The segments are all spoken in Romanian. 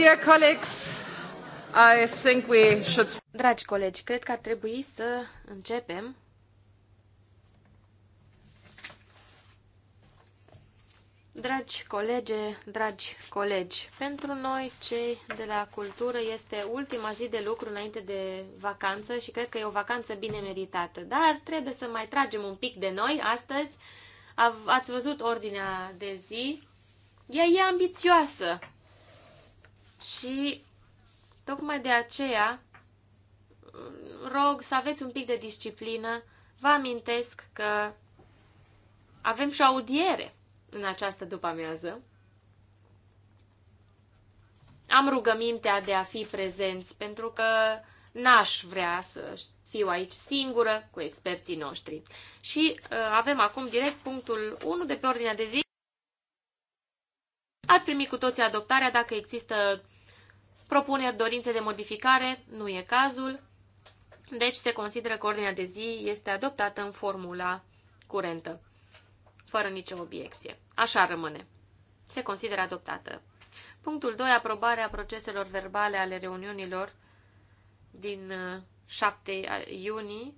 Dear colleagues, I think we should... Dragi colegi, cred că ar trebui să începem. Dragi colege, dragi colegi, pentru noi cei de la cultură este ultima zi de lucru înainte de vacanță și cred că e o vacanță bine meritată, dar trebuie să mai tragem un pic de noi astăzi. Ați văzut ordinea de zi, ea e ambițioasă. Și tocmai de aceea rog să aveți un pic de disciplină. Vă amintesc că avem și o audiere în această după-amiază. Am rugămintea de a fi prezenți pentru că n-aș vrea să fiu aici singură cu experții noștri. Și uh, avem acum direct punctul 1 de pe ordinea de zi. Ați primit cu toții adoptarea dacă există Propuneri, dorințe de modificare, nu e cazul. Deci se consideră că ordinea de zi este adoptată în formula curentă, fără nicio obiecție. Așa rămâne. Se consideră adoptată. Punctul 2. Aprobarea proceselor verbale ale reuniunilor din 7 uh, iunie.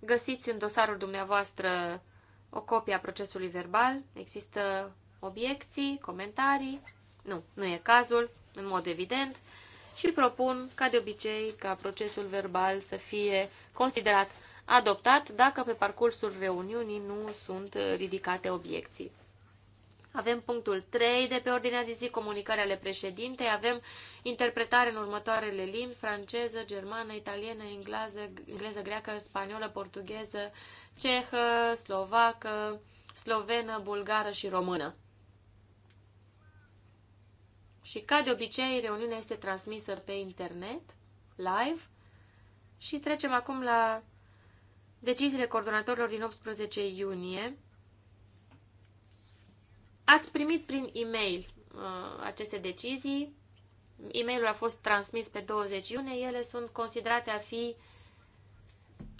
Găsiți în dosarul dumneavoastră o copie a procesului verbal. Există obiecții, comentarii? Nu, nu e cazul în mod evident, și propun, ca de obicei, ca procesul verbal să fie considerat adoptat dacă pe parcursul reuniunii nu sunt ridicate obiecții. Avem punctul 3 de pe ordinea de zi, comunicare ale președintei. Avem interpretare în următoarele limbi, franceză, germană, italiană, engleză, engleză greacă, spaniolă, portugheză, cehă, slovacă, slovenă, bulgară și română. Și ca de obicei, reuniunea este transmisă pe internet, live, și trecem acum la deciziile coordonatorilor din 18 iunie. Ați primit prin e-mail uh, aceste decizii. E-mailul a fost transmis pe 20 iunie. Ele sunt considerate a fi uh,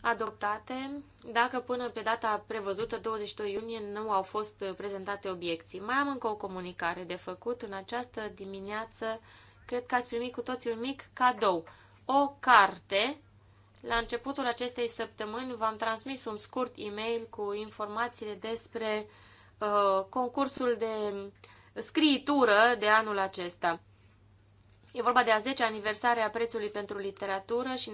adoptate dacă până pe data prevăzută, 22 iunie, nu au fost prezentate obiecții. Mai am încă o comunicare de făcut. În această dimineață, cred că ați primit cu toții un mic cadou. O carte. La începutul acestei săptămâni v-am transmis un scurt e-mail cu informațiile despre uh, concursul de scriitură de anul acesta. E vorba de a 10 aniversare a prețului pentru literatură și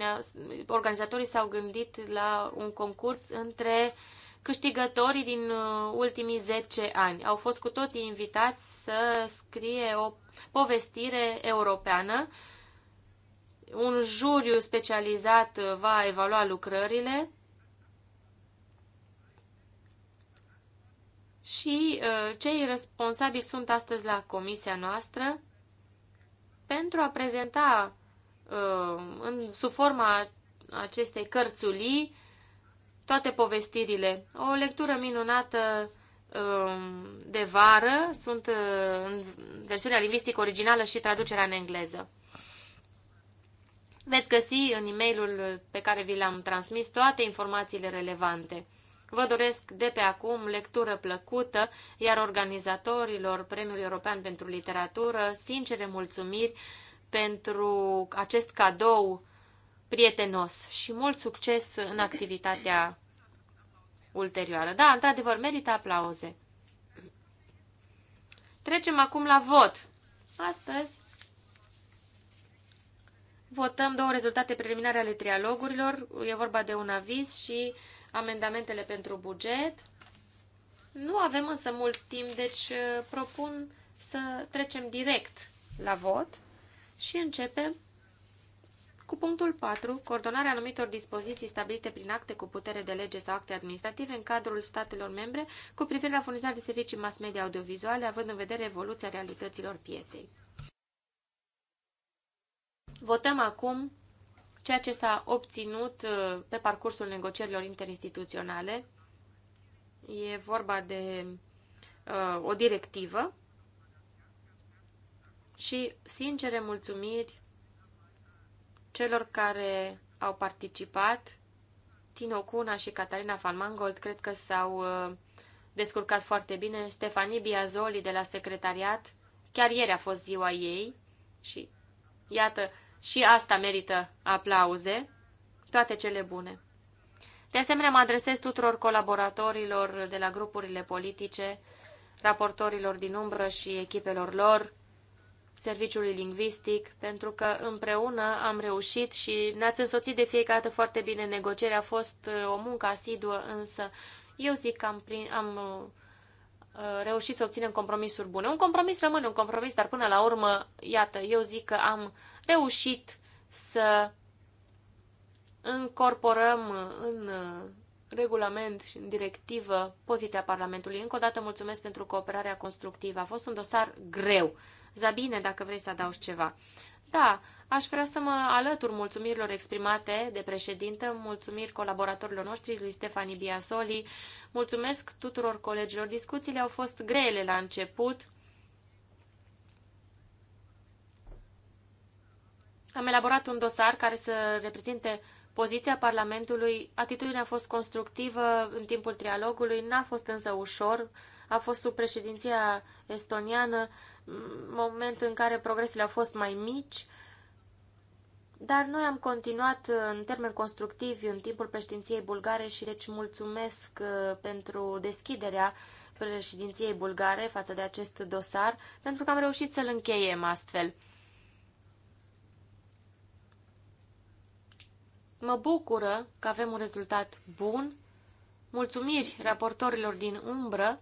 organizatorii s-au gândit la un concurs între câștigătorii din uh, ultimii 10 ani. Au fost cu toții invitați să scrie o povestire europeană. Un juriu specializat uh, va evalua lucrările și uh, cei responsabili sunt astăzi la comisia noastră pentru a prezenta uh, în, sub forma acestei cărțulii toate povestirile. O lectură minunată uh, de vară, sunt uh, în versiunea lingvistică originală și traducerea în engleză. Veți găsi în e-mailul pe care vi l-am transmis toate informațiile relevante. Vă doresc de pe acum lectură plăcută, iar organizatorilor Premiului European pentru Literatură sincere mulțumiri pentru acest cadou prietenos și mult succes în activitatea ulterioară. Da, într-adevăr, merită aplauze. Trecem acum la vot. Astăzi votăm două rezultate preliminare ale trialogurilor. E vorba de un aviz și uh, amendamentele pentru buget. Nu avem însă mult timp, deci uh, propun să trecem direct la vot și începem cu punctul 4, coordonarea anumitor dispoziții stabilite prin acte cu putere de lege sau acte administrative în cadrul statelor membre cu privire la furnizarea de servicii mass media audiovizuale, având în vedere evoluția realităților pieței. Votăm acum ceea ce s-a obținut uh, pe parcursul negocierilor interinstituționale. E vorba de uh, o directivă și sincere mulțumiri celor care au participat. Tino Cuna și Catalina Falmangold cred că s-au uh, descurcat foarte bine. Stefanie Biazoli de la secretariat, chiar ieri a fost ziua ei și iată, și asta merită aplauze, toate cele bune. De asemenea, mă adresez tuturor colaboratorilor de la grupurile politice, raportorilor din umbră și echipelor lor, serviciului lingvistic, pentru că împreună am reușit și ne-ați însoțit de fiecare dată foarte bine negocierea. A fost uh, o muncă asiduă, însă eu zic că am, prin, am uh, reușit să obținem compromisuri bune. Un compromis rămâne un compromis, dar până la urmă, iată, eu zic că am reușit să încorporăm în uh, regulament și în directivă poziția Parlamentului. Încă o dată mulțumesc pentru cooperarea constructivă. A fost un dosar greu. Zabine, dacă vrei să adaugi ceva. Da, aș vrea să mă alătur mulțumirilor exprimate de președintă, mulțumiri colaboratorilor noștri, lui Stefani Biasoli, mulțumesc tuturor colegilor. Discuțiile au fost grele la început, Am elaborat un dosar care să reprezinte poziția Parlamentului. Atitudinea a fost constructivă în timpul trialogului, n-a fost însă ușor. A fost sub președinția estoniană, moment în care progresele au fost mai mici, dar noi am continuat uh, în termeni constructivi în timpul președinției bulgare și deci mulțumesc uh, pentru deschiderea președinției bulgare față de acest dosar, pentru că am reușit să-l încheiem astfel. Mă bucură că avem un rezultat bun. Mulțumiri raportorilor din umbră,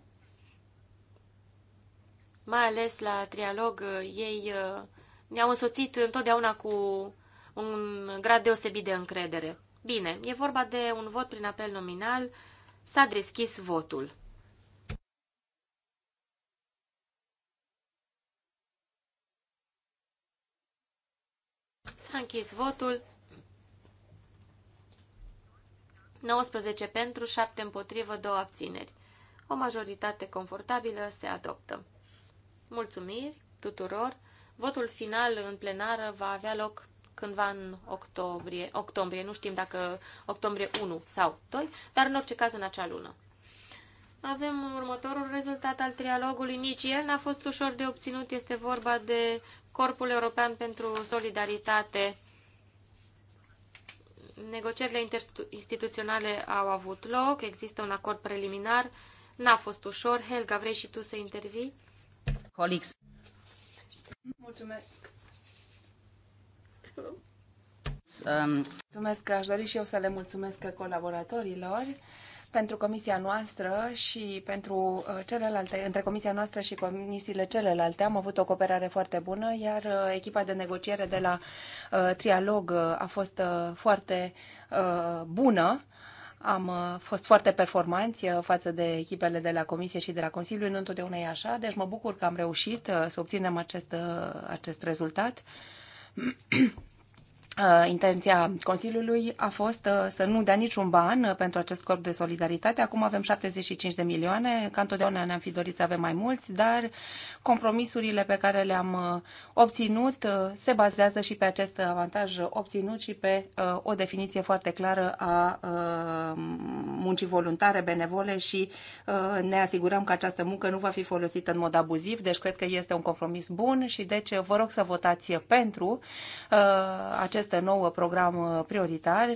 mai ales la trialog, ei uh, ne-au însoțit întotdeauna cu un grad deosebit de încredere. Bine, e vorba de un vot prin apel nominal, s-a deschis votul. S-a închis votul. 19 pentru, 7 împotrivă, 2 abțineri. O majoritate confortabilă se adoptă. Mulțumiri tuturor! Votul final în plenară va avea loc cândva în octombrie, octombrie, nu știm dacă octombrie 1 sau 2, dar în orice caz în acea lună. Avem următorul rezultat al trialogului, nici el n-a fost ușor de obținut, este vorba de Corpul European pentru Solidaritate Negocierile interinstituționale au avut loc, există un acord preliminar, n-a fost ușor. Helga, vrei și tu să intervii? Colix. Mulțumesc. Mulțumesc Mulțumesc, aș dori și eu să le mulțumesc colaboratorilor pentru comisia noastră și pentru uh, celelalte, între comisia noastră și comisiile celelalte am avut o cooperare foarte bună, iar uh, echipa de negociere de la uh, Trialog uh, a fost uh, foarte uh, bună. Am fost foarte performanți față de echipele de la Comisie și de la Consiliu, nu întotdeauna e așa, deci mă bucur că am reușit să obținem acest, acest rezultat. Uh, intenția Consiliului a fost uh, să nu dea niciun ban uh, pentru acest corp de solidaritate. Acum avem 75 de milioane, ca întotdeauna ne-am fi dorit să avem mai mulți, dar compromisurile pe care le-am obținut se bazează și pe acest avantaj obținut și pe o definiție foarte clară a muncii voluntare, benevole și ne asigurăm că această muncă nu va fi folosită în mod abuziv, deci cred că este un compromis bun și deci vă rog să votați pentru acest acest nou program uh, prioritar.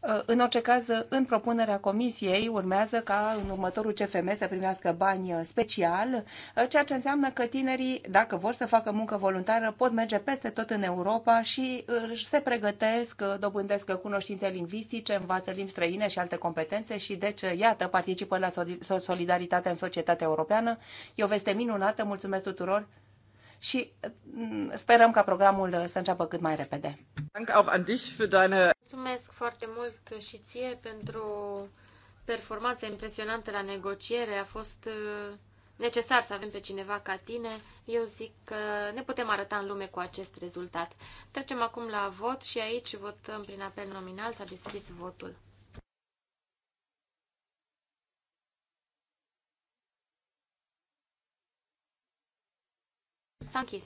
Uh, în orice caz, în propunerea comisiei urmează ca în următorul CFM să primească bani uh, special, ceea ce înseamnă că tinerii, dacă vor să facă muncă voluntară, pot merge peste tot în Europa și se pregătesc, dobândesc cunoștințe lingvistice, învață limbi străine și alte competențe și deci, iată, participă la solidaritate în societatea europeană. E o veste minunată, mulțumesc tuturor! și mm, sperăm ca programul uh, să înceapă cât mai repede. Mulțumesc foarte mult și ție pentru performanța impresionantă la negociere. A fost uh, necesar să avem pe cineva ca tine. Eu zic că ne putem arăta în lume cu acest rezultat. Trecem acum la vot și aici votăm prin apel nominal. S-a deschis votul. S-a închis.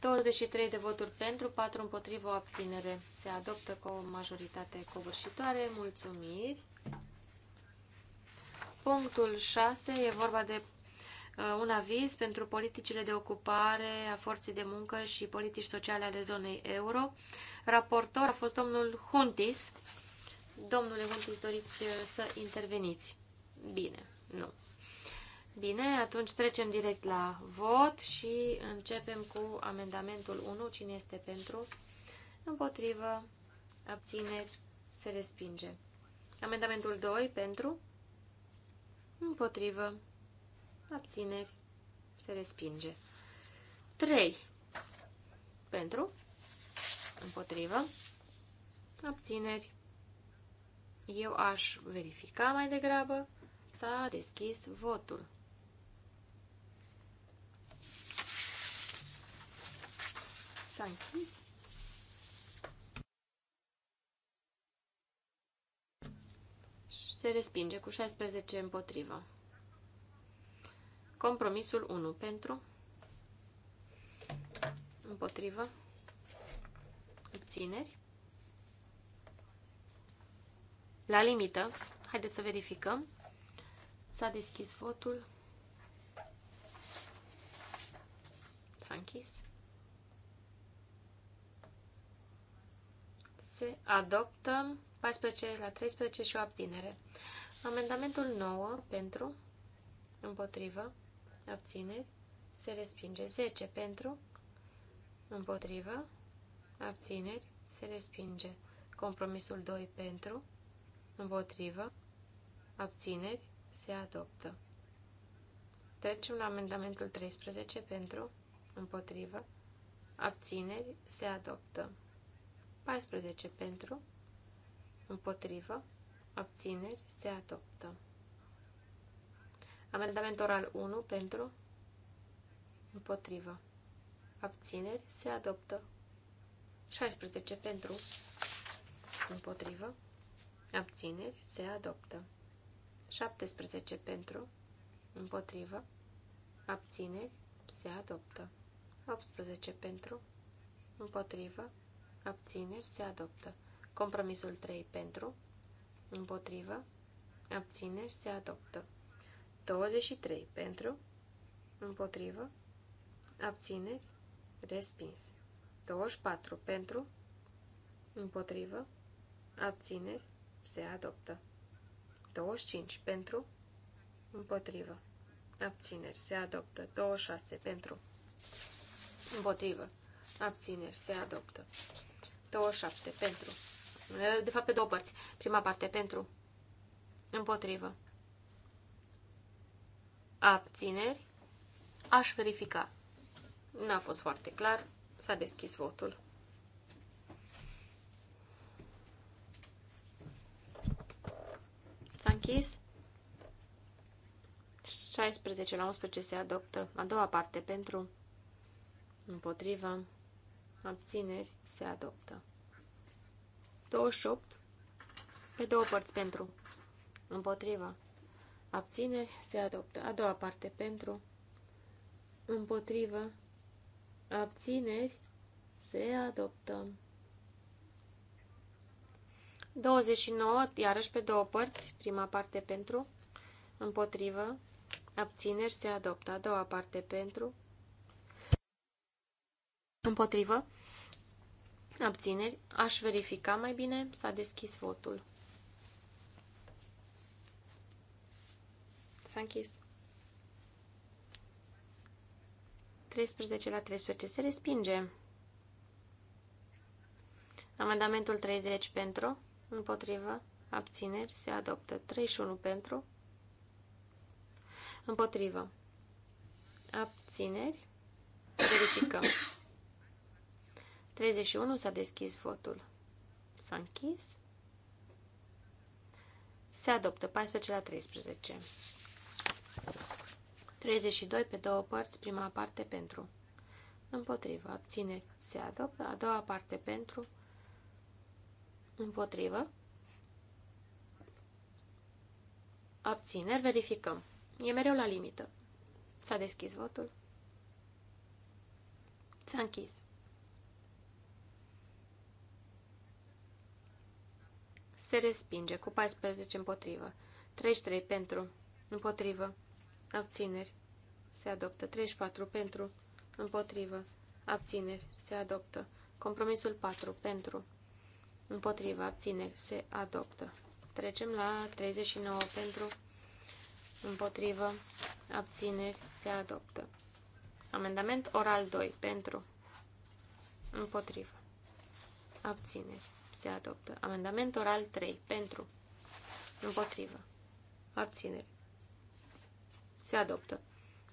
23 de voturi pentru, 4 împotrivă, o abținere. Se adoptă cu o majoritate covârșitoare. Mulțumiri. Punctul 6 e vorba de uh, un aviz pentru politicile de ocupare a forței de muncă și politici sociale ale zonei euro. Raportor a fost domnul Huntis. Domnule Huntis, doriți uh, să interveniți? Bine, nu. Bine, atunci trecem direct la vot și începem cu amendamentul 1. Cine este pentru? Împotrivă. Abțineri. Se respinge. Amendamentul 2. Pentru? Împotrivă. Abțineri. Se respinge. 3. Pentru? Împotrivă. Abțineri. Eu aș verifica mai degrabă. S-a deschis votul. S-a închis. Se respinge cu 16 împotrivă. Compromisul 1 pentru. Împotrivă. Obțineri. La limită. Haideți să verificăm. S-a deschis votul. S-a închis. 6, adoptă, 14 la 13 și o abținere. Amendamentul 9 pentru, împotrivă, abțineri, se respinge. 10 pentru, împotrivă, abțineri, se respinge. Compromisul 2 pentru, împotrivă, abțineri, se adoptă. Trecem la amendamentul 13 pentru, împotrivă, abțineri, se adoptă. 14 pentru, împotrivă, abțineri, se adoptă. Amendament oral 1 pentru, împotrivă, abțineri, se adoptă. 16 pentru, împotrivă, abțineri, se adoptă. 17 pentru, împotrivă, abțineri, se adoptă. 18 pentru, împotrivă, abțineri, se adoptă. Compromisul 3 pentru, împotrivă, abțineri, se adoptă. 23 pentru, împotrivă, abțineri, respins. 24 pentru, împotrivă, abțineri, se adoptă. 25 pentru, împotrivă, abțineri, se adoptă. 26 pentru, împotrivă, abțineri, se adoptă. 27 pentru. De fapt, pe două părți. Prima parte pentru, împotrivă, abțineri, aș verifica. N-a fost foarte clar, s-a deschis votul. S-a închis. 16 la 11 se adoptă a doua parte pentru împotrivă abțineri, se adoptă. 28. Pe două părți pentru, împotriva, abțineri, se adoptă. A doua parte pentru, împotriva, abțineri, se adoptă. 29, iarăși pe două părți, prima parte pentru, împotrivă, abțineri se adoptă, a doua parte pentru, Împotrivă? Abțineri? Aș verifica mai bine. S-a deschis votul. S-a închis. 13 la 13 se respinge. Amendamentul 30 pentru, împotrivă, abțineri, se adoptă. 31 pentru, împotrivă, abțineri, verificăm. 31 s-a deschis votul. S-a închis. Se adoptă 14 la 13. 32 pe două părți, prima parte pentru. Împotrivă. abține, se adoptă. A doua parte pentru. Împotrivă. Abțineri. Verificăm. E mereu la limită. S-a deschis votul. S-a închis. Se respinge cu 14 împotrivă. 33 pentru. Împotrivă. Abțineri. Se adoptă. 34 pentru. Împotrivă. Abțineri. Se adoptă. Compromisul 4 pentru. Împotrivă. Abțineri. Se adoptă. Trecem la 39 pentru. Împotrivă. Abțineri. Se adoptă. Amendament oral 2 pentru. Împotrivă. Abțineri se adoptă. Amendament oral 3. Pentru. Împotrivă. Abțineri. Se adoptă.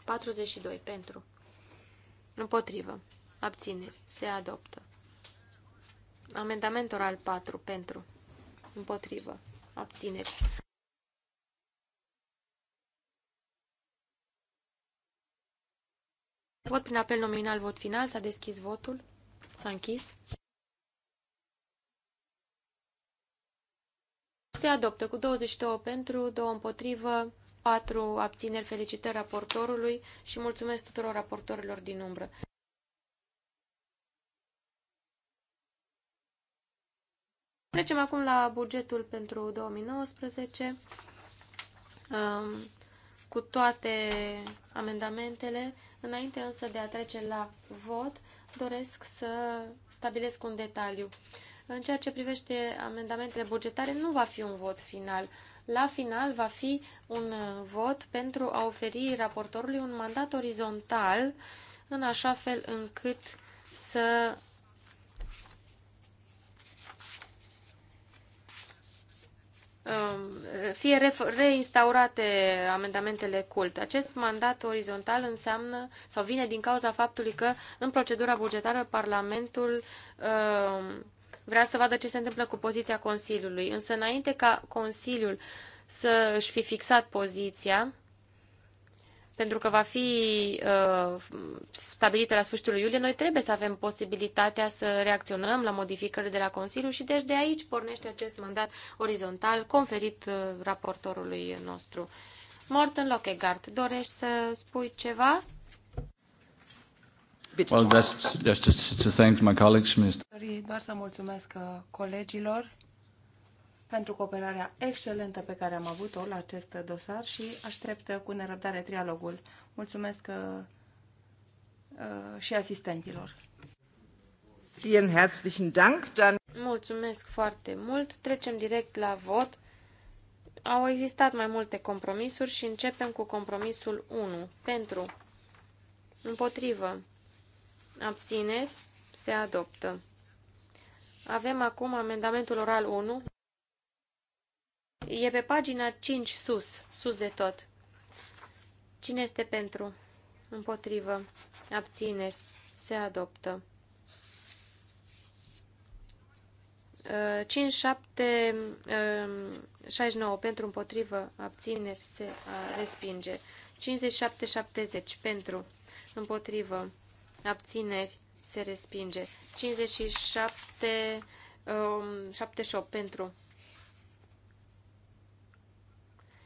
42. Pentru. Împotrivă. Abțineri. Se adoptă. Amendament oral 4. Pentru. Împotrivă. Abțineri. Vot prin apel nominal, vot final. S-a deschis votul. S-a închis. Se adoptă cu 22 pentru, 2 împotrivă, 4 abțineri. Felicitări raportorului și mulțumesc tuturor raportorilor din umbră. Trecem acum la bugetul pentru 2019. cu toate amendamentele, înainte însă de a trece la vot, doresc să stabilesc un detaliu. În ceea ce privește amendamentele bugetare, nu va fi un vot final. La final va fi un uh, vot pentru a oferi raportorului un mandat orizontal în așa fel încât să um, fie reinstaurate amendamentele cult. Acest mandat orizontal înseamnă sau vine din cauza faptului că în procedura bugetară Parlamentul uh, vrea să vadă ce se întâmplă cu poziția Consiliului. Însă înainte ca Consiliul să își fi fixat poziția, pentru că va fi uh, stabilită la sfârșitul iulie, noi trebuie să avem posibilitatea să reacționăm la modificările de la Consiliu și deci de aici pornește acest mandat orizontal conferit uh, raportorului nostru. Morten Lockegaard, dorești să spui ceva? Bitte. Well, that's just to, thank my colleagues, Doar să mulțumesc uh, colegilor pentru cooperarea excelentă pe care am avut-o la acest dosar și aștept uh, cu nerăbdare trialogul. Mulțumesc uh, și asistenților. Vielen herzlichen Dank. Dann... Mulțumesc foarte mult. Trecem direct la vot. Au existat mai multe compromisuri și începem cu compromisul 1. Pentru. Împotrivă abțineri, se adoptă. Avem acum amendamentul oral 1. E pe pagina 5 sus, sus de tot. Cine este pentru? Împotrivă. Abțineri. Se adoptă. 5, 7, 69 pentru împotrivă, abțineri se uh, respinge. 57, 70 pentru împotrivă, abțineri, se respinge. 57, um, 78 pentru.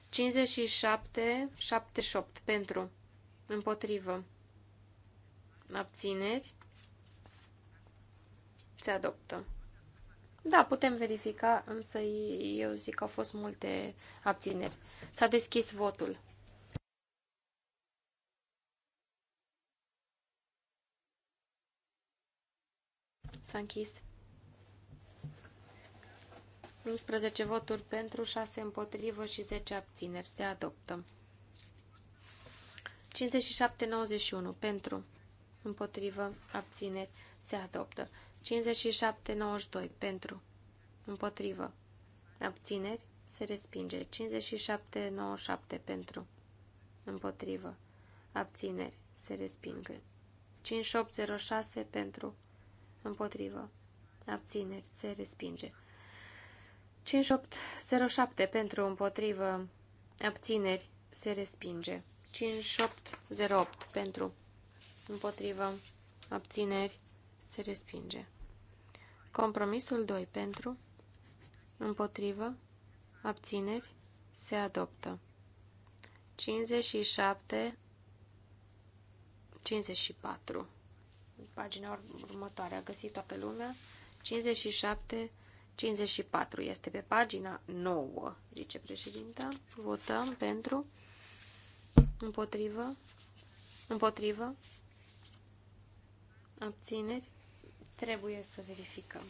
57, 78 pentru. Împotrivă. Abțineri. Se adoptă. Da, putem verifica, însă eu zic că au fost multe abțineri. S-a deschis votul. S-a închis. 11 voturi pentru, 6 împotrivă și 10 abțineri. Se adoptă. 57-91 pentru, împotrivă, abțineri. Se adoptă. 57-92 pentru, împotrivă, abțineri. Se respinge. 57-97 pentru, împotrivă, abțineri. Se respinge. 5806 pentru, Împotrivă. Abțineri. Se respinge. 5807 pentru împotrivă. Abțineri. Se respinge. 5808 pentru împotrivă. Abțineri. Se respinge. Compromisul 2 pentru împotrivă. Abțineri. Se adoptă. 57 54 pagina următoare. A găsit toată lumea. 57, 54 este pe pagina 9, zice președinta. Votăm pentru, împotrivă, împotrivă, abțineri. Trebuie să verificăm.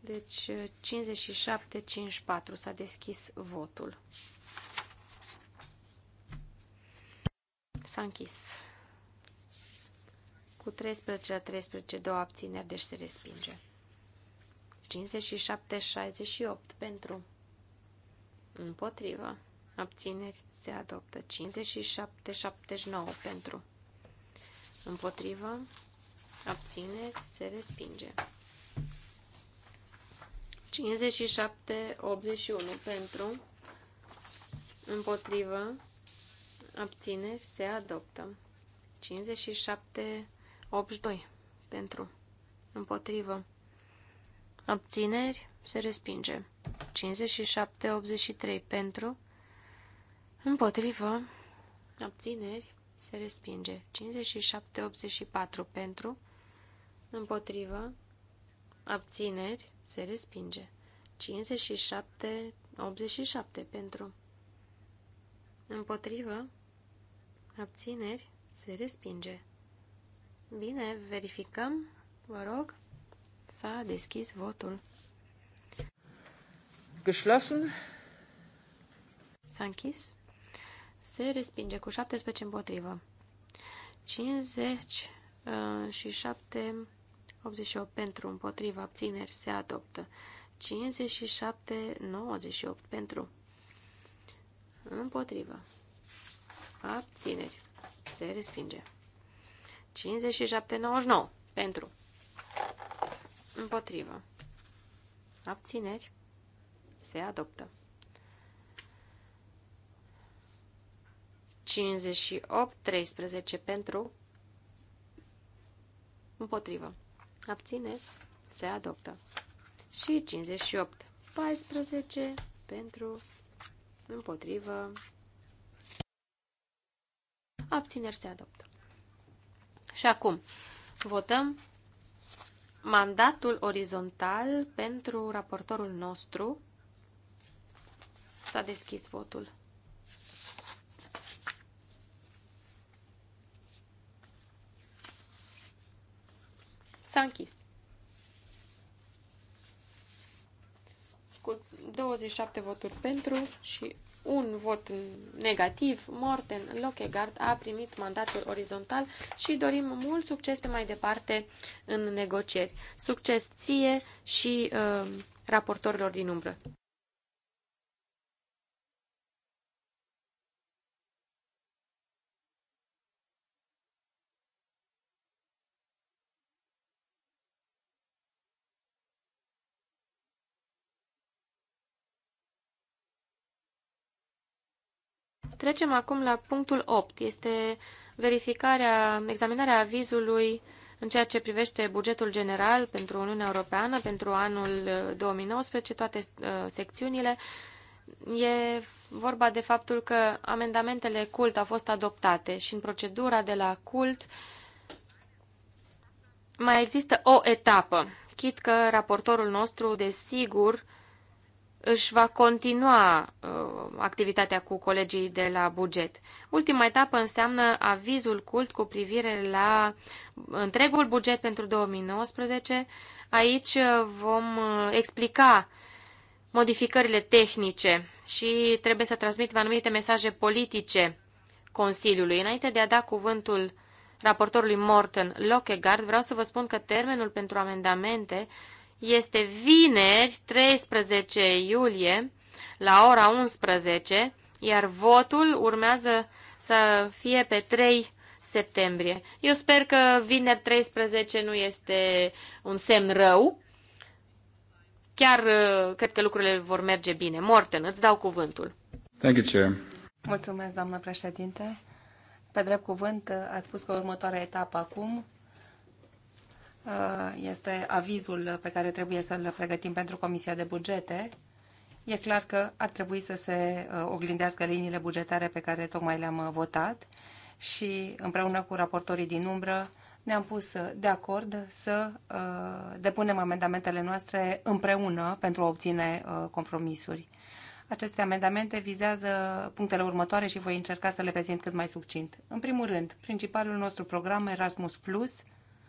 Deci 57-54 s-a deschis votul. S-a închis cu 13 la 13, două abțineri, deci se respinge. 57-68 pentru împotrivă, abțineri, se adoptă. 57-79 pentru împotrivă, abțineri, se respinge. 57-81 pentru împotrivă, abțineri, se adoptă. 57 82 pentru, împotrivă, abțineri, se respinge. 57-83 pentru, împotrivă, abțineri, se respinge. 57-84 pentru, împotrivă, abțineri, se respinge. 57-87 pentru, împotrivă, abțineri, se respinge. Bine, verificăm, vă rog. S-a deschis votul. Geschlossen. S-a închis. Se respinge cu 17 împotrivă. 50 uh, și 7, 88 pentru, împotriva, abțineri, se adoptă. 57, 98 pentru, împotrivă. abțineri, se respinge. 57,99 pentru. Împotrivă. Abțineri. Se adoptă. 58, 13 pentru. Împotrivă. Abțineri. Se adoptă. Și 58, 14 pentru. Împotrivă. Abțineri se adoptă. Și acum votăm mandatul orizontal pentru raportorul nostru. S-a deschis votul. S-a închis. Cu 27 voturi pentru și un vot negativ, Morten Lockegaard a primit mandatul orizontal și dorim mult succes mai departe în negocieri. Succes ție și uh, raportorilor din umbră. Trecem acum la punctul 8. Este verificarea, examinarea avizului în ceea ce privește bugetul general pentru Uniunea Europeană pentru anul 2019, uh, toate uh, secțiunile. E vorba de faptul că amendamentele cult au fost adoptate și în procedura de la cult mai există o etapă. Chit că raportorul nostru, desigur, își va continua uh, activitatea cu colegii de la buget. Ultima etapă înseamnă avizul cult cu privire la întregul buget pentru 2019. Aici uh, vom uh, explica modificările tehnice și trebuie să transmitem anumite mesaje politice Consiliului. Înainte de a da cuvântul raportorului Morton Lockegard, vreau să vă spun că termenul pentru amendamente este vineri, 13 iulie, la ora 11, iar votul urmează să fie pe 3 septembrie. Eu sper că vineri 13 nu este un semn rău. Chiar uh, cred că lucrurile vor merge bine. Morten, îți dau cuvântul. Thank you, Chair. Mulțumesc, doamnă președinte. Pe drept cuvânt, uh, ați spus că următoarea etapă acum Uh, este avizul pe care trebuie să-l pregătim pentru Comisia de Bugete. E clar că ar trebui să se uh, oglindească liniile bugetare pe care tocmai le-am uh, votat și împreună cu raportorii din umbră ne-am pus de acord să depunem amendamentele noastre împreună pentru a obține compromisuri. Aceste amendamente vizează punctele următoare și voi încerca să le prezint cât mai succint. În primul rând, principalul nostru program Erasmus Plus –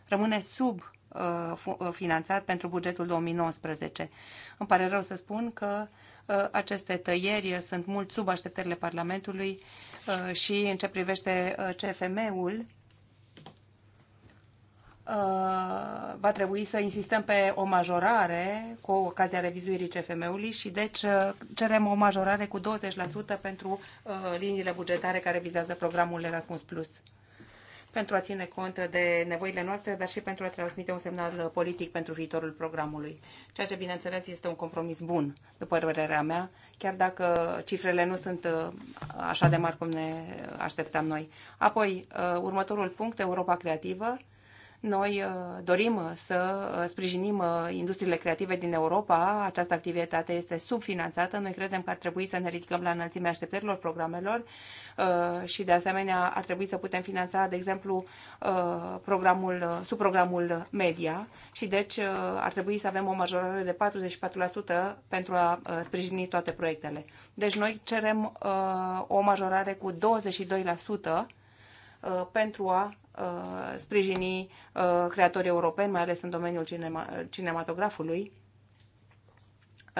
rămâne sub uh, uh, finanțat pentru bugetul 2019. Îmi pare rău să spun că uh, aceste tăieri sunt mult sub așteptările Parlamentului și în ce privește CFM-ul, va trebui să insistăm pe o majorare cu ocazia revizuirii CFM-ului și deci cerem o majorare cu 20% pentru liniile bugetare care vizează programul Erasmus+ pentru a ține cont de nevoile noastre, dar și pentru a transmite un semnal politic pentru viitorul programului. Ceea ce, bineînțeles, este un compromis bun, după părerea mea, chiar dacă cifrele nu sunt uh, așa de mari cum ne așteptam noi. Apoi, uh, următorul punct, Europa Creativă. Noi uh, dorim uh, să uh, sprijinim industriile creative din Europa. Această activitate este subfinanțată. Noi credem că ar trebui să ne ridicăm la înălțimea așteptărilor programelor și, de asemenea, ar trebui să putem finanța, de exemplu, programul, subprogramul media și, deci, ar trebui să avem o majorare de 44% pentru a sprijini toate proiectele. Deci, noi cerem o majorare cu 22% pentru a Uh, sprijini uh, creatorii europeni, mai ales în domeniul cinema, cinematografului,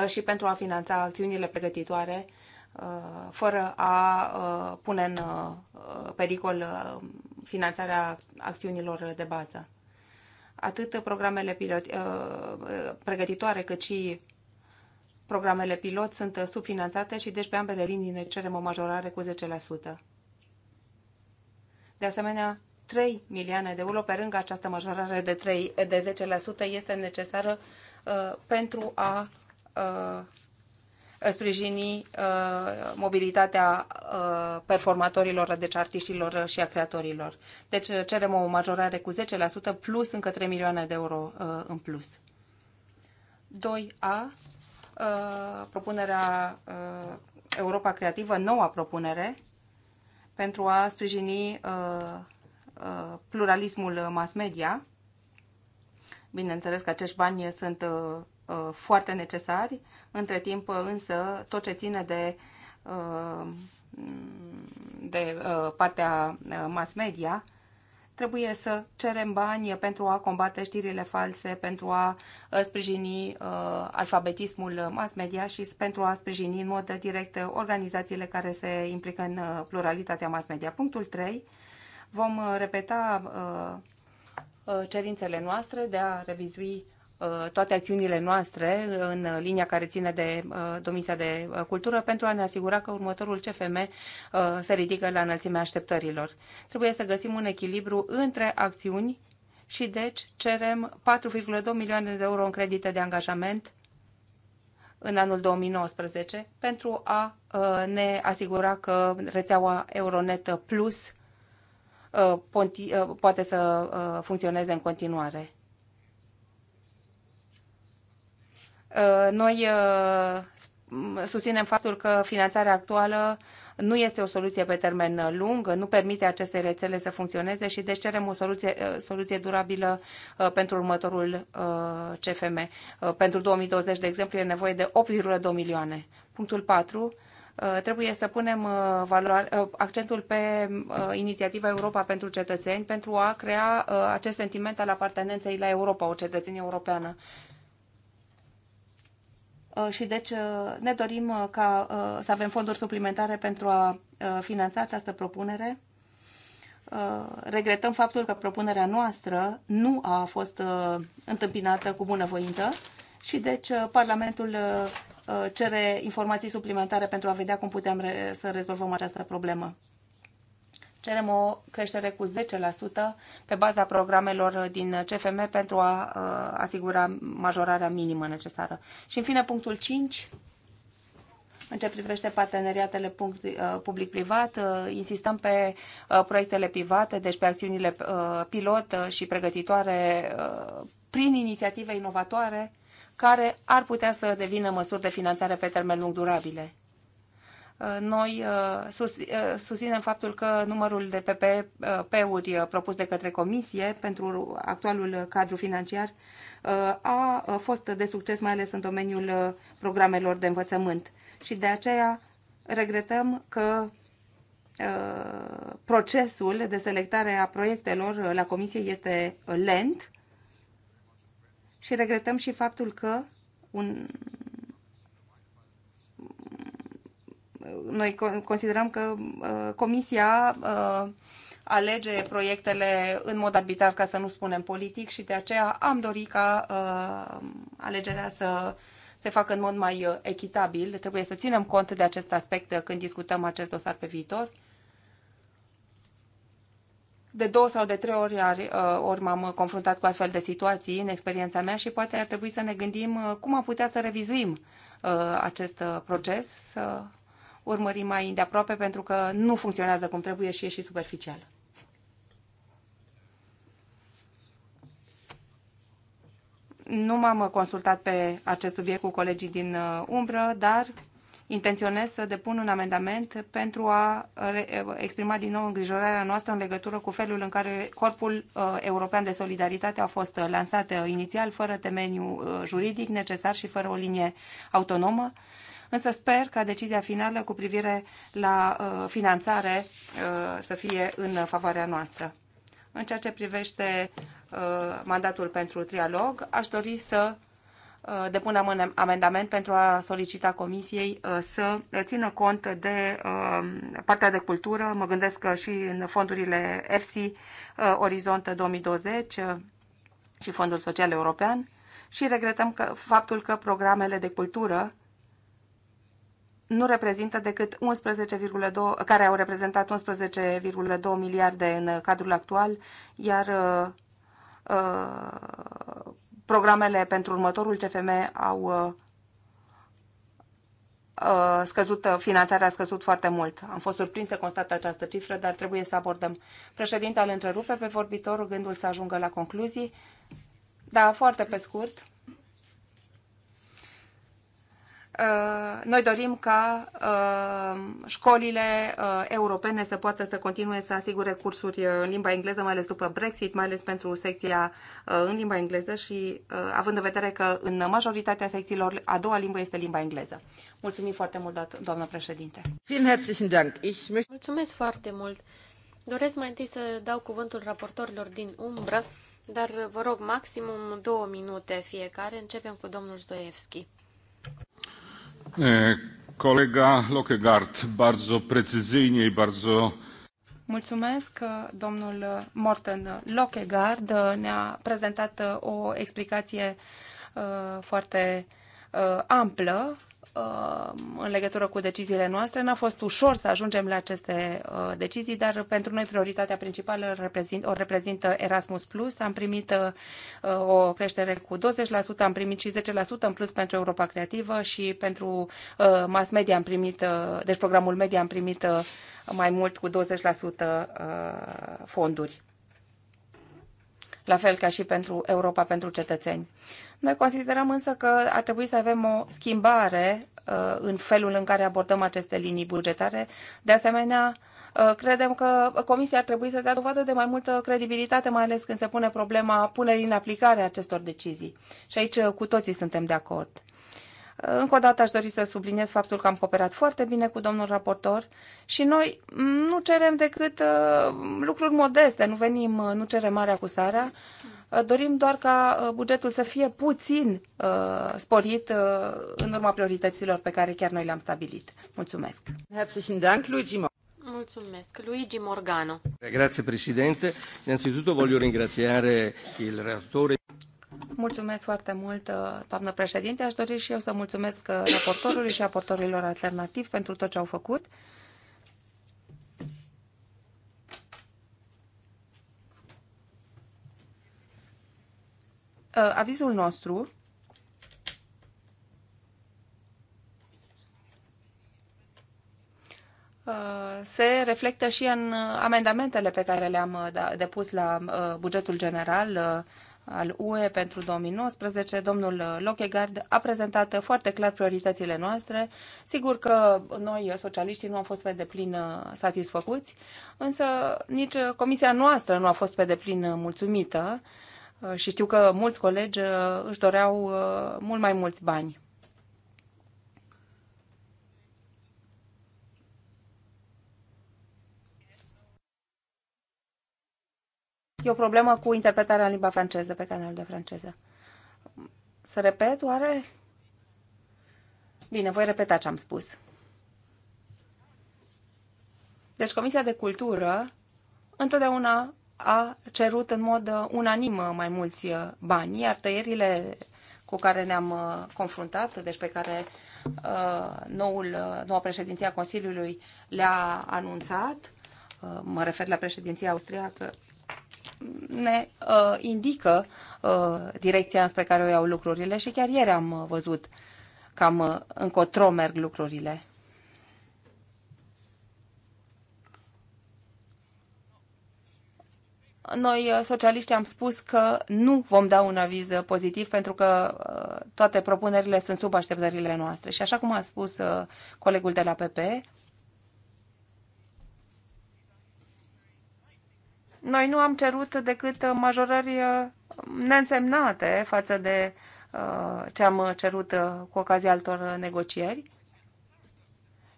uh, și pentru a finanța acțiunile pregătitoare fără a pune în pericol finanțarea acțiunilor de bază. Atât programele pilot, pregătitoare cât și programele pilot sunt subfinanțate și deci pe ambele linii ne cerem o majorare cu 10%. De asemenea, 3 milioane de euro pe lângă această majorare de, 3, de 10% este necesară uh, pentru a uh, sprijini uh, mobilitatea performatorilor, deci artiștilor și a creatorilor. Deci cerem o majorare cu 10% plus încă 3 milioane de euro în plus. 2A, propunerea Europa Creativă, noua propunere pentru a sprijini Uh, pluralismul uh, mass media. Bineînțeles că acești bani sunt uh, foarte necesari. Între timp, însă, tot ce ține de, de partea mass media, trebuie să cerem bani pentru a combate știrile false, pentru a sprijini alfabetismul mass media și pentru a sprijini în mod direct organizațiile care se implică în pluralitatea mass media. Punctul 3 Vom uh, repeta uh, uh, cerințele noastre de a revizui toate acțiunile noastre în linia care ține de Domisia de Cultură pentru a ne asigura că următorul CFM se ridică la înălțimea așteptărilor. Trebuie să găsim un echilibru între acțiuni și deci cerem 4,2 milioane de euro în credite de angajament în anul 2019 pentru a ne asigura că rețeaua Euronet Plus Uh, uh, poate să uh, funcționeze în continuare. Noi susținem faptul că finanțarea actuală nu este o soluție pe termen lung, nu permite aceste rețele să funcționeze și deci cerem o soluție, soluție durabilă pentru următorul CFM. Pentru 2020, de exemplu, e nevoie de 8,2 milioane. Punctul 4 Uh, trebuie să punem uh, uh, accentul pe inițiativa Europa pentru cetățeni pentru a crea acest sentiment al apartenenței la Europa, o cetățenie europeană. Și deci ne dorim ca să avem fonduri suplimentare pentru a finanța această propunere. Regretăm faptul că propunerea noastră nu a fost întâmpinată cu bunăvoință și deci Parlamentul Uh, cere informații suplimentare pentru a vedea cum putem re să rezolvăm această problemă. Cerem o creștere cu 10% pe baza programelor din CFM pentru a uh, asigura majorarea minimă necesară. Și în fine, punctul 5, în ce privește parteneriatele uh, public-privat, insistăm pe proiectele private, deci pe acțiunile pilot și pregătitoare prin inițiative inovatoare care ar putea să devină măsuri de finanțare pe termen lung durabile. Uh, noi uh, uh, susținem faptul că numărul de PPP-uri propus de către Comisie pentru actualul cadru financiar a fost de succes, mai ales în domeniul programelor de învățământ. Și de aceea regretăm că procesul de selectare a proiectelor la Comisie este lent și regretăm și faptul că un... noi considerăm că uh, Comisia uh, alege proiectele în mod arbitrar, ca să nu spunem politic, și de aceea am dorit ca uh, alegerea să se facă în mod mai echitabil. Trebuie să ținem cont de acest aspect când discutăm acest dosar pe viitor de două sau de trei ori, uh, ori m-am confruntat cu astfel de situații în experiența mea și poate ar trebui să ne gândim uh, cum am putea să revizuim uh, acest proces, să urmărim mai îndeaproape pentru că nu funcționează cum trebuie și e și superficial. Nu m-am consultat pe acest subiect cu colegii din umbră, dar intenționez să depun un amendament pentru a exprima din nou îngrijorarea noastră în legătură cu felul în care Corpul uh, European de Solidaritate a fost uh, lansat uh, inițial, fără temeniu juridic necesar și fără o linie autonomă. Însă sper ca decizia finală cu privire la finanțare să fie în favoarea noastră. În ceea ce privește mandatul pentru trialog, aș dori să Uh, depun amendament pentru a solicita comisiei uh, să țină cont de uh, partea de cultură, mă gândesc că și în fondurile EFSI, Orizont 2020 și Fondul Social European și regretăm că faptul că programele de cultură nu reprezintă decât 11,2, care au reprezentat 11,2 miliarde în cadrul actual, iar uh, programele pentru următorul CFM au uh, uh, scăzut, uh, finanțarea a scăzut foarte mult. Am fost surprins să constat această cifră, dar trebuie să abordăm. Președintele îl întrerupe pe vorbitor, gândul să ajungă la concluzii. Da, foarte pe scurt. Uh, noi dorim ca uh, școlile uh, europene să poată să continue să asigure cursuri în limba engleză, mai ales după Brexit, mai ales pentru secția în limba engleză și având în vedere că în majoritatea secțiilor a doua limbă este limba engleză. Mulțumim foarte mult, doamnă președinte. Mulțumesc foarte mult. Doresc mai întâi să dau cuvântul raportorilor din umbră, dar vă rog maximum două minute fiecare. Începem cu domnul Zdoievski. Colega Lockegaard, bardzo precyzyjnie i bardzo... Mulțumesc, domnul Morten Lockegaard ne-a prezentat o explicație foarte amplă Uh, în legătură cu deciziile noastre. N-a fost ușor să ajungem la aceste uh, decizii, dar pentru noi prioritatea principală o reprezintă Erasmus+. Plus. Am primit uh, o creștere cu 20%, am primit și 10% în plus pentru Europa Creativă și pentru mass media am primit, deci programul media am primit mai mult cu 20% fonduri la fel ca și pentru Europa pentru cetățeni. Noi considerăm însă că ar trebui să avem o schimbare uh, în felul în care abordăm aceste linii bugetare. De asemenea, uh, credem că Comisia ar trebui să dea dovadă de mai multă credibilitate, mai ales când se pune problema punerii în aplicare a acestor decizii. Și aici uh, cu toții suntem de acord. Încă o dată aș dori să subliniez faptul că am cooperat foarte bine cu domnul raportor și noi nu cerem decât uh, lucruri modeste, nu venim, uh, nu cerem mare acusarea. Uh, dorim doar ca bugetul să fie puțin sporit în urma priorităților pe care chiar noi le-am stabilit. Mulțumesc! Mulțumesc. Luigi Morgano. Grazie Presidente. Innanzitutto voglio ringraziare il relatore. Mulțumesc foarte mult, uh, doamnă președinte. Aș dori și eu să mulțumesc uh, raportorului și raportorilor alternativi pentru tot ce au făcut. Uh, avizul nostru se reflectă și în amendamentele pe care le-am da, depus la bugetul general al UE pentru 2019, domnul Lochegard a prezentat foarte clar prioritățile noastre. Sigur că noi, socialiștii, nu am fost pe deplin uh, satisfăcuți, însă nici comisia noastră nu a fost pe deplin mulțumită uh, și știu că mulți colegi uh, își doreau mult mai mulți bani. E o problemă cu interpretarea în limba franceză, pe canalul de franceză. Să repet, oare? Bine, voi repeta ce am spus. Deci Comisia de Cultură întotdeauna a cerut în mod uh, unanim uh, mai mulți uh, bani, iar tăierile cu care ne-am confruntat, deci pe care noul, noua președinție a Consiliului le-a anunțat, mă refer la președinția austriacă ne uh, indică uh, direcția spre care o iau lucrurile și chiar ieri am uh, văzut cam uh, încotro merg lucrurile. Noi, uh, socialiștii, am spus că nu vom da un aviz uh, pozitiv pentru că toate propunerile sunt sub așteptările noastre. Și așa cum a spus colegul de la PP, Noi nu am cerut decât majorări uh, neînsemnate față de uh, ce am cerut uh, cu ocazia altor negocieri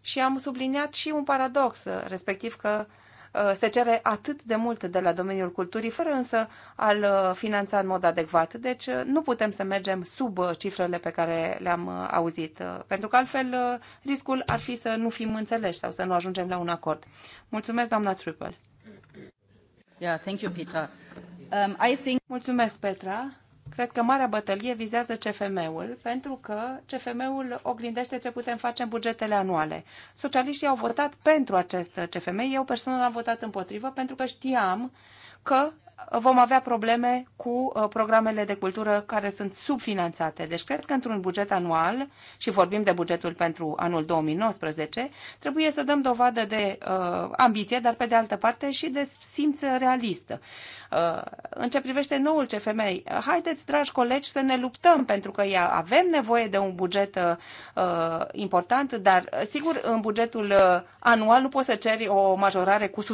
și am subliniat și un paradox, respectiv că se cere atât de mult de la domeniul culturii, fără însă al finanța în mod adecvat. Deci nu putem să mergem sub cifrele pe care le-am auzit, pentru că altfel riscul ar fi să nu fim înțeleși sau să nu ajungem la un acord. Mulțumesc, doamna Triple. Um, Mulțumesc, Petra. Cred că marea bătălie vizează CFM-ul, pentru că CFM-ul oglindește ce putem face în bugetele anuale. Socialiștii au votat pentru acest CFM, eu personal am votat împotrivă, pentru că știam că vom avea probleme cu uh, programele de cultură care sunt subfinanțate. Deci cred că într-un buget anual, și vorbim de bugetul pentru anul 2019, trebuie să dăm dovadă de uh, ambiție, dar pe de altă parte și de simț realist. Uh, în ce privește noul CFM, haideți, dragi colegi, să ne luptăm, pentru că avem nevoie de un buget uh, uh important, dar uh, sigur, în bugetul uh, anual nu poți să ceri o majorare cu 100%,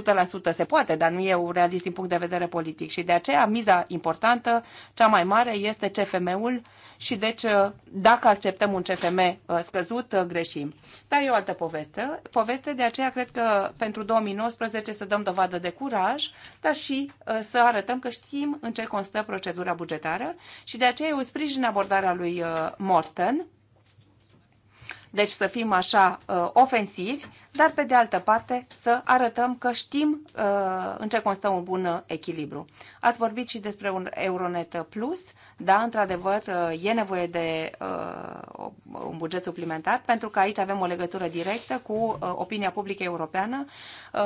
se poate, dar nu e realist din punct de vedere politic politic și de aceea miza importantă, cea mai mare, este CFM-ul și deci uh, dacă acceptăm un CFM uh, scăzut, uh, greșim. Dar e o altă poveste. Poveste de aceea cred că pentru 2019 să dăm dovadă de curaj, dar și să arătăm că știm în ce constă procedura bugetară și de aceea eu sprijin abordarea lui Morten. deci să fim așa ofensivi, dar pe de altă parte să arătăm că știm uh, în ce constă un bun echilibru. Ați vorbit și despre un Euronet Plus, da, într-adevăr uh, e nevoie de uh, un buget suplimentar, pentru că aici avem o legătură directă cu uh, opinia publică europeană. Uh,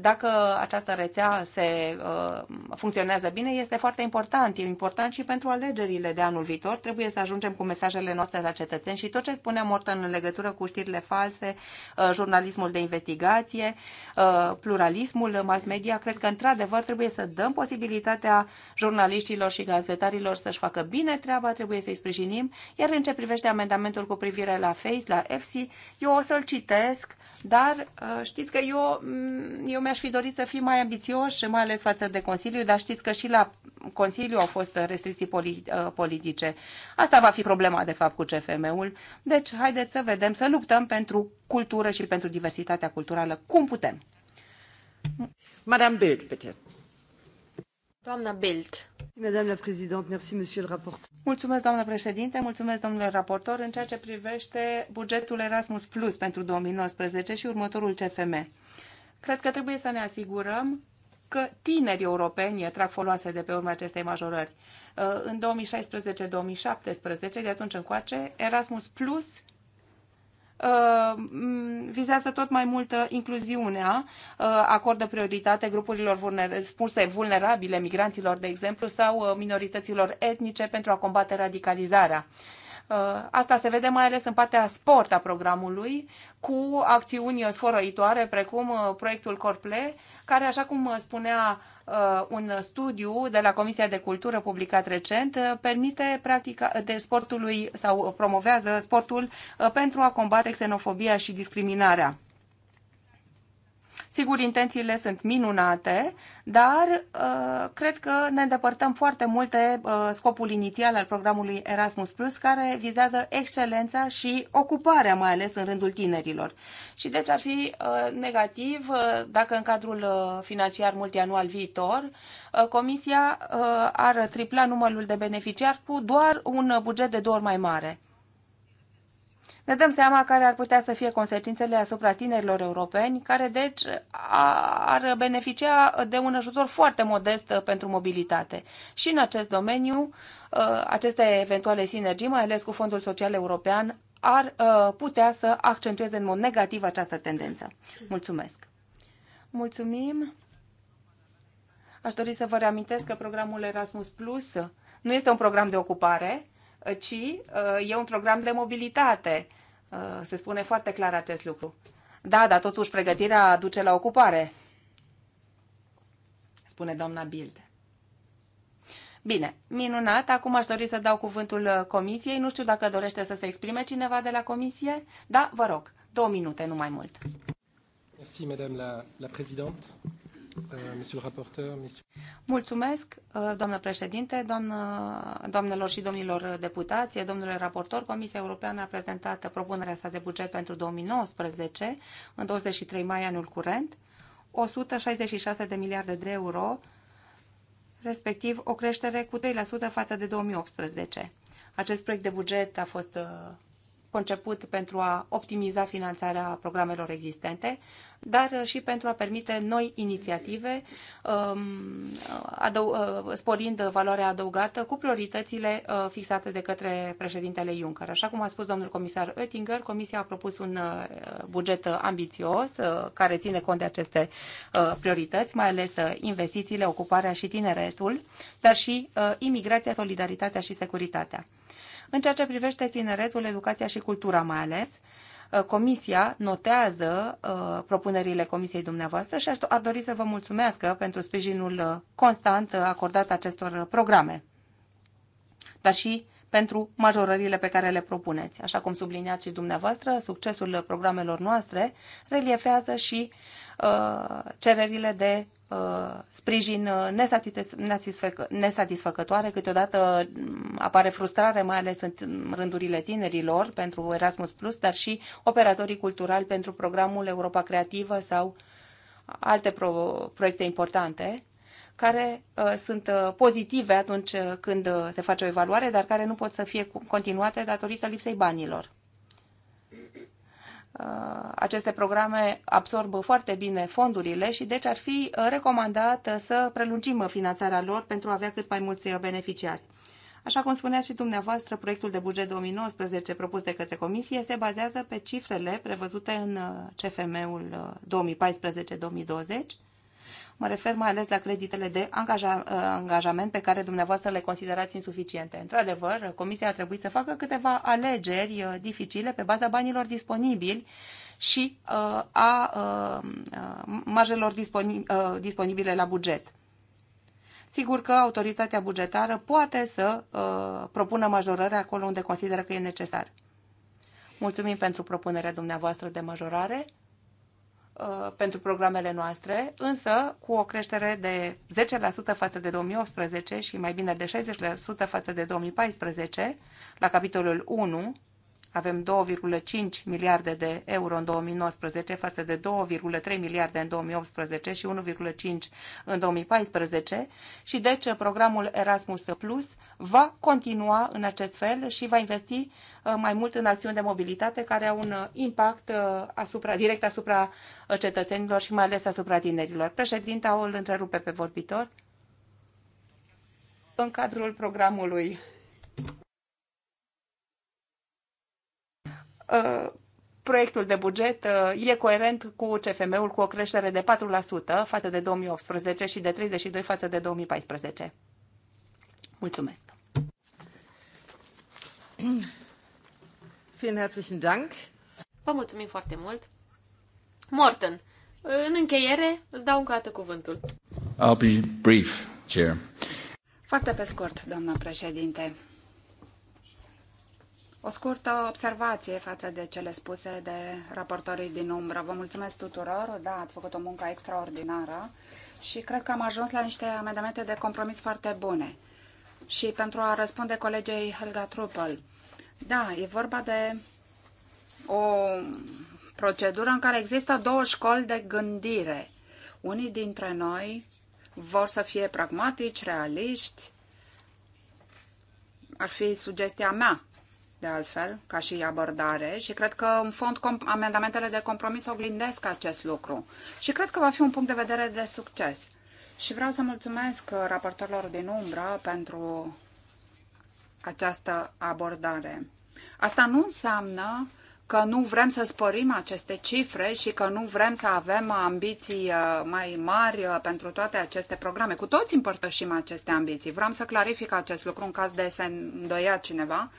dacă această rețea se uh, funcționează bine, este foarte important. E important și pentru alegerile de anul viitor. Trebuie să ajungem cu mesajele noastre la cetățeni și tot ce spunea Morten în legătură cu știrile false, uh, jurnalistice, jurnalismul de investigație, uh, pluralismul mass media, cred că într-adevăr trebuie să dăm posibilitatea jurnaliștilor și gazetarilor să-și facă bine treaba, trebuie să-i sprijinim. Iar în ce privește amendamentul cu privire la Face, la Fc, eu o să-l citesc, dar uh, știți că eu, mm, eu mi-aș fi dorit să fiu mai și mai ales față de Consiliu, dar știți că și la Consiliu au fost restricții uh, politice. Asta va fi problema, de fapt, cu CFM-ul. Deci, haideți să vedem, să luptăm pentru cultură și pentru diversitatea culturală. Cum putem? Madame Bild, bitte. Doamna Bild. Madame la Présidente, merci, Monsieur le Rapporteur. Mulțumesc, doamnă președinte, mulțumesc, domnule raportor, în ceea ce privește bugetul Erasmus Plus pentru 2019 și următorul CFM. Cred că trebuie să ne asigurăm că tinerii europeni trag foloase de pe urma acestei majorări. În 2016-2017, de atunci încoace, Erasmus Plus Uh, vizează tot mai mult incluziunea, uh, acordă prioritate grupurilor spuse vulnerabile, migranților, de exemplu, sau uh, minorităților etnice pentru a combate radicalizarea. Asta se vede mai ales în partea sport a programului, cu acțiuni sfărăitoare, precum proiectul Corple, care, așa cum spunea Uh, un studiu de la Comisia de Cultură publicat recent uh, permite practica uh, de sportului sau promovează sportul pentru a combate xenofobia și discriminarea. Sigur, intențiile sunt minunate, dar uh, cred că ne îndepărtăm foarte mult de uh, scopul inițial al programului Erasmus+, Plus, care vizează excelența și ocuparea, mai ales în rândul tinerilor. Și deci ar fi uh, negativ uh, dacă în cadrul uh, financiar multianual viitor uh, Comisia ar tripla numărul de beneficiari cu doar un buget de două ori mai mare ne dăm seama care ar putea să fie consecințele asupra tinerilor europeni, care deci ar beneficia de un ajutor foarte modest pentru mobilitate. Și în acest domeniu, ă, aceste eventuale sinergii, mai ales cu Fondul Social European, ar ă, putea să accentueze în mod negativ această tendență. Mulțumesc! Mulțumim! Aș dori să vă reamintesc că programul Erasmus Plus nu este un program de ocupare, ci uh, e un program de mobilitate. Uh, se spune foarte clar acest lucru. Da, dar totuși pregătirea duce la ocupare, spune doamna Bild. Bine, minunat. Acum aș dori să dau cuvântul uh, comisiei. Nu știu dacă dorește să se exprime cineva de la comisie. Da, vă rog, două minute, nu mai mult. Mulțumesc, madame la, la Euh, Mulțumesc, uh, doamnă președinte, doamnă, doamnelor și domnilor deputați, domnule raportor. Comisia Europeană a prezentat propunerea sa de buget pentru 2019, în 23 mai anul curent, 166 de miliarde de euro, respectiv o creștere cu 3% față de 2018. Acest proiect de buget a fost uh, conceput pentru a optimiza finanțarea programelor existente, dar și pentru a permite noi inițiative, um, uh, sporind valoarea adăugată cu prioritățile uh, fixate de către președintele Juncker. Așa cum a spus domnul comisar Oettinger, Comisia a propus un uh, buget ambițios care ține cont de aceste priorități, mai ales investițiile, ocuparea și tineretul, dar și imigrația, solidaritatea și securitatea. În ceea ce privește tineretul, educația și cultura mai ales, uh, Comisia notează uh, propunerile Comisiei dumneavoastră și ar dori să vă mulțumesc pentru sprijinul uh, constant acordat acestor programe, dar și pentru majorările pe care le propuneți. Așa cum subliniați și dumneavoastră, succesul programelor noastre reliefează și uh, cererile de Uh, sprijin uh, nesatisfăcătoare, câteodată mm, apare frustrare, mai ales în rândurile tinerilor pentru Erasmus+, Plus, dar și operatorii culturali pentru programul Europa Creativă sau alte pro- proiecte importante care uh, sunt uh, pozitive atunci când se face o evaluare, dar care nu pot să fie continuate datorită lipsei banilor. Uh, aceste programe absorbă foarte bine fondurile și deci ar fi uh, recomandat uh, să prelungim finanțarea lor pentru a avea cât mai mulți beneficiari. Așa cum spuneați și dumneavoastră, proiectul de buget 2019 propus de către Comisie se bazează pe cifrele prevăzute în CFM-ul 2014-2020 Mă refer mai ales la creditele de angaja, uh, angajament pe care dumneavoastră le considerați insuficiente. Într-adevăr, Comisia a trebuit să facă câteva alegeri uh, dificile pe baza banilor disponibili și uh, a marjelor disponibile la buget. Sigur că autoritatea bugetară poate să uh, propună majorări acolo unde consideră că e necesar. Mulțumim pentru propunerea dumneavoastră de majorare. Uh, pentru programele noastre, însă cu o creștere de 10% față de 2018 și mai bine de 60% față de 2014 la capitolul 1, avem 2,5 miliarde de euro în 2019 față de 2,3 miliarde în 2018 și 1,5 în 2014 și deci programul Erasmus Plus va continua în acest fel și va investi uh, mai mult în acțiuni de mobilitate care au un uh, impact uh, asupra, direct asupra cetățenilor și mai ales asupra tinerilor. Președinta o îl întrerupe pe vorbitor în cadrul programului Uh, proiectul de buget uh, e coerent cu CFM-ul cu o creștere de 4% față de 2018 și de 32% față de 2014. Mulțumesc! Vielen herzlichen Dank! Vă mulțumim foarte mult! Morten, în încheiere îți dau încă o dată cuvântul. I'll be brief, Chair. Foarte pe scurt, doamna președinte. O scurtă observație față de cele spuse de raportorii din umbră. Vă mulțumesc tuturor, da, ați făcut o muncă extraordinară și cred că am ajuns la niște amendamente de compromis foarte bune. Și pentru a răspunde colegei Helga Trupel, da, e vorba de o procedură în care există două școli de gândire. Unii dintre noi vor să fie pragmatici, realiști, ar fi sugestia mea de altfel, ca și abordare și cred că, în fond, amendamentele de compromis oglindesc acest lucru și cred că va fi un punct de vedere de succes. Și vreau să mulțumesc uh, raportorilor din umbră pentru această abordare. Asta nu înseamnă că nu vrem să spărim aceste cifre și că nu vrem să avem ambiții uh, mai mari uh, pentru toate aceste programe. Cu toți împărtășim aceste ambiții. Vreau să clarific acest lucru în caz de se îndoia cineva.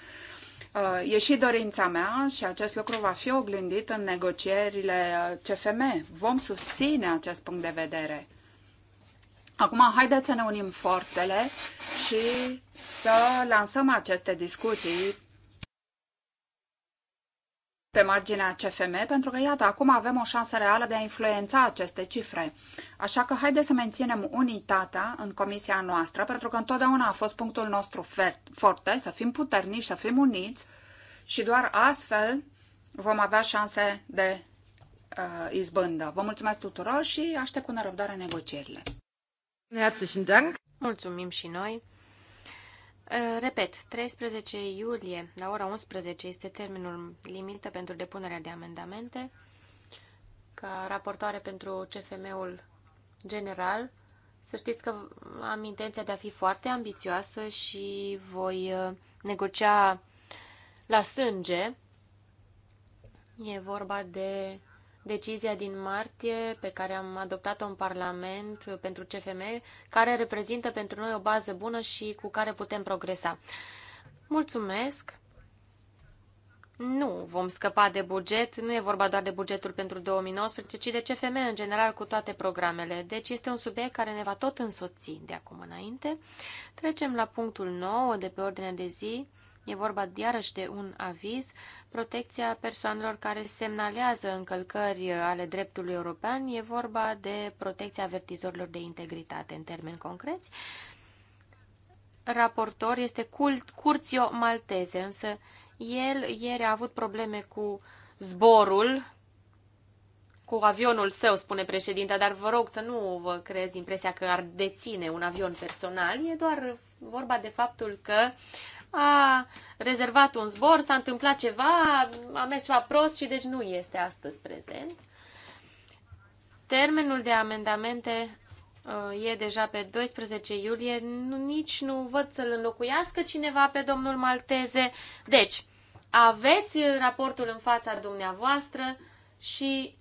Uh, e și dorința mea și acest lucru va fi oglindit în negocierile CFM. Vom susține acest punct de vedere. Acum, haideți să ne unim forțele și să lansăm aceste discuții pe marginea CFM, pentru că, iată, acum avem o șansă reală de a influența aceste cifre. Așa că haideți să menținem unitatea în comisia noastră, pentru că întotdeauna a fost punctul nostru forte, să fim puternici, să fim uniți și doar astfel vom avea șanse de uh, izbândă. Vă mulțumesc tuturor și aștept cu nerăbdare negocierile. Mulțumim și noi! Ă, repet, 13 iulie la ora 11 este termenul limită pentru depunerea de amendamente. Ca raportoare pentru CFM-ul general, să știți că am intenția de a fi foarte ambițioasă și voi ă, negocia la sânge. E vorba de decizia din martie pe care am adoptat-o în Parlament pentru CFM, care reprezintă pentru noi o bază bună și cu care putem progresa. Mulțumesc! Nu vom scăpa de buget, nu e vorba doar de bugetul pentru 2019, ci de CFM în general cu toate programele. Deci este un subiect care ne va tot însoți de acum înainte. Trecem la punctul 9 de pe ordinea de zi, E vorba iarăși de un aviz. Protecția persoanelor care semnalează încălcări ale dreptului european e vorba de protecția avertizorilor de integritate în termeni concreți. Raportor este cult, Curțio Malteze, însă el ieri a avut probleme cu zborul, cu avionul său, spune președinta, dar vă rog să nu vă creezi impresia că ar deține un avion personal. E doar vorba de faptul că a rezervat un zbor, s-a întâmplat ceva, a mers ceva prost și deci nu este astăzi prezent. Termenul de amendamente uh, e deja pe 12 iulie, nici nu văd să-l înlocuiască cineva pe domnul Malteze. Deci, aveți raportul în fața dumneavoastră și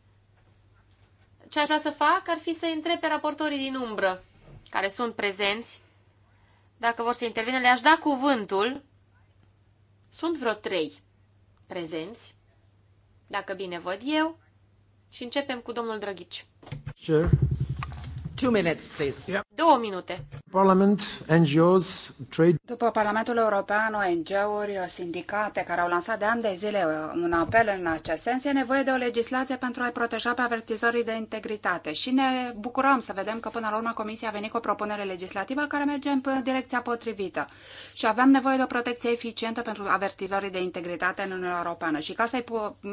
ce aș vrea să fac ar fi să întreb pe raportorii din umbră care sunt prezenți dacă vor să intervină, le-aș da cuvântul. Sunt vreo trei prezenți, dacă bine văd eu. Și începem cu domnul Drăghici. Sure. Two minutes, please. Yep. Două minute. Parliament, NGOs, trade... După Parlamentul European, ONG-uri, sindicate care au lansat de ani de zile uh, un apel în acest sens, e nevoie de o legislație pentru a-i proteja pe avertizorii de integritate și ne bucurăm să vedem că până la urmă Comisia a venit cu o propunere legislativă care merge în direcția potrivită și avem nevoie de o protecție eficientă pentru avertizorii de integritate în Uniunea Europeană și ca să-i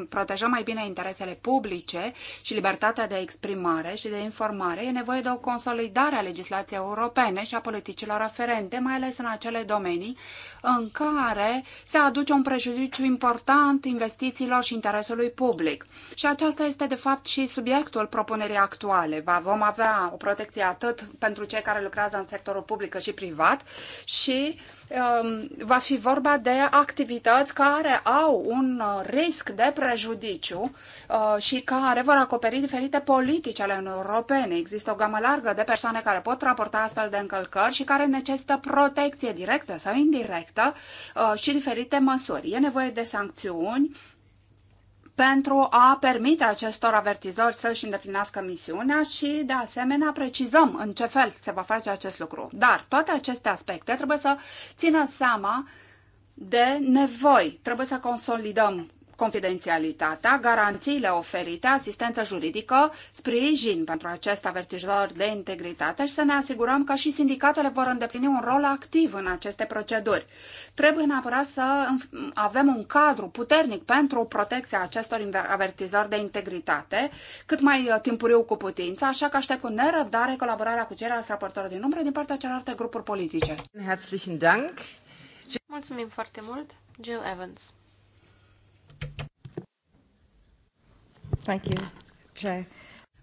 protejăm mai bine interesele publice și libertatea de exprimare și de informare, e nevoie de o consolidare a legislației europene și a politicilor aferente, mai ales în acele domenii în care se aduce un prejudiciu important investițiilor și interesului public. Și aceasta este, de fapt, și subiectul propunerii actuale. Va vom avea o protecție atât pentru cei care lucrează în sectorul public cât și privat și uh, Um, va fi vorba de activități care au un uh, risc de prejudiciu uh, și care vor acoperi diferite politici ale Uniunii Europene. Există o gamă largă de persoane care pot raporta astfel de încălcări și care necesită protecție directă sau indirectă uh, și diferite măsuri. E nevoie de sancțiuni pentru a permite acestor avertizori să își îndeplinească misiunea și, de asemenea, precizăm în ce fel se va face acest lucru. Dar toate aceste aspecte trebuie să țină seama de nevoi. Trebuie să consolidăm confidențialitatea, garanțiile oferite, asistență juridică, sprijin pentru acest avertizor de integritate și să ne asigurăm că și sindicatele vor îndeplini un rol activ în aceste proceduri. Trebuie neapărat să avem un cadru puternic pentru protecția acestor avertizori de integritate, cât mai uh, timpuriu cu putință, așa că aștept cu nerăbdare colaborarea cu ceilalți raportori din umbră din partea celorlalte grupuri politice. Mulțumim foarte mult, Jill Evans. Thank you, Jay.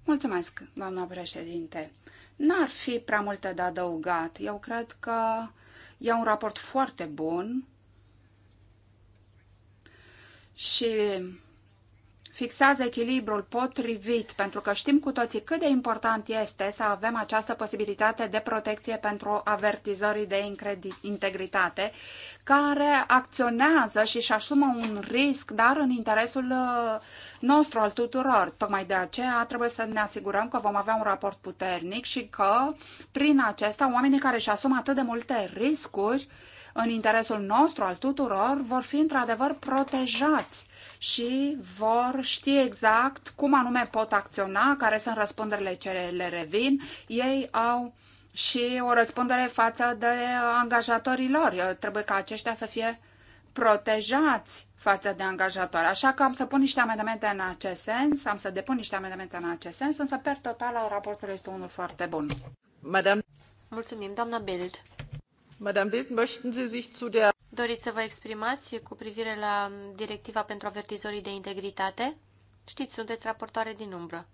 Mulțumesc, doamna președinte. N-ar fi prea multe de adăugat. Eu cred că e un raport foarte bun și fixează echilibrul potrivit, pentru că știm cu toții cât de important este să avem această posibilitate de protecție pentru avertizorii de integritate, care acționează și își asumă un risc, dar în interesul uh, nostru, al tuturor. Tocmai de aceea trebuie să ne asigurăm că vom avea un raport puternic și că, prin acesta, oamenii care își asumă atât de multe riscuri, în interesul nostru, al tuturor, vor fi într-adevăr protejați și vor ști exact cum anume pot acționa, care sunt răspunderile ce le revin. Ei au și o răspundere față de angajatorii lor. Trebuie ca aceștia să fie protejați față de angajatori. Așa că am să pun niște amendamente în acest sens, am să depun niște amendamente în acest sens, însă per total raportul este unul foarte bun. Madame. Mulțumim, doamna Bild. Madame Bild, möchten Sie sich zu der... Doriți să vă exprimați cu privire la directiva pentru avertizorii de integritate? Știți, sunteți raportoare din umbră.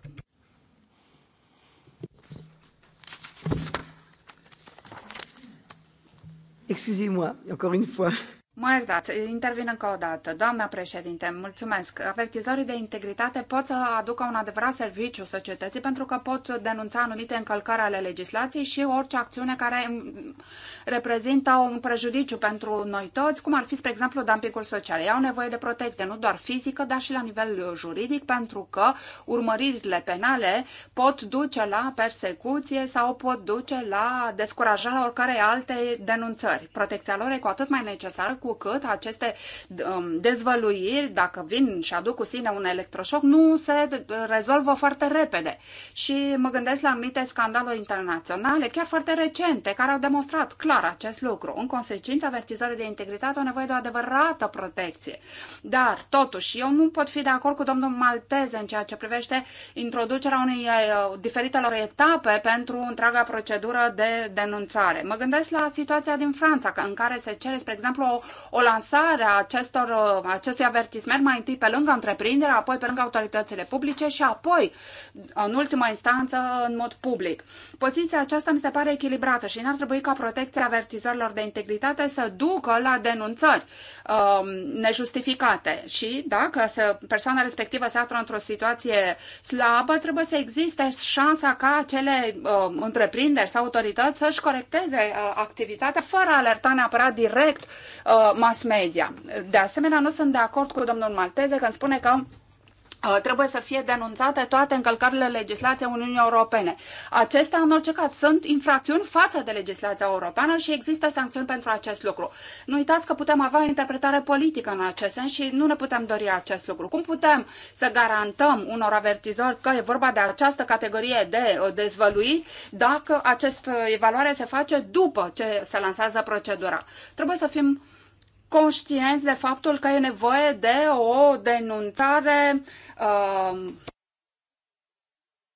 Excusez-moi, encore une fois. Mă iertați, intervin încă o dată. Doamna președinte, mulțumesc. Avertizorii de integritate pot să aducă un adevărat serviciu societății pentru că pot denunța anumite încălcări ale legislației și orice acțiune care reprezintă un prejudiciu pentru noi toți, cum ar fi, spre exemplu, dumpingul social. Ei au nevoie de protecție, nu doar fizică, dar și la nivel juridic, pentru că urmăririle penale pot duce la persecuție sau pot duce la descurajarea oricărei alte denunțări. Protecția lor e cu atât mai necesară cu cât aceste um, dezvăluiri, dacă vin și aduc cu sine un electroșoc, nu se rezolvă foarte repede. Și mă gândesc la anumite scandaluri internaționale, chiar foarte recente, care au demonstrat clar acest lucru. În consecință, avertizorii de integritate au nevoie de o adevărată protecție. Dar, totuși, eu nu pot fi de acord cu domnul Malteze în ceea ce privește introducerea unei uh, diferitelor etape pentru întreaga procedură de denunțare. Mă gândesc la situația din Franța, în care se cere, spre exemplu, o o lansare a acestor, acestui avertisment mai întâi pe lângă întreprindere, apoi pe lângă autoritățile publice și apoi, în ultima instanță, în mod public. Poziția aceasta mi se pare echilibrată și n-ar trebui ca protecția avertizorilor de integritate să ducă la denunțări um, nejustificate și dacă se, persoana respectivă se află într-o situație slabă, trebuie să existe șansa ca acele um, întreprinderi sau autorități să-și corecteze uh, activitatea fără a alerta neapărat direct uh, mass media. De asemenea, nu sunt de acord cu domnul Malteze când spune că uh, trebuie să fie denunțate toate încălcările legislației Uniunii Europene. Acestea, în orice caz, sunt infracțiuni față de legislația europeană și există sancțiuni pentru acest lucru. Nu uitați că putem avea o interpretare politică în acest sens și nu ne putem dori acest lucru. Cum putem să garantăm unor avertizori că e vorba de această categorie de uh, dezvăluiri dacă această uh, evaluare se face după ce se lansează procedura? Trebuie să fim conștienți de faptul că e nevoie de o denunțare uh,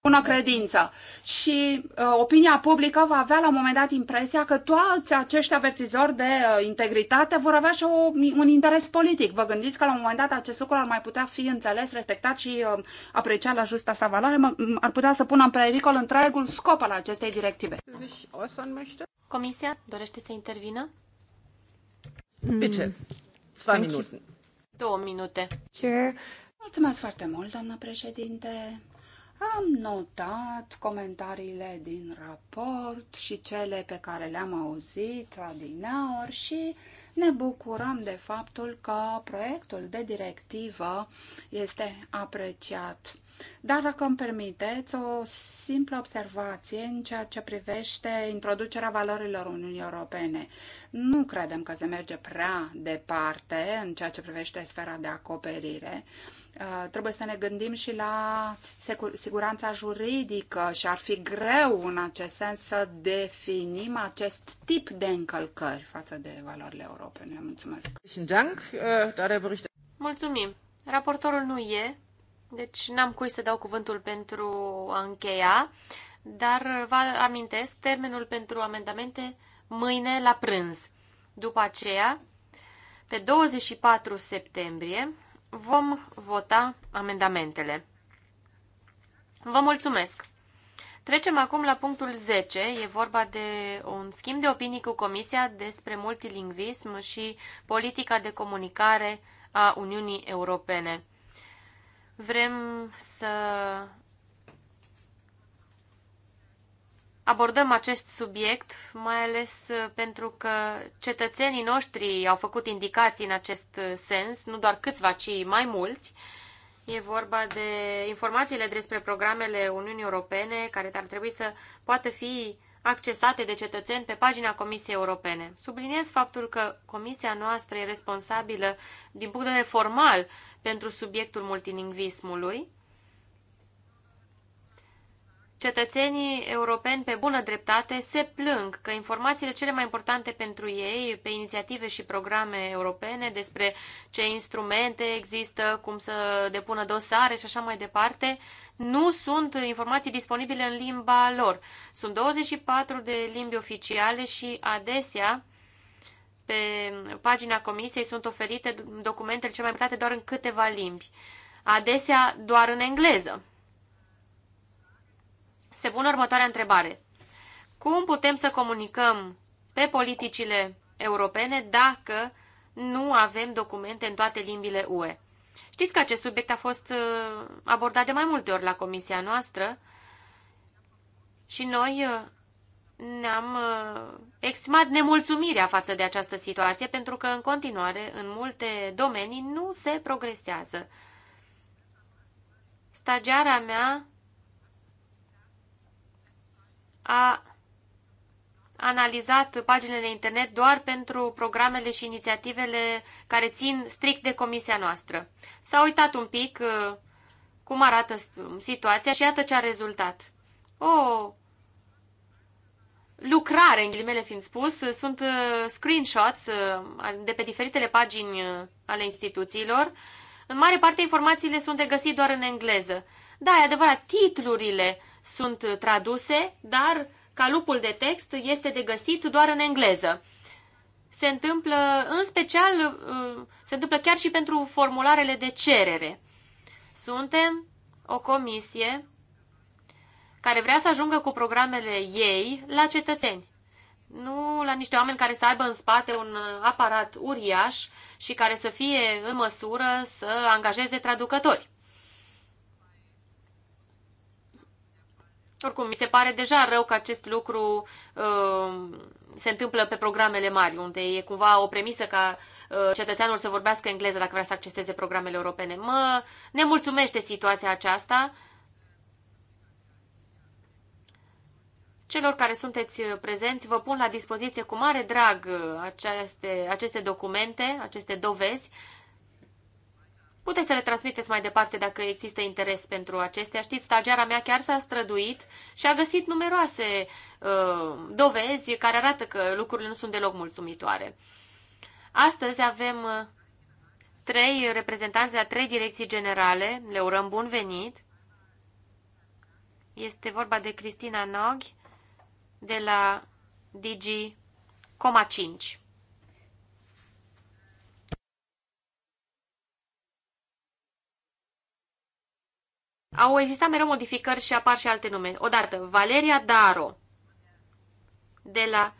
bună credință. Și uh, opinia publică va avea la un moment dat impresia că toți acești avertizori de uh, integritate vor avea și o, un interes politic. Vă gândiți că la un moment dat acest lucru ar mai putea fi înțeles, respectat și uh, apreciat la justa sa valoare? ar putea să pună în pericol întregul scop al acestei directive. Comisia dorește să intervină? Bitte, mm. Două minute. Mulțumesc foarte mult, doamnă președinte. Am notat comentariile din raport și cele pe care le-am auzit adineaori și ne bucurăm de faptul că proiectul de directivă este apreciat. Dar dacă îmi permiteți o simplă observație în ceea ce privește introducerea valorilor Uniunii Europene. Nu credem că se merge prea departe în ceea ce privește sfera de acoperire. Uh, trebuie să ne gândim și la siguranța juridică și ar fi greu în acest sens să definim acest tip de încălcări față de valorile europene. Mulțumesc! Uh, da, Mulțumim! Raportorul nu e, deci n-am cui să dau cuvântul pentru a încheia, dar vă amintesc termenul pentru amendamente mâine la prânz. După aceea, pe 24 septembrie, vom vota amendamentele. Vă mulțumesc! Trecem acum la punctul 10. E vorba de un schimb de opinii cu Comisia despre multilingvism și politica de comunicare a Uniunii Europene. Vrem să abordăm acest subiect, mai ales uh, pentru că cetățenii noștri au făcut indicații în acest uh, sens, nu doar câțiva, ci mai mulți. E vorba de informațiile despre programele Uniunii Europene care ar trebui să poată fi accesate de cetățeni pe pagina Comisiei Europene. Subliniez faptul că Comisia noastră e responsabilă din punct de vedere formal pentru subiectul multilingvismului, Cetățenii europeni, pe bună dreptate, se plâng că informațiile cele mai importante pentru ei, pe inițiative și programe europene, despre ce instrumente există, cum să depună dosare și așa mai departe, nu sunt informații disponibile în limba lor. Sunt 24 de limbi oficiale și adesea pe pagina comisiei sunt oferite documentele cele mai importante doar în câteva limbi, adesea doar în engleză se pun următoarea întrebare. Cum putem să comunicăm pe politicile europene dacă nu avem documente în toate limbile UE? Știți că acest subiect a fost uh, abordat de mai multe ori la comisia noastră și noi uh, ne-am uh, exprimat nemulțumirea față de această situație pentru că în continuare în multe domenii nu se progresează. Stagiara mea a analizat paginile internet doar pentru programele și inițiativele care țin strict de comisia noastră. S-a uitat un pic uh, cum arată um, situația și iată ce a rezultat. O lucrare, în ghilimele fiind spus, uh, sunt uh, screenshots de pe diferitele pagini ale instituțiilor. În mare parte, informațiile sunt de găsit doar în engleză. Da, e adevărat, titlurile sunt traduse, dar calupul de text este de găsit doar în engleză. Se întâmplă, în special, uh, se întâmplă chiar și pentru formularele de cerere. Suntem o comisie care vrea să ajungă cu programele ei la cetățeni. Nu la niște oameni care să aibă în spate un aparat uriaș și care să fie în măsură să angajeze traducători. Oricum, mi se pare deja rău că acest lucru uh, se întâmplă pe programele mari, unde e cumva o premisă ca uh, cetățeanul să vorbească engleză dacă vrea să acceseze programele europene. Mă nemulțumește situația aceasta. Celor care sunteți prezenți, vă pun la dispoziție cu mare drag aceste, aceste documente, aceste dovezi, Puteți să le transmiteți mai departe dacă există interes pentru acestea. Știți, stagiara mea chiar s-a străduit și a găsit numeroase uh, dovezi care arată că lucrurile nu sunt deloc mulțumitoare. Astăzi avem uh, trei reprezentanți la trei direcții generale. Le urăm bun venit. Este vorba de Cristina Nog de la DG Coma 5. Au existat mereu modificări și apar și alte nume. Odată, Valeria Daro, de la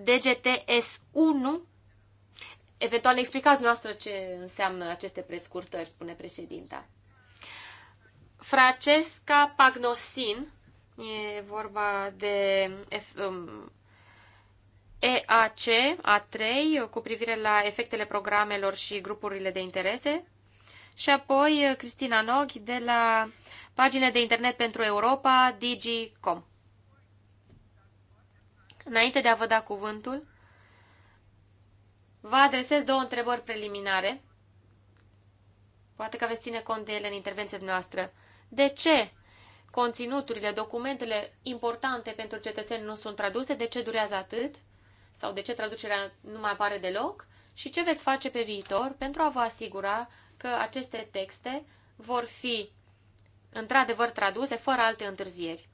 DGTS1. Eventual ne explicați noastră ce înseamnă aceste prescurtări, spune președinta. Francesca Pagnosin, e vorba de F, um, EAC A3 cu privire la efectele programelor și grupurile de interese și apoi eh, Cristina Noghi de la pagina de internet pentru Europa, Digi.com. Înainte de a vă da cuvântul, vă adresez două întrebări preliminare. Poate că veți ține cont de ele în intervenția noastră. De ce conținuturile, documentele importante pentru cetățeni nu sunt traduse? De ce durează atât? Sau de ce traducerea nu mai apare deloc? Și ce veți face pe viitor pentru a vă asigura că aceste texte vor fi într-adevăr traduse fără alte întârzieri.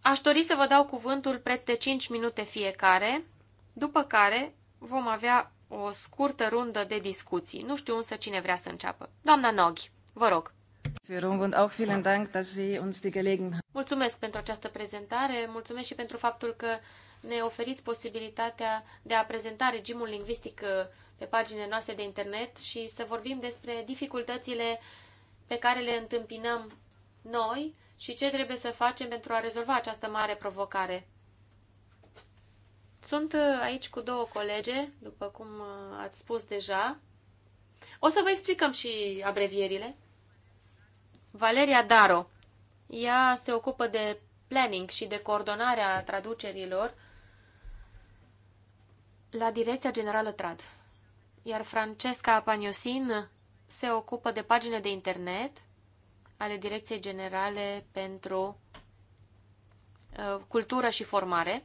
Aș dori să vă dau cuvântul preț de 5 minute fiecare, după care vom avea o scurtă rundă de discuții. Nu știu însă cine vrea să înceapă. Doamna Noghi, vă rog. Mulțumesc pentru această prezentare, mulțumesc și pentru faptul că ne oferiți posibilitatea de a prezenta regimul lingvistic uh, pe paginile noastre de internet și să vorbim despre dificultățile pe care le întâmpinăm noi și ce trebuie să facem pentru a rezolva această mare provocare. Sunt uh, aici cu două colege, după cum uh, ați spus deja. O să vă explicăm și abrevierile. Valeria Daro. Ea se ocupă de planning și de coordonarea traducerilor la Direcția Generală Trad, iar Francesca Apaniosin se ocupă de pagine de internet ale Direcției Generale pentru uh, Cultură și Formare.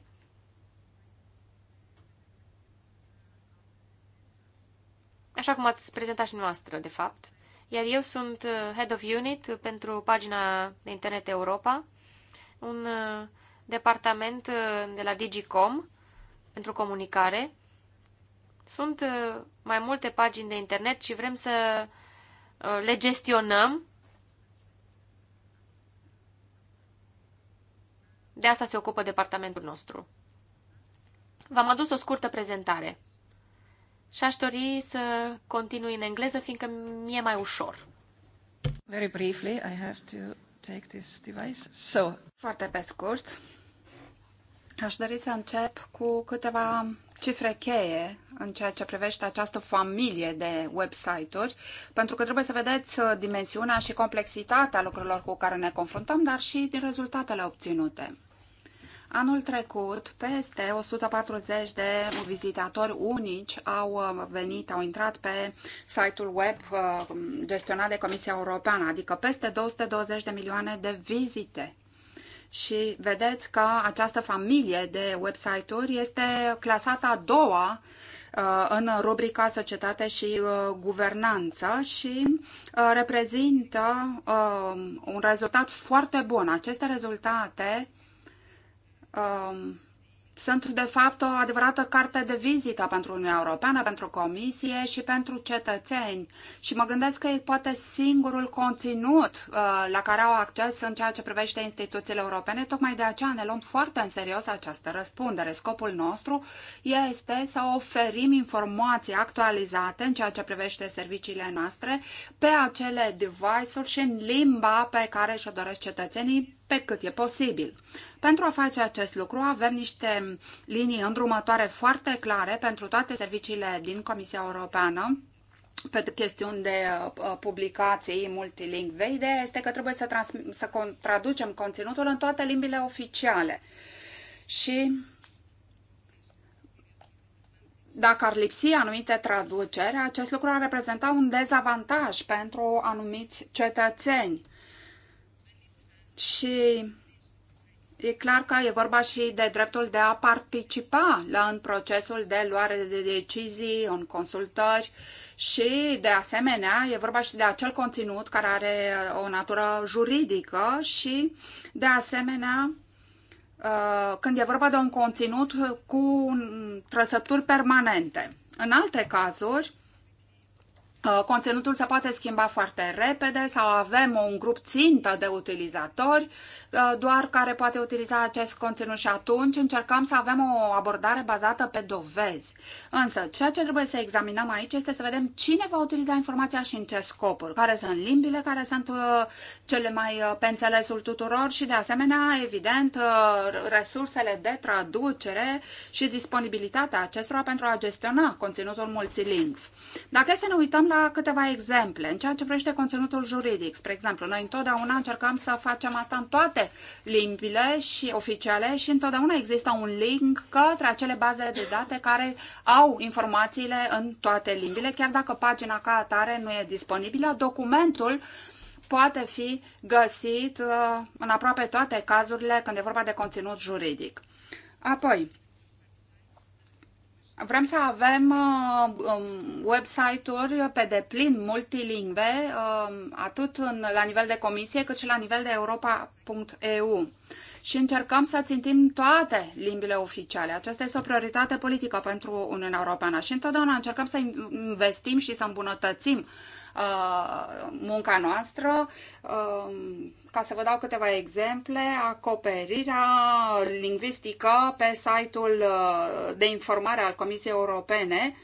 Așa cum ați prezentat și noastră, de fapt. Iar eu sunt uh, Head of Unit pentru pagina de internet Europa, un uh, departament de la Digicom, pentru comunicare. Sunt uh, mai multe pagini de internet și vrem să uh, le gestionăm. De asta se ocupă departamentul nostru. V-am adus o scurtă prezentare și aș dori să continui în engleză, fiindcă mi-e mai ușor. Very briefly, I have to take this device. So, foarte pe scurt, Aș dori să încep cu câteva cifre cheie în ceea ce privește această familie de website-uri, pentru că trebuie să vedeți uh, dimensiunea și complexitatea lucrurilor cu care ne confruntăm, dar și din rezultatele obținute. Anul trecut, peste 140 de vizitatori unici au uh, venit, au intrat pe site-ul web uh, gestionat de Comisia Europeană, adică peste 220 de milioane de vizite și vedeți că această familie de website-uri este clasată a doua uh, în rubrica Societate și uh, Guvernanță și uh, reprezintă un rezultat foarte bun. Aceste rezultate um, sunt de fapt o adevărată carte de vizită pentru Uniunea Europeană, pentru Comisie și pentru cetățeni. Și mă gândesc că e poate singurul conținut uh, la care au acces în ceea ce privește instituțiile europene. Tocmai de aceea ne luăm foarte în serios această răspundere. Scopul nostru este să oferim informații actualizate în ceea ce privește serviciile noastre pe acele device-uri și în limba pe care și-o doresc cetățenii pe cât e posibil. Pentru a face acest lucru avem niște linii îndrumătoare foarte clare pentru toate serviciile din Comisia Europeană pe chestiuni de uh, publicații multilingve, ideea este că trebuie să, trans- să traducem conținutul în toate limbile oficiale. Și dacă ar lipsi anumite traduceri, acest lucru ar reprezenta un dezavantaj pentru anumiți cetățeni și e clar că e vorba și de dreptul de a participa la în procesul de luare de decizii, în consultări și, de asemenea, e vorba și de acel conținut care are uh, o natură juridică și, de asemenea, uh, când e vorba de un conținut cu trăsături permanente. În alte cazuri, Uh, conținutul se poate schimba foarte repede sau avem un grup țintă de utilizatori uh, doar care poate utiliza acest conținut și atunci încercăm să avem o abordare bazată pe dovezi. Însă, ceea ce trebuie să examinăm aici este să vedem cine va utiliza informația și în ce scopuri, care sunt limbile care sunt uh, cele mai pe înțelesul tuturor și, de asemenea, evident, resursele de traducere și disponibilitatea acestora pentru a gestiona conținutul multilingv. Dacă să ne uităm la câteva exemple. În ceea ce privește conținutul juridic, spre exemplu, noi întotdeauna încercăm să facem asta în toate limbile și oficiale și întotdeauna există un link către acele baze de date care au informațiile în toate limbile, chiar dacă pagina ca atare nu e disponibilă, documentul poate fi găsit uh, în aproape toate cazurile când e vorba de conținut juridic. Apoi, Vrem să avem uh, um, website-uri pe deplin multilingve, uh, atât în, la nivel de comisie, cât și la nivel de europa.eu. Și încercăm să țintim toate limbile oficiale. Aceasta este o prioritate politică pentru Uniunea Europeană și întotdeauna încercăm să investim și să îmbunătățim Uh, munca noastră. Um, ca să vă dau câteva exemple, acoperirea lingvistică pe site-ul uh, de informare al Comisiei Europene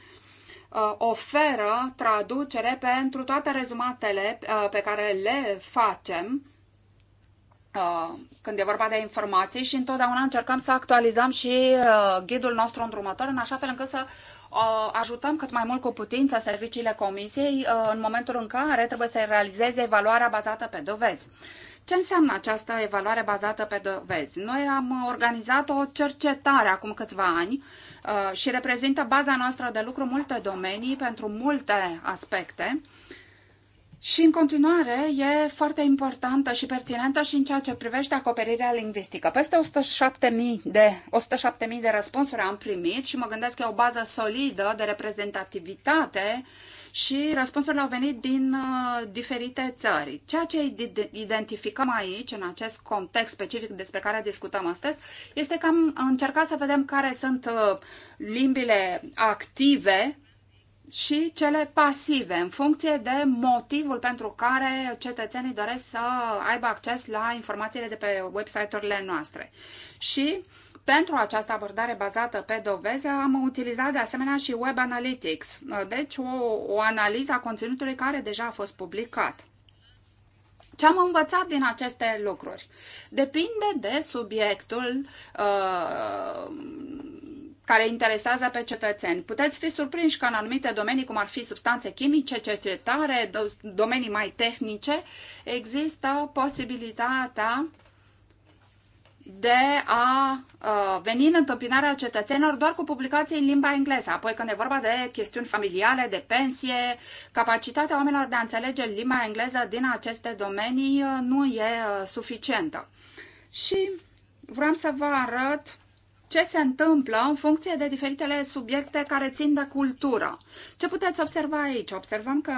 uh, oferă traducere pentru toate rezumatele pe care le facem când e vorba de informații și întotdeauna încercăm să actualizăm și ghidul nostru îndrumător în așa fel încât să ajutăm cât mai mult cu putință serviciile comisiei uh, în momentul în care trebuie să realizeze evaluarea bazată pe dovezi. Ce înseamnă această evaluare bazată pe dovezi? Noi am organizat o cercetare acum câțiva ani uh, și reprezintă baza noastră de lucru multe domenii pentru multe aspecte și în continuare e foarte importantă și pertinentă și în ceea ce privește acoperirea lingvistică. Peste 107.000 de, 107.000 de răspunsuri am primit și mă gândesc că e o bază solidă de reprezentativitate și răspunsurile au venit din uh, diferite țări. Ceea ce identificăm aici, în acest context specific despre care discutăm astăzi, este că am încercat să vedem care sunt uh, limbile active și cele pasive, în funcție de motivul pentru care cetățenii doresc să aibă acces la informațiile de pe website-urile noastre. Și pentru această abordare bazată pe dovezi am utilizat de asemenea și Web Analytics, deci o, o analiză a conținutului care deja a fost publicat. Ce am învățat din aceste lucruri? Depinde de subiectul uh, care interesează pe cetățeni. Puteți fi surprinși că în anumite domenii, cum ar fi substanțe chimice, cercetare, domenii mai tehnice, există posibilitatea de a uh, veni în întâmpinarea cetățenilor doar cu publicații în limba engleză. Apoi când e vorba de chestiuni familiale, de pensie, capacitatea oamenilor de a înțelege limba engleză din aceste domenii uh, nu e uh, suficientă. Și vreau să vă arăt ce se întâmplă în funcție de diferitele subiecte care țin de cultură. Ce puteți observa aici? Observăm că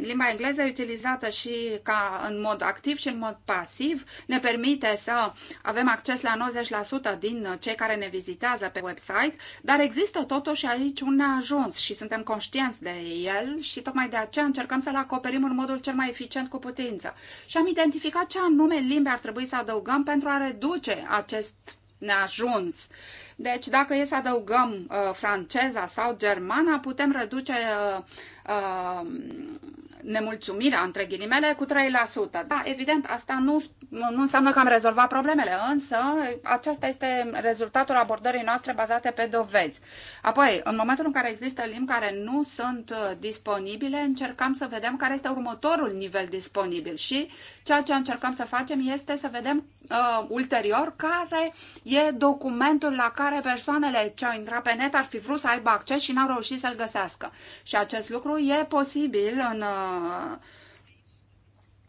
limba engleză e utilizată și ca în mod activ și în mod pasiv. Ne permite să avem acces la 90% din cei care ne vizitează pe website, dar există totuși aici un neajuns și suntem conștienți de el și tocmai de aceea încercăm să-l acoperim în modul cel mai eficient cu putință. Și am identificat ce anume limbi ar trebui să adăugăm pentru a reduce acest neajuns. Deci, dacă e să adăugăm uh, franceza sau germana, putem reduce uh, uh, nemulțumirea, între ghilimele, cu 3%. Da, evident, asta nu, nu înseamnă că am rezolvat problemele, însă aceasta este rezultatul abordării noastre bazate pe dovezi. Apoi, în momentul în care există limbi care nu sunt uh, disponibile, încercăm să vedem care este următorul nivel disponibil și ceea ce încercăm să facem este să vedem uh, ulterior care e documentul la care persoanele ce au intrat pe net ar fi vrut să aibă acces și n-au reușit să-l găsească. Și acest lucru e posibil în uh,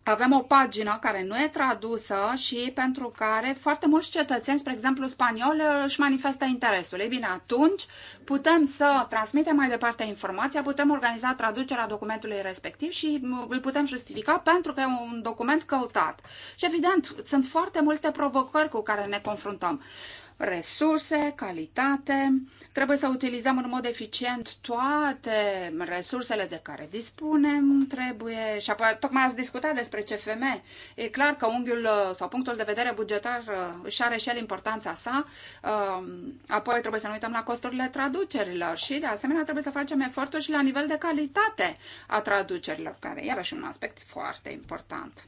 avem o pagină care nu e tradusă și pentru care foarte mulți cetățeni, spre exemplu spaniol, își manifestă interesul. Ei bine, atunci putem să transmitem mai departe informația, putem organiza traducerea documentului respectiv și îl putem justifica pentru că e un document căutat. Și evident, sunt foarte multe provocări cu care ne confruntăm. Uh, resurse, calitate. Trebuie să utilizăm în mod eficient toate resursele de care dispunem. Trebuie, și apoi tocmai ați discutat despre CFM. E clar că unghiul uh, sau punctul de vedere bugetar uh, își are și el importanța sa. Um, apoi trebuie să nu uităm la costurile traducerilor și de asemenea trebuie să facem eforturi și la nivel de calitate a traducerilor, care iarăși un aspect foarte important.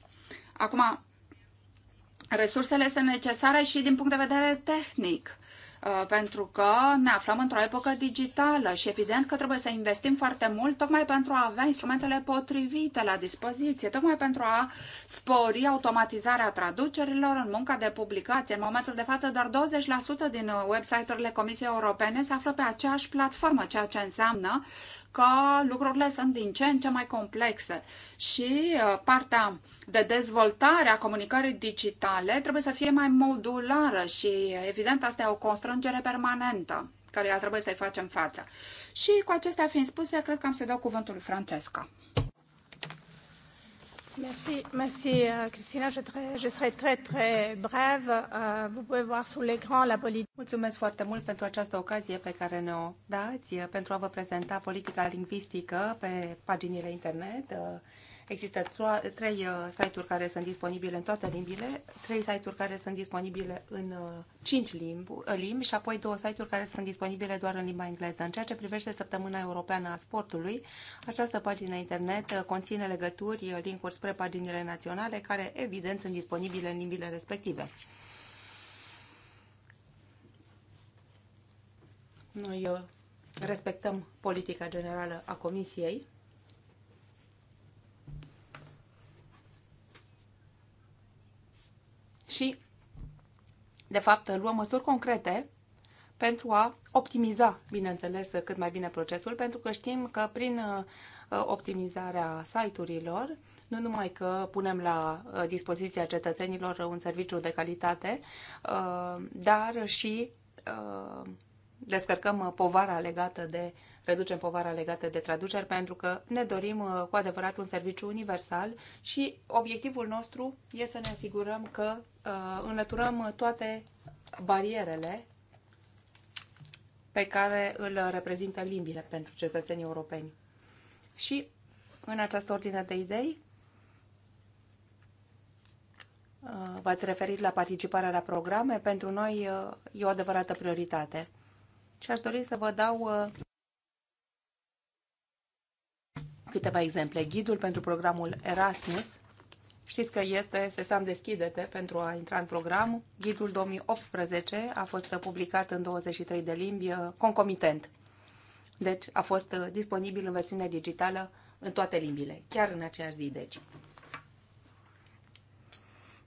Acum, resursele sunt necesare și din punct de vedere tehnic uh, pentru că ne aflăm într-o epocă digitală și evident că trebuie să investim foarte mult tocmai pentru a avea instrumentele potrivite la dispoziție, tocmai pentru a spori automatizarea traducerilor în munca de publicație. În momentul de față, doar 20% din website-urile Comisiei Europene se află pe aceeași platformă, ceea ce înseamnă că lucrurile sunt din ce în ce mai complexe și uh, partea de dezvoltare a comunicării digitale trebuie să fie mai modulară și, evident, asta e o constrângere permanentă care trebuie să-i facem față. Și cu acestea fiind spuse, cred că am să dau cuvântul lui Francesca. Merci, merci euh, Cristina. Je, je serai très très brève. Uh, vous pouvez voir sur l'écran la politique. Mulțumesc foarte mult pentru această ocazie pe care ne-o dați pentru a vă prezenta politica lingvistică pe paginile internet. Uh, Există trei uh, site-uri care sunt disponibile în toate limbile, trei site-uri care sunt disponibile în uh, cinci limbi, uh, limbi și apoi două site-uri care sunt disponibile doar în limba engleză. În ceea ce privește Săptămâna Europeană a Sportului, această pagină internet conține legături, linkuri spre paginile naționale, care evident sunt disponibile în limbile respective. Noi respectăm politica generală a Comisiei și, de fapt, luăm măsuri concrete pentru a optimiza, bineînțeles, cât mai bine procesul, pentru că știm că prin uh, optimizarea site-urilor, nu numai că punem la uh, dispoziția cetățenilor un serviciu de calitate, uh, dar și descărcăm uh, povara legată de, reducem povara legată de traduceri pentru că ne dorim uh, cu adevărat un serviciu universal și obiectivul nostru e să ne asigurăm că uh, înlăturăm toate barierele pe care îl reprezintă limbile pentru cetățenii europeni. Și în această ordine de idei, V-ați referit la participarea la programe. Pentru noi e o adevărată prioritate și aș dori să vă dau uh, câteva exemple. Ghidul pentru programul Erasmus, știți că este Sesam Deschidete pentru a intra în program. Ghidul 2018 a fost publicat în 23 de limbi uh, concomitent. Deci a fost uh, disponibil în versiune digitală în toate limbile, chiar în aceeași zi, deci.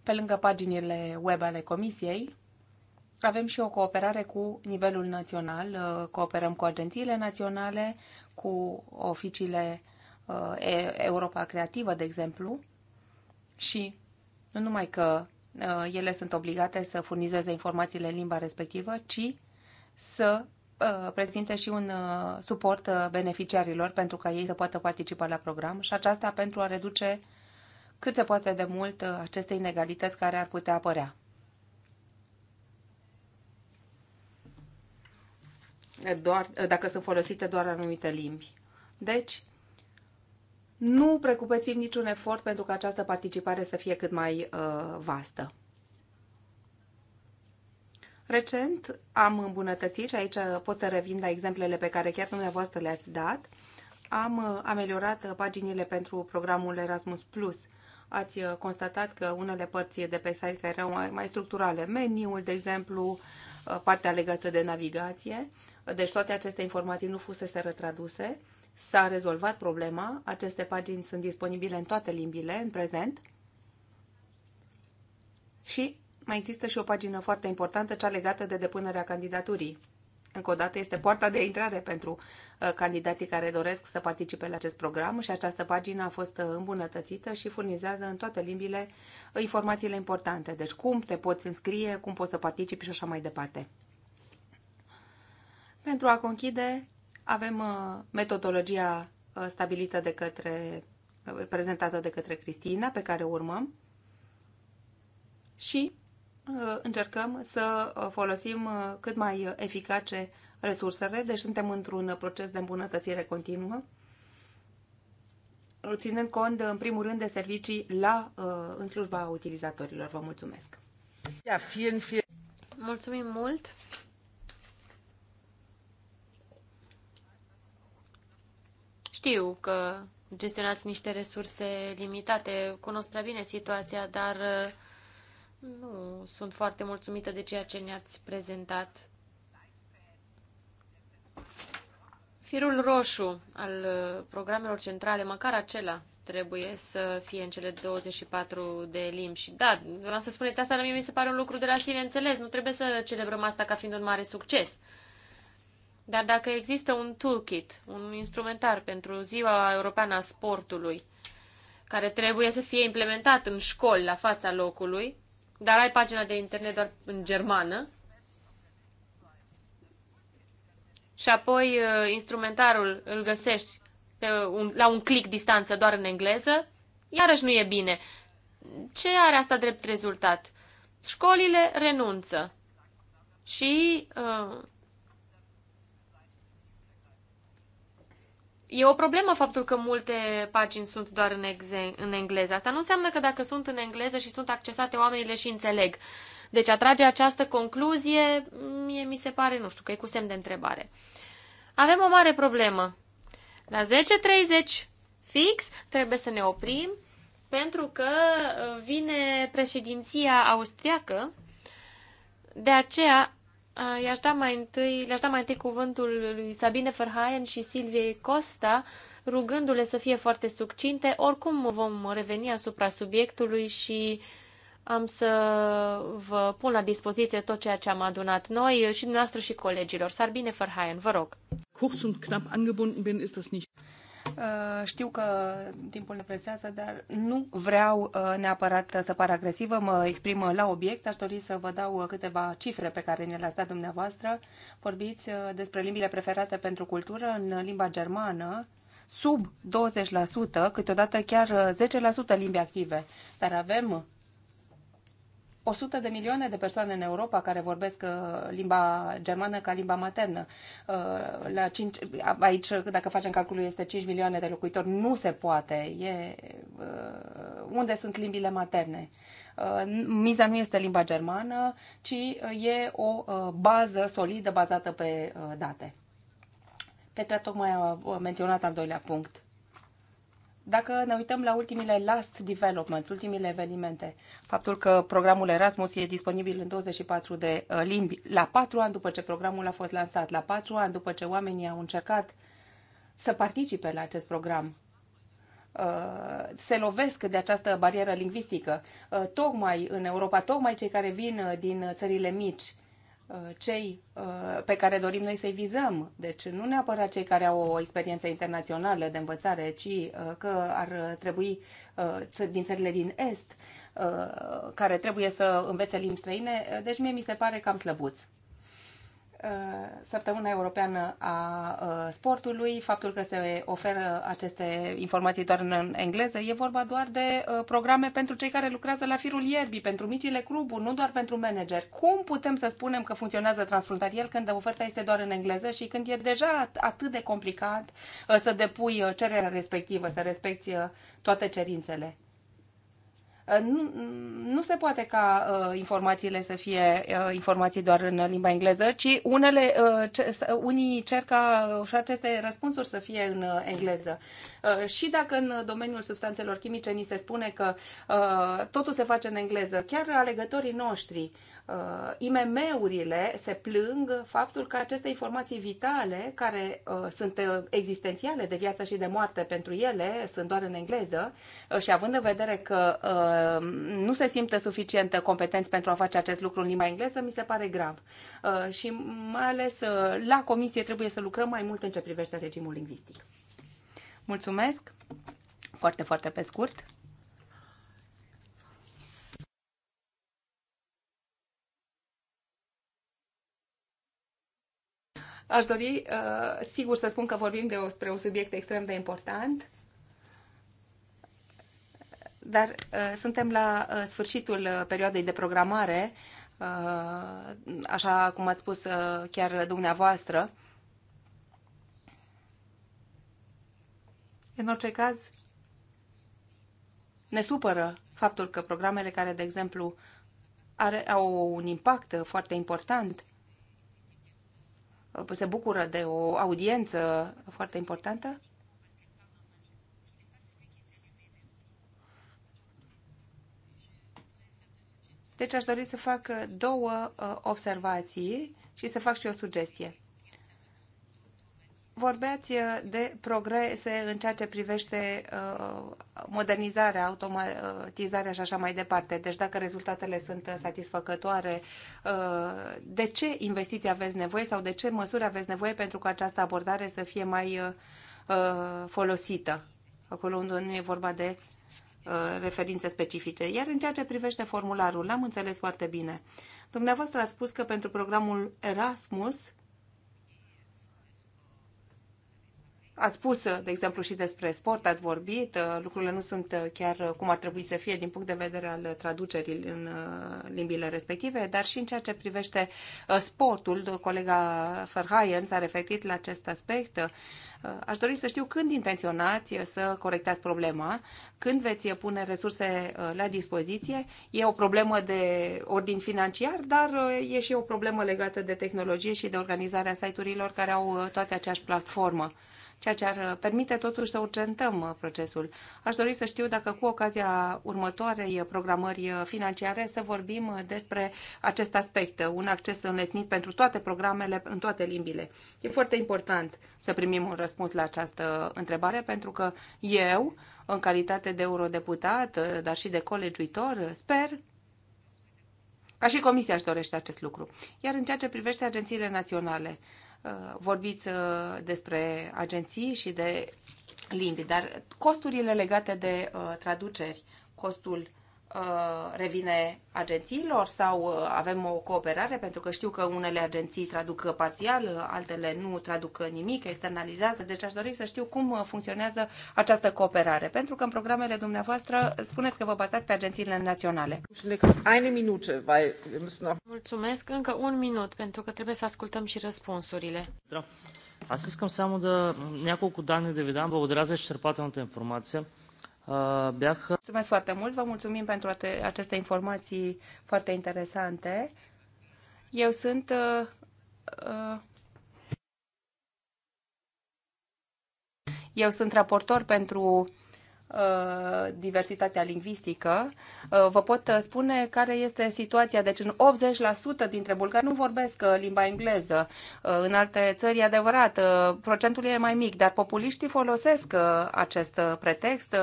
Pe lângă paginile web ale comisiei, avem și o cooperare cu nivelul național, uh, cooperăm cu agențiile naționale, cu oficiile uh, Europa Creativă, de exemplu, și nu numai că uh, ele sunt obligate să furnizeze informațiile în limba respectivă, ci să prezinte și un suport beneficiarilor pentru ca ei să poată participa la program și aceasta pentru a reduce cât se poate de mult aceste inegalități care ar putea apărea. doar, dacă sunt folosite doar anumite limbi. Deci, nu precupețim niciun efort pentru ca această participare să fie cât mai uh, vastă. Recent am îmbunătățit și aici pot să revin la exemplele pe care chiar dumneavoastră le-ați dat. Am uh, ameliorat paginile pentru programul Erasmus+. Plus. Ați uh, constatat că unele părți de pe site care erau mai, mai structurale, meniul, de exemplu, uh, partea legată de navigație, deci toate aceste informații nu fusese retraduse. S-a rezolvat problema. Aceste pagini sunt disponibile în toate limbile în prezent. Și mai există și o pagină foarte importantă, cea legată de depunerea candidaturii. Încă o dată este poarta de intrare pentru uh, candidații care doresc să participe la acest program și această pagină a fost uh, îmbunătățită și furnizează în toate limbile uh, informațiile importante. Deci cum te poți înscrie, cum poți să participi și așa mai departe. Pentru a conchide, avem uh, metodologia uh, stabilită de către, uh, prezentată de către Cristina, pe care o urmăm și încercăm să folosim cât mai eficace resursele, deci suntem într-un proces de îmbunătățire continuă, ținând cont, în primul rând, de servicii la, în slujba utilizatorilor. Vă mulțumesc! Mulțumim mult! Știu că gestionați niște resurse limitate, cunosc prea bine situația, dar uh, nu sunt foarte mulțumită de ceea ce ne-ați prezentat. Firul roșu al uh, programelor centrale, măcar acela, trebuie să fie în cele 24 de limbi. Și da, vreau să spuneți asta, la mie mi se pare un lucru de la sine înțeles. Nu trebuie să celebrăm asta ca fiind un mare succes. Dar dacă există un toolkit, un instrumentar pentru Ziua Europeană a Sportului, care trebuie să fie implementat în școli la fața locului, dar ai pagina de internet doar în germană, și apoi uh, instrumentarul îl găsești pe un, la un click distanță doar în engleză, iarăși nu e bine. Ce are asta drept rezultat? Școlile renunță și uh, E o problemă faptul că multe pagini sunt doar în, în engleză. Asta nu înseamnă că dacă sunt în engleză și sunt accesate, oamenii le și înțeleg. Deci atrage această concluzie, mie mi se pare, nu știu, că e cu semn de întrebare. Avem o mare problemă. La 10.30 fix trebuie să ne oprim pentru că uh, vine președinția austriacă. De aceea Uh, i-aș da mai întâi, le-aș da mai întâi cuvântul lui Sabine Ferhaien și Silviei Costa, rugându-le să fie foarte succinte. Oricum vom reveni asupra subiectului și am să vă pun la dispoziție tot ceea ce am adunat noi și dumneavoastră și colegilor. Sabine Ferhaien, vă rog. Kurz und knapp angebunden bin, ist das nicht. Uh, știu că timpul ne presează, dar nu vreau uh, neapărat să par agresivă, mă exprim uh, la obiect. Aș dori să vă dau câteva cifre pe care ne le-ați dat dumneavoastră. Vorbiți despre limbile preferate pentru cultură în limba germană, sub 20%, câteodată chiar 10% limbi active. Dar avem 100 de milioane de persoane în Europa care vorbesc uh, limba germană ca limba maternă. Uh, la 5, aici, dacă facem calculul, este 5 milioane de locuitori. Nu se poate. E, uh, unde sunt limbile materne? Miza nu este limba germană, ci e o bază solidă bazată pe date. Petra tocmai a menționat al doilea punct dacă ne uităm la ultimile last developments, ultimile evenimente, faptul că programul Erasmus e disponibil în 24 de uh, limbi, la patru ani după ce programul a fost lansat, la patru ani după ce oamenii au încercat să participe la acest program, uh, se lovesc de această barieră lingvistică. Uh, tocmai în Europa, tocmai cei care vin din țările mici, Uh, cei uh, pe care dorim noi să-i vizăm. Deci nu neapărat cei care au o experiență internațională de învățare, ci uh, că ar trebui din țările din Est care trebuie să învețe limbi străine. Deci mie mi se pare cam slăbuț. Uh, Săptămâna Europeană a uh, Sportului, faptul că se oferă aceste informații doar în engleză, e vorba doar de uh, programe pentru cei care lucrează la firul ierbii, pentru micile cluburi, nu doar pentru manageri. Cum putem să spunem că funcționează transfrontalier când oferta este doar în engleză și când e deja atât de complicat să depui cererea respectivă, să respecti toate cerințele? Ă, nu, nu se poate ca uh, informațiile să fie uh, informații doar în limba engleză, ci unele, uh, ce, unii cer ca uh, și aceste răspunsuri să fie în uh, engleză. Uh, și dacă în domeniul substanțelor chimice ni se spune că uh, totul se face în engleză, chiar alegătorii noștri uh, uh, IMM-urile se plâng faptul că aceste informații vitale, care uh, sunt uh, existențiale de viață și de moarte pentru ele, sunt doar în engleză uh, și având în vedere că uh, nu se simtă suficient competenți pentru a face acest lucru în limba engleză, mi se pare grav. Uh, și mai ales uh, la comisie trebuie să lucrăm mai mult în ce privește regimul lingvistic. Mulțumesc! Foarte, foarte pe scurt. Aș dori, uh, sigur, să spun că vorbim despre un subiect extrem de important, dar uh, suntem la uh, sfârșitul perioadei de programare, așa cum ați spus chiar dumneavoastră. În orice caz, ne supără faptul că programele care, de exemplu, are, au un impact foarte important Uh, se bucură de o audiență foarte importantă? Deci aș dori să fac uh, două uh, observații și să fac și o sugestie. Vorbeați uh, de progrese în ceea ce privește uh, modernizarea, automatizarea și așa mai departe. Deci dacă rezultatele sunt uh, satisfăcătoare, de ce investiții aveți nevoie sau de ce măsuri aveți nevoie pentru ca această abordare să fie mai folosită? Acolo unde nu e vorba de referințe specifice. Iar în ceea ce privește formularul, l-am înțeles foarte bine. Dumneavoastră ați spus că pentru programul Erasmus Ați spus, de exemplu, și despre sport, ați vorbit, uh, lucrurile nu sunt uh, chiar uh, cum ar trebui să fie din punct de vedere al traducerii în limbile respective, dar și în ceea ce privește sportul, colega Ferhaien s-a referit la acest aspect. Aș dori să știu când intenționați să corectați problema, când veți pune resurse la dispoziție. E o problemă de ordin financiar, dar e și o problemă legată de tehnologie și de organizarea site-urilor care au toate aceeași platformă ceea ce ar uh, permite totuși să urgentăm uh, procesul. Aș dori să știu dacă cu ocazia următoarei programări uh, financiare să vorbim despre acest aspect, un acces înlesnit pentru toate programele, în toate limbile. E foarte important să primim un răspuns la această întrebare, pentru că eu, în calitate de eurodeputat, dar și de colegiuitor, sper ca și Comisia își dorește acest lucru. Iar în ceea ce privește agențiile naționale, Uh, vorbiți uh, despre agenții și de limbi, dar costurile legate de uh, traduceri, costul Uh, revine agențiilor sau uh, avem o cooperare? Pentru că știu că unele agenții traduc parțial, altele nu traduc nimic, externalizează. Deci aș dori să știu cum uh, funcționează această cooperare. Pentru că în programele dumneavoastră spuneți că vă bazați pe agențiile naționale. Mulțumesc. Încă un minut, pentru că trebuie să ascultăm și răspunsurile. Аз искам само да няколко данни да ви дам. Благодаря за изчерпателната информация. Uh, Mulțumesc foarte mult, vă mulțumim pentru aceste informații foarte interesante. Eu sunt... Uh, uh, eu sunt raportor pentru Uh, diversitatea lingvistică, uh, vă pot uh, spune care este situația. Deci în 80% dintre bulgari nu vorbesc limba engleză. În alte țări e adevărat, procentul e mai mic, dar populiștii folosesc acest pretext,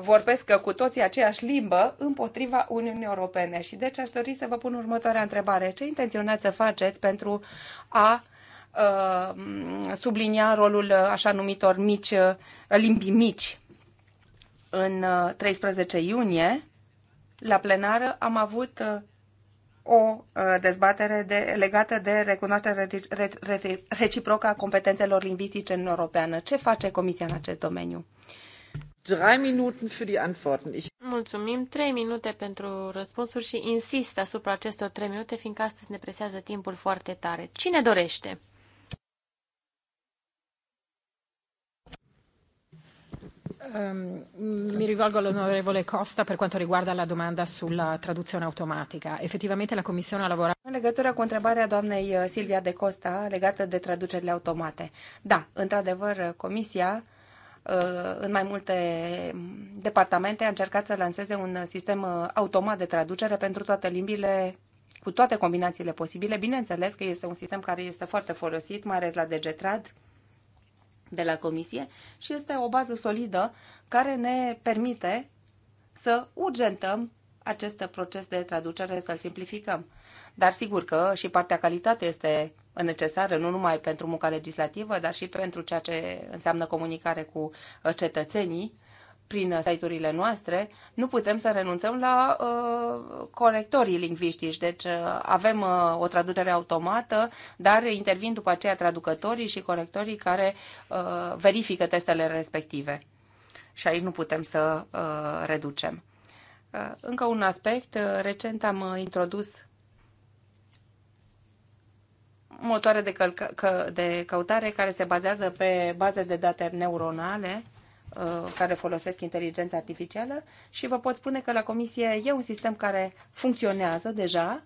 vorbesc cu toții aceeași limbă împotriva Uniunii Europene. Și deci aș dori să vă pun următoarea întrebare. Ce intenționați să faceți pentru a sublinia rolul așa numitor mici, limbi mici în 13 uh, iunie, la plenară, am avut uh, o uh, dezbatere de, legată de recunoașterea reciprocă a competențelor lingvistice în Europeană. Ce face Comisia în acest domeniu? Mulțumim, trei minute pentru răspunsuri și insist asupra acestor trei minute, fiindcă astăzi ne presează timpul foarte tare. Cine dorește? Ehm, mi rivolgo all'onorevole Costa per quanto riguarda la domanda sulla traduzione automatica. Effettivamente la Commissione ha lavorato. În legătură cu întrebarea doamnei uh, Silvia de Costa legată de traducerile automate. Da, într-adevăr, uh, Comisia uh, în mai multe mm, departamente a încercat să lanseze un sistem automat de traducere pentru toate limbile cu toate combinațiile posibile. Bineînțeles că este un sistem care este foarte folosit, mai ales la DGTRAD de la Comisie și este o bază solidă care ne permite să urgentăm acest proces de traducere, să-l simplificăm. Dar sigur că și partea calitate este necesară, nu numai pentru munca legislativă, dar și pentru ceea ce înseamnă comunicare cu cetățenii prin site-urile noastre, nu putem să renunțăm la uh, corectorii lingviștici. Deci uh, avem uh, o traducere automată, dar intervin după aceea traducătorii și corectorii care uh, verifică testele respective. Și aici nu putem să uh, reducem. Uh, încă un aspect, uh, recent am uh, introdus motoare de, călca- că- de căutare care se bazează pe baze de date neuronale, Uh, care folosesc inteligența artificială și vă pot spune că la comisie e un sistem care funcționează deja,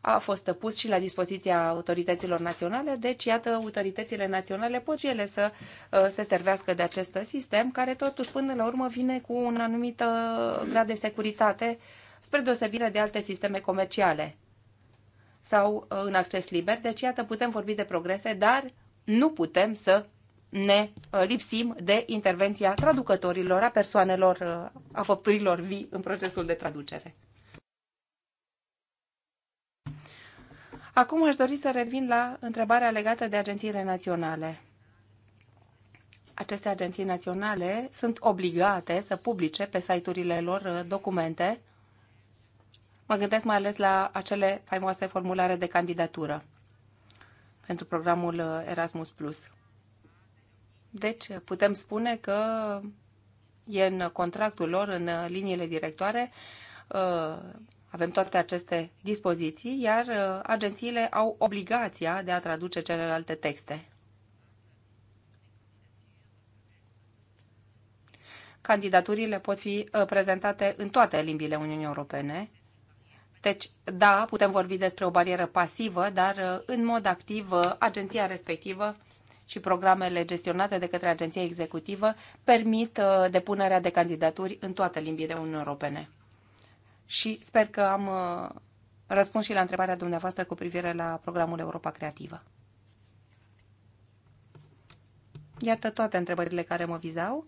a fost pus și la dispoziția autorităților naționale, deci iată autoritățile naționale pot și ele să uh, se servească de acest sistem care totuși până la urmă vine cu un anumit uh, grad de securitate spre deosebire de alte sisteme comerciale sau în acces liber. Deci iată putem vorbi de progrese, dar nu putem să ne uh, lipsim de intervenția traducătorilor, a persoanelor, uh, a făpturilor vii în procesul de traducere. Acum aș dori să revin la întrebarea legată de agențiile naționale. Aceste agenții naționale sunt obligate să publice pe site-urile lor uh, documente. Mă gândesc mai ales la acele faimoase formulare de candidatură pentru programul Erasmus+. Deci putem spune că e în contractul lor, în liniile directoare, uh, avem toate aceste dispoziții, iar uh, agențiile au obligația de a traduce celelalte texte. Candidaturile pot fi uh, prezentate în toate limbile Uniunii Europene. Deci, da, putem vorbi despre o barieră pasivă, dar în mod activ agenția respectivă și programele gestionate de către agenția executivă permit uh, depunerea de candidaturi în toate limbile Uniunii Europene. Și sper că am uh, răspuns și la întrebarea dumneavoastră cu privire la programul Europa Creativă. Iată toate întrebările care mă vizau.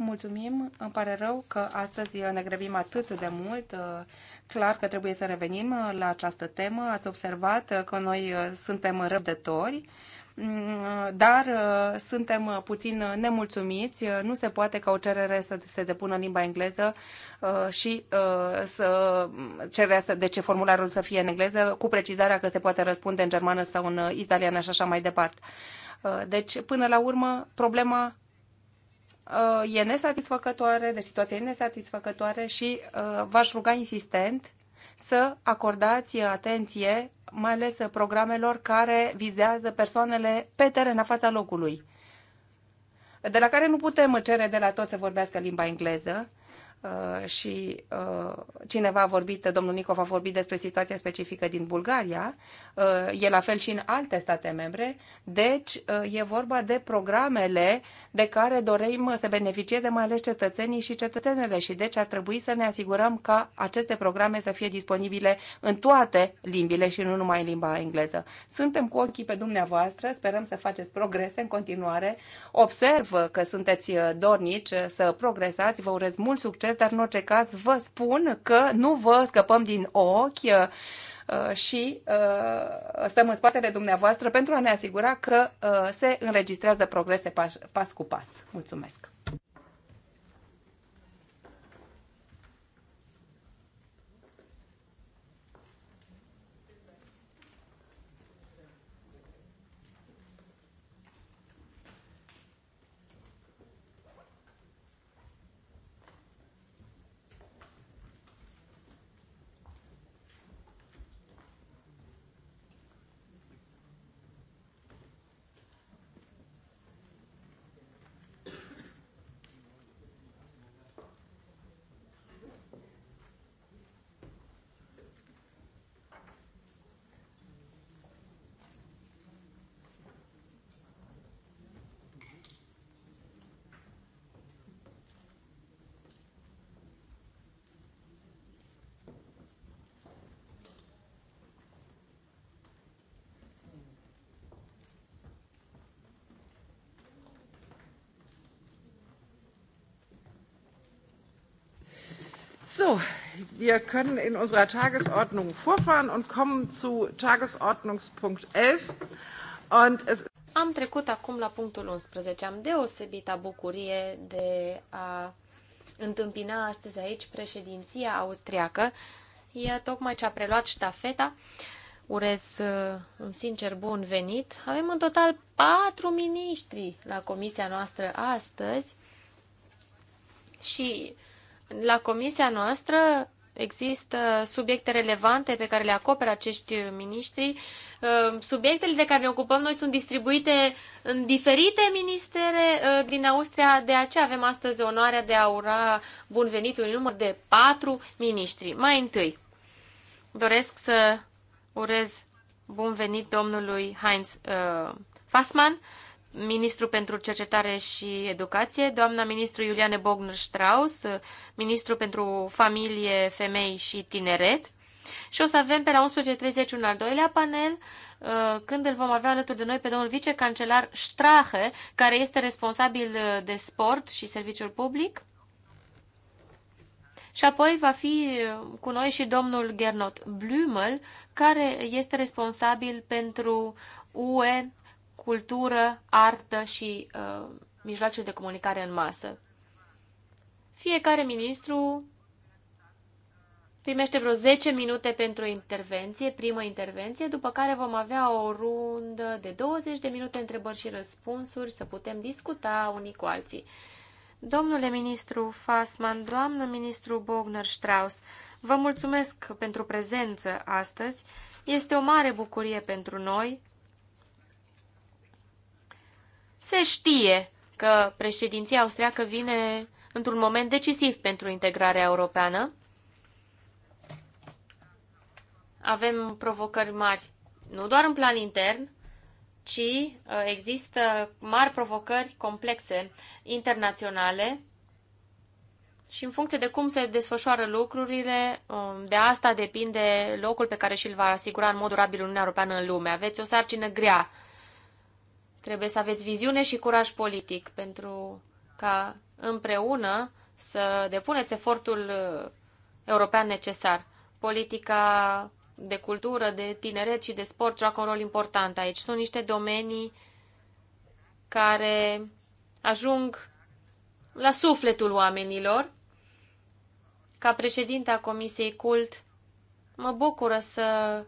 Mulțumim, îmi pare rău că astăzi ne grăbim atât de mult. Clar că trebuie să revenim la această temă. Ați observat că noi suntem răbdători dar suntem puțin nemulțumiți. Nu se poate ca o cerere să se depună în limba engleză uh, și uh, să cererea să, ce deci formularul să fie în engleză, cu precizarea că se poate răspunde în germană sau în italiană și așa mai departe. Uh, deci, până la urmă, problema Uh, e nesatisfăcătoare, deci situația e nesatisfăcătoare și uh, v-aș ruga insistent să acordați atenție, mai ales programelor care vizează persoanele pe teren, la fața locului, de la care nu putem cere de la toți să vorbească limba engleză, uh, și cineva a vorbit, domnul Nicov a vorbit despre situația specifică din Bulgaria, e la fel și în alte state membre, deci e vorba de programele de care dorim să beneficieze mai ales cetățenii și cetățenele și deci ar trebui să ne asigurăm ca aceste programe să fie disponibile în toate limbile și nu numai în limba engleză. Suntem cu ochii pe dumneavoastră, sperăm să faceți progrese în continuare. Observ că sunteți uh, dornici uh, să progresați, vă urez mult succes, dar în orice caz vă spun că nu vă scăpăm din ochi uh, Uh, și uh, stăm în spatele dumneavoastră pentru a ne asigura că uh, se înregistrează progrese pas, pas cu pas. Mulțumesc! So, wir können in unserer Tagesordnung vorfahren und kommen zu Tagesordnungspunkt 11. Und es am trecut acum la punctul 11. Am deosebită bucurie de a întâmpina astăzi aici președinția austriacă. Ea tocmai ce a preluat ștafeta. Urez uh, un sincer bun venit. Avem în total patru miniștri la comisia noastră astăzi și la comisia noastră există subiecte relevante pe care le acoperă acești miniștri. Uh, subiectele de care ne ocupăm noi sunt distribuite în diferite ministere uh, din Austria, de aceea avem astăzi onoarea de a ura bun venit un număr de patru miniștri. Mai întâi, doresc să urez bun venit domnului Heinz uh, Fassmann, ministru pentru cercetare și educație, doamna ministru Iuliane Bogner Strauss, ministru pentru familie, femei și tineret. Și o să avem pe la 11.30 un al doilea panel, uh, când îl vom avea alături de noi pe domnul vicecancelar Strache, care este responsabil uh, de sport și serviciul public. Și apoi va fi uh, cu noi și domnul Gernot Blümel, care este responsabil pentru UE cultură, artă și uh, mijloacele de comunicare în masă. Fiecare ministru primește vreo 10 minute pentru intervenție, primă intervenție, după care vom avea o rundă de 20 de minute întrebări și răspunsuri, să putem discuta unii cu alții. Domnule ministru Fasman, doamnă ministru Bogner Strauss, vă mulțumesc pentru prezență astăzi. Este o mare bucurie pentru noi se știe că președinția austriacă vine într-un moment decisiv pentru integrarea europeană. Avem provocări mari, nu doar în plan intern, ci uh, există mari provocări complexe internaționale și în funcție de cum se desfășoară lucrurile, um, de asta depinde locul pe care și-l va asigura în mod durabil Uniunea Europeană în lume. Aveți o sarcină grea Trebuie să aveți viziune și curaj politic pentru ca împreună să depuneți efortul uh, european necesar. Politica de cultură, de tineret și de sport joacă un rol important aici. Sunt niște domenii care ajung la sufletul oamenilor. Ca președinte a Comisiei Cult, mă bucură să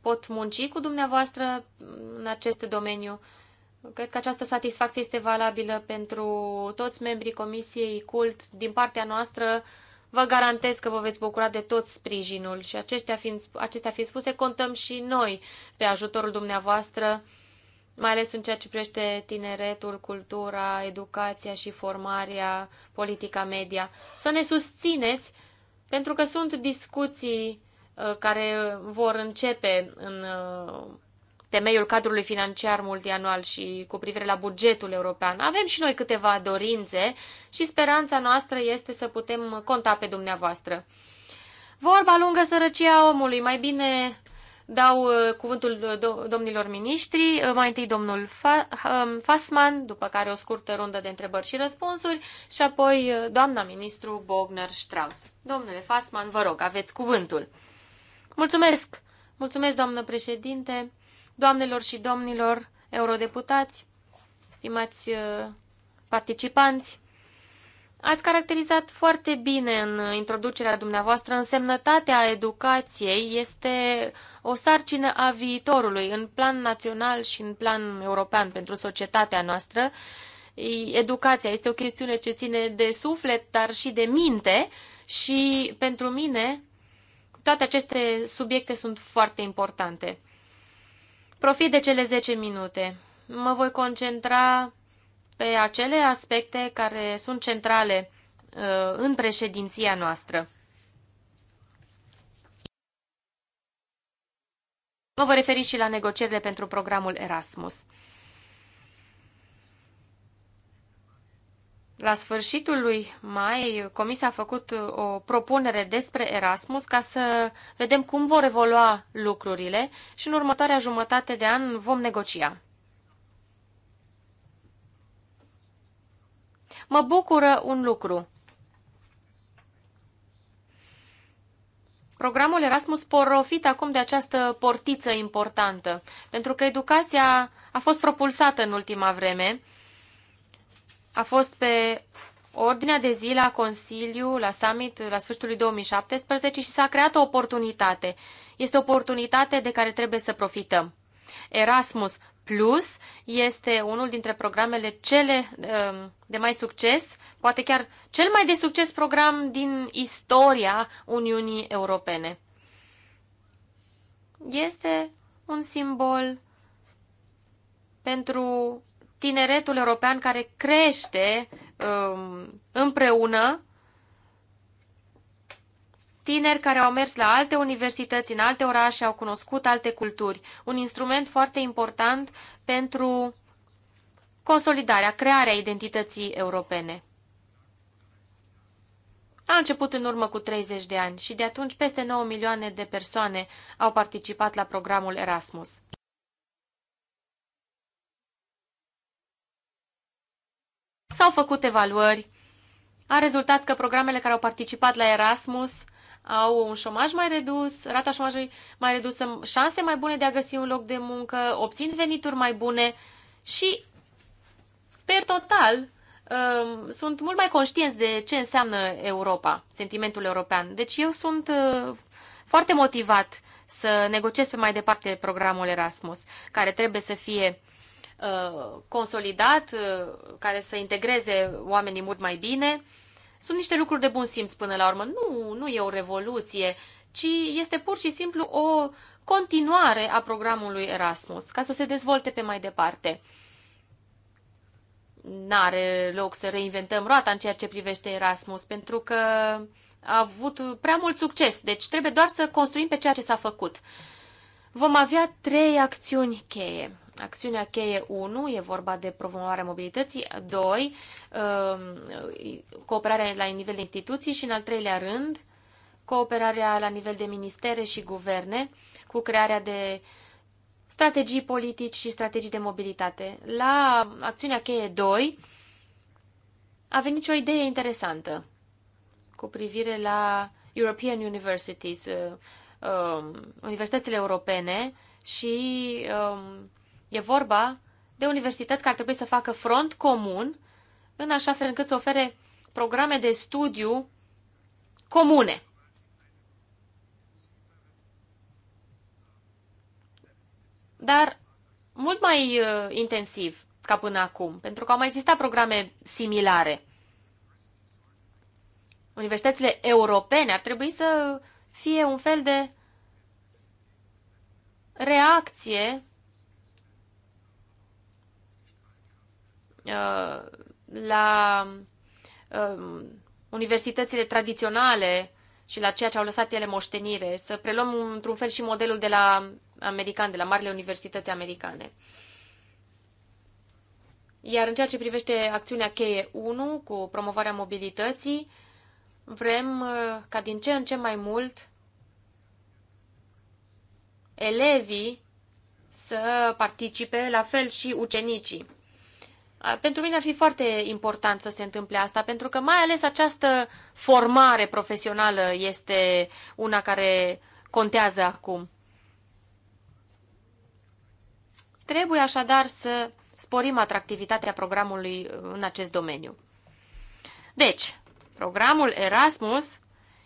pot munci cu dumneavoastră în acest domeniu Cred că această satisfacție este valabilă pentru toți membrii Comisiei CULT. Din partea noastră, vă garantez că vă veți bucura de tot sprijinul și acestea fiind, acestea fiind spuse, contăm și noi pe ajutorul dumneavoastră, mai ales în ceea ce privește tineretul, cultura, educația și formarea, politica media. Să ne susțineți, pentru că sunt discuții uh, care vor începe în uh, temeiul cadrului financiar multianual și cu privire la bugetul european. Avem și noi câteva dorințe și speranța noastră este să putem conta pe dumneavoastră. Vorba lungă sărăcia omului. Mai bine dau uh, cuvântul uh, domnilor miniștri, uh, mai întâi domnul um, Fasman, după care o scurtă rundă de întrebări și răspunsuri și apoi doamna ministru Bogner Strauss. Domnule Fasman, vă rog, aveți cuvântul. Mulțumesc! Mulțumesc, doamnă președinte! Doamnelor și domnilor eurodeputați, stimați uh, participanți, ați caracterizat foarte bine în introducerea dumneavoastră însemnătatea educației este o sarcină a viitorului în plan național și în plan european pentru societatea noastră. Educația este o chestiune ce ține de suflet, dar și de minte și pentru mine toate aceste subiecte sunt foarte importante. Profit de cele 10 minute. Mă voi concentra pe acele aspecte care sunt centrale uh, în președinția noastră. Mă voi referi și la negocierile pentru programul Erasmus. La sfârșitul lui mai, Comisia a făcut uh, o propunere despre Erasmus ca să vedem cum vor evolua lucrurile și în următoarea jumătate de an vom negocia. Mă bucură un lucru. Programul Erasmus profită acum de această portiță importantă, pentru că educația a fost propulsată în ultima vreme, a fost pe ordinea de zi la Consiliu, la summit, la sfârșitul lui 2017 și s-a creat o oportunitate. Este o oportunitate de care trebuie să profităm. Erasmus Plus este unul dintre programele cele um, de mai succes, poate chiar cel mai de succes program din istoria Uniunii Europene. Este un simbol pentru tineretul european care crește um, împreună, tineri care au mers la alte universități, în alte orașe, au cunoscut alte culturi. Un instrument foarte important pentru consolidarea, crearea identității europene. A început în urmă cu 30 de ani și de atunci peste 9 milioane de persoane au participat la programul Erasmus. S-au făcut evaluări, a rezultat că programele care au participat la Erasmus au un șomaj mai redus, rata șomajului mai redusă, șanse mai bune de a găsi un loc de muncă, obțin venituri mai bune și, pe total, um, sunt mult mai conștienți de ce înseamnă Europa, sentimentul european. Deci eu sunt uh, foarte motivat să negociez pe mai departe programul Erasmus, care trebuie să fie Uh, consolidat, uh, care să integreze oamenii mult mai bine. Sunt niște lucruri de bun simț până la urmă. Nu, nu e o revoluție, ci este pur și simplu o continuare a programului Erasmus, ca să se dezvolte pe mai departe. N-are loc să reinventăm roata în ceea ce privește Erasmus, pentru că a avut prea mult succes, deci trebuie doar să construim pe ceea ce s-a făcut. Vom avea trei acțiuni cheie acțiunea cheie 1, e vorba de promovarea mobilității, 2, um, cooperarea la nivel de instituții și, în al treilea rând, cooperarea la nivel de ministere și guverne cu crearea de strategii politici și strategii de mobilitate. La acțiunea cheie 2 a venit și o idee interesantă cu privire la European Universities, uh, um, universitățile europene și um, E vorba de universități care trebuie să facă front comun în așa fel încât să ofere programe de studiu comune. Dar mult mai uh, intensiv ca până acum, pentru că au mai existat programe similare. Universitățile europene ar trebui să fie un fel de reacție Uh, la um, universitățile tradiționale și la ceea ce au lăsat ele moștenire, să preluăm într-un fel și modelul de la american, de la marile universități americane. Iar în ceea ce privește acțiunea cheie 1 cu promovarea mobilității, vrem uh, ca din ce în ce mai mult elevii să participe, la fel și ucenicii. Pentru mine ar fi foarte important să se întâmple asta, pentru că mai ales această formare profesională este una care contează acum. Trebuie așadar să sporim atractivitatea programului în acest domeniu. Deci, programul Erasmus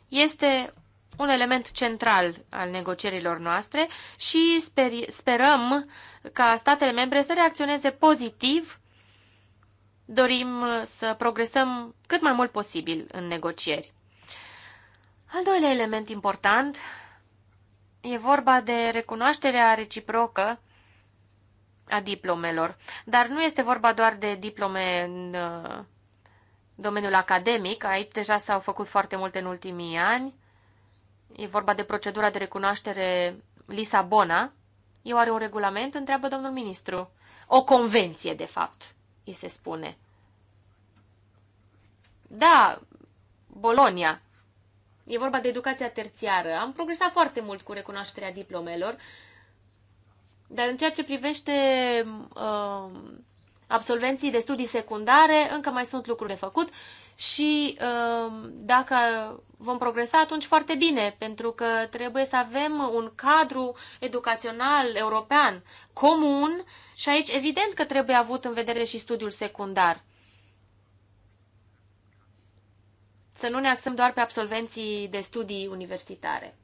este un element central al negocierilor noastre și sper, sperăm ca statele membre să reacționeze pozitiv dorim uh, să progresăm cât mai mult posibil în negocieri. Al doilea element important e vorba de recunoașterea reciprocă a diplomelor. Dar nu este vorba doar de diplome în uh, domeniul academic, aici deja s-au făcut foarte multe în ultimii ani. E vorba de procedura de recunoaștere Lisabona. Eu are un regulament, întreabă domnul ministru. O convenție, de fapt îi se spune. Da, Bolonia. E vorba de educația terțiară. Am progresat foarte mult cu recunoașterea diplomelor, dar în ceea ce privește uh, absolvenții de studii secundare, încă mai sunt lucruri de făcut și uh, dacă vom progresa, atunci foarte bine, pentru că trebuie să avem un cadru educațional european comun și aici evident că trebuie avut în vedere și studiul secundar. Să nu ne axăm doar pe absolvenții de studii universitare.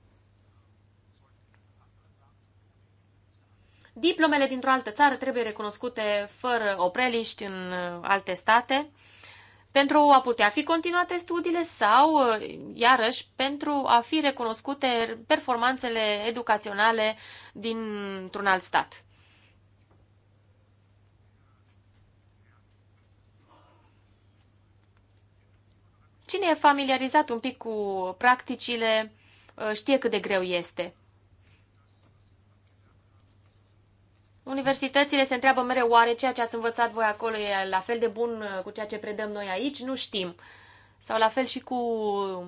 Diplomele dintr-o altă țară trebuie recunoscute fără opreliști în uh, alte state pentru a putea fi continuate studiile sau, iarăși, pentru a fi recunoscute performanțele educaționale dintr-un alt stat. Cine e familiarizat un pic cu practicile știe cât de greu este. Universitățile se întreabă mereu, oare ceea ce ați învățat voi acolo e la fel de bun uh, cu ceea ce predăm noi aici? Nu știm. Sau la fel și cu uh,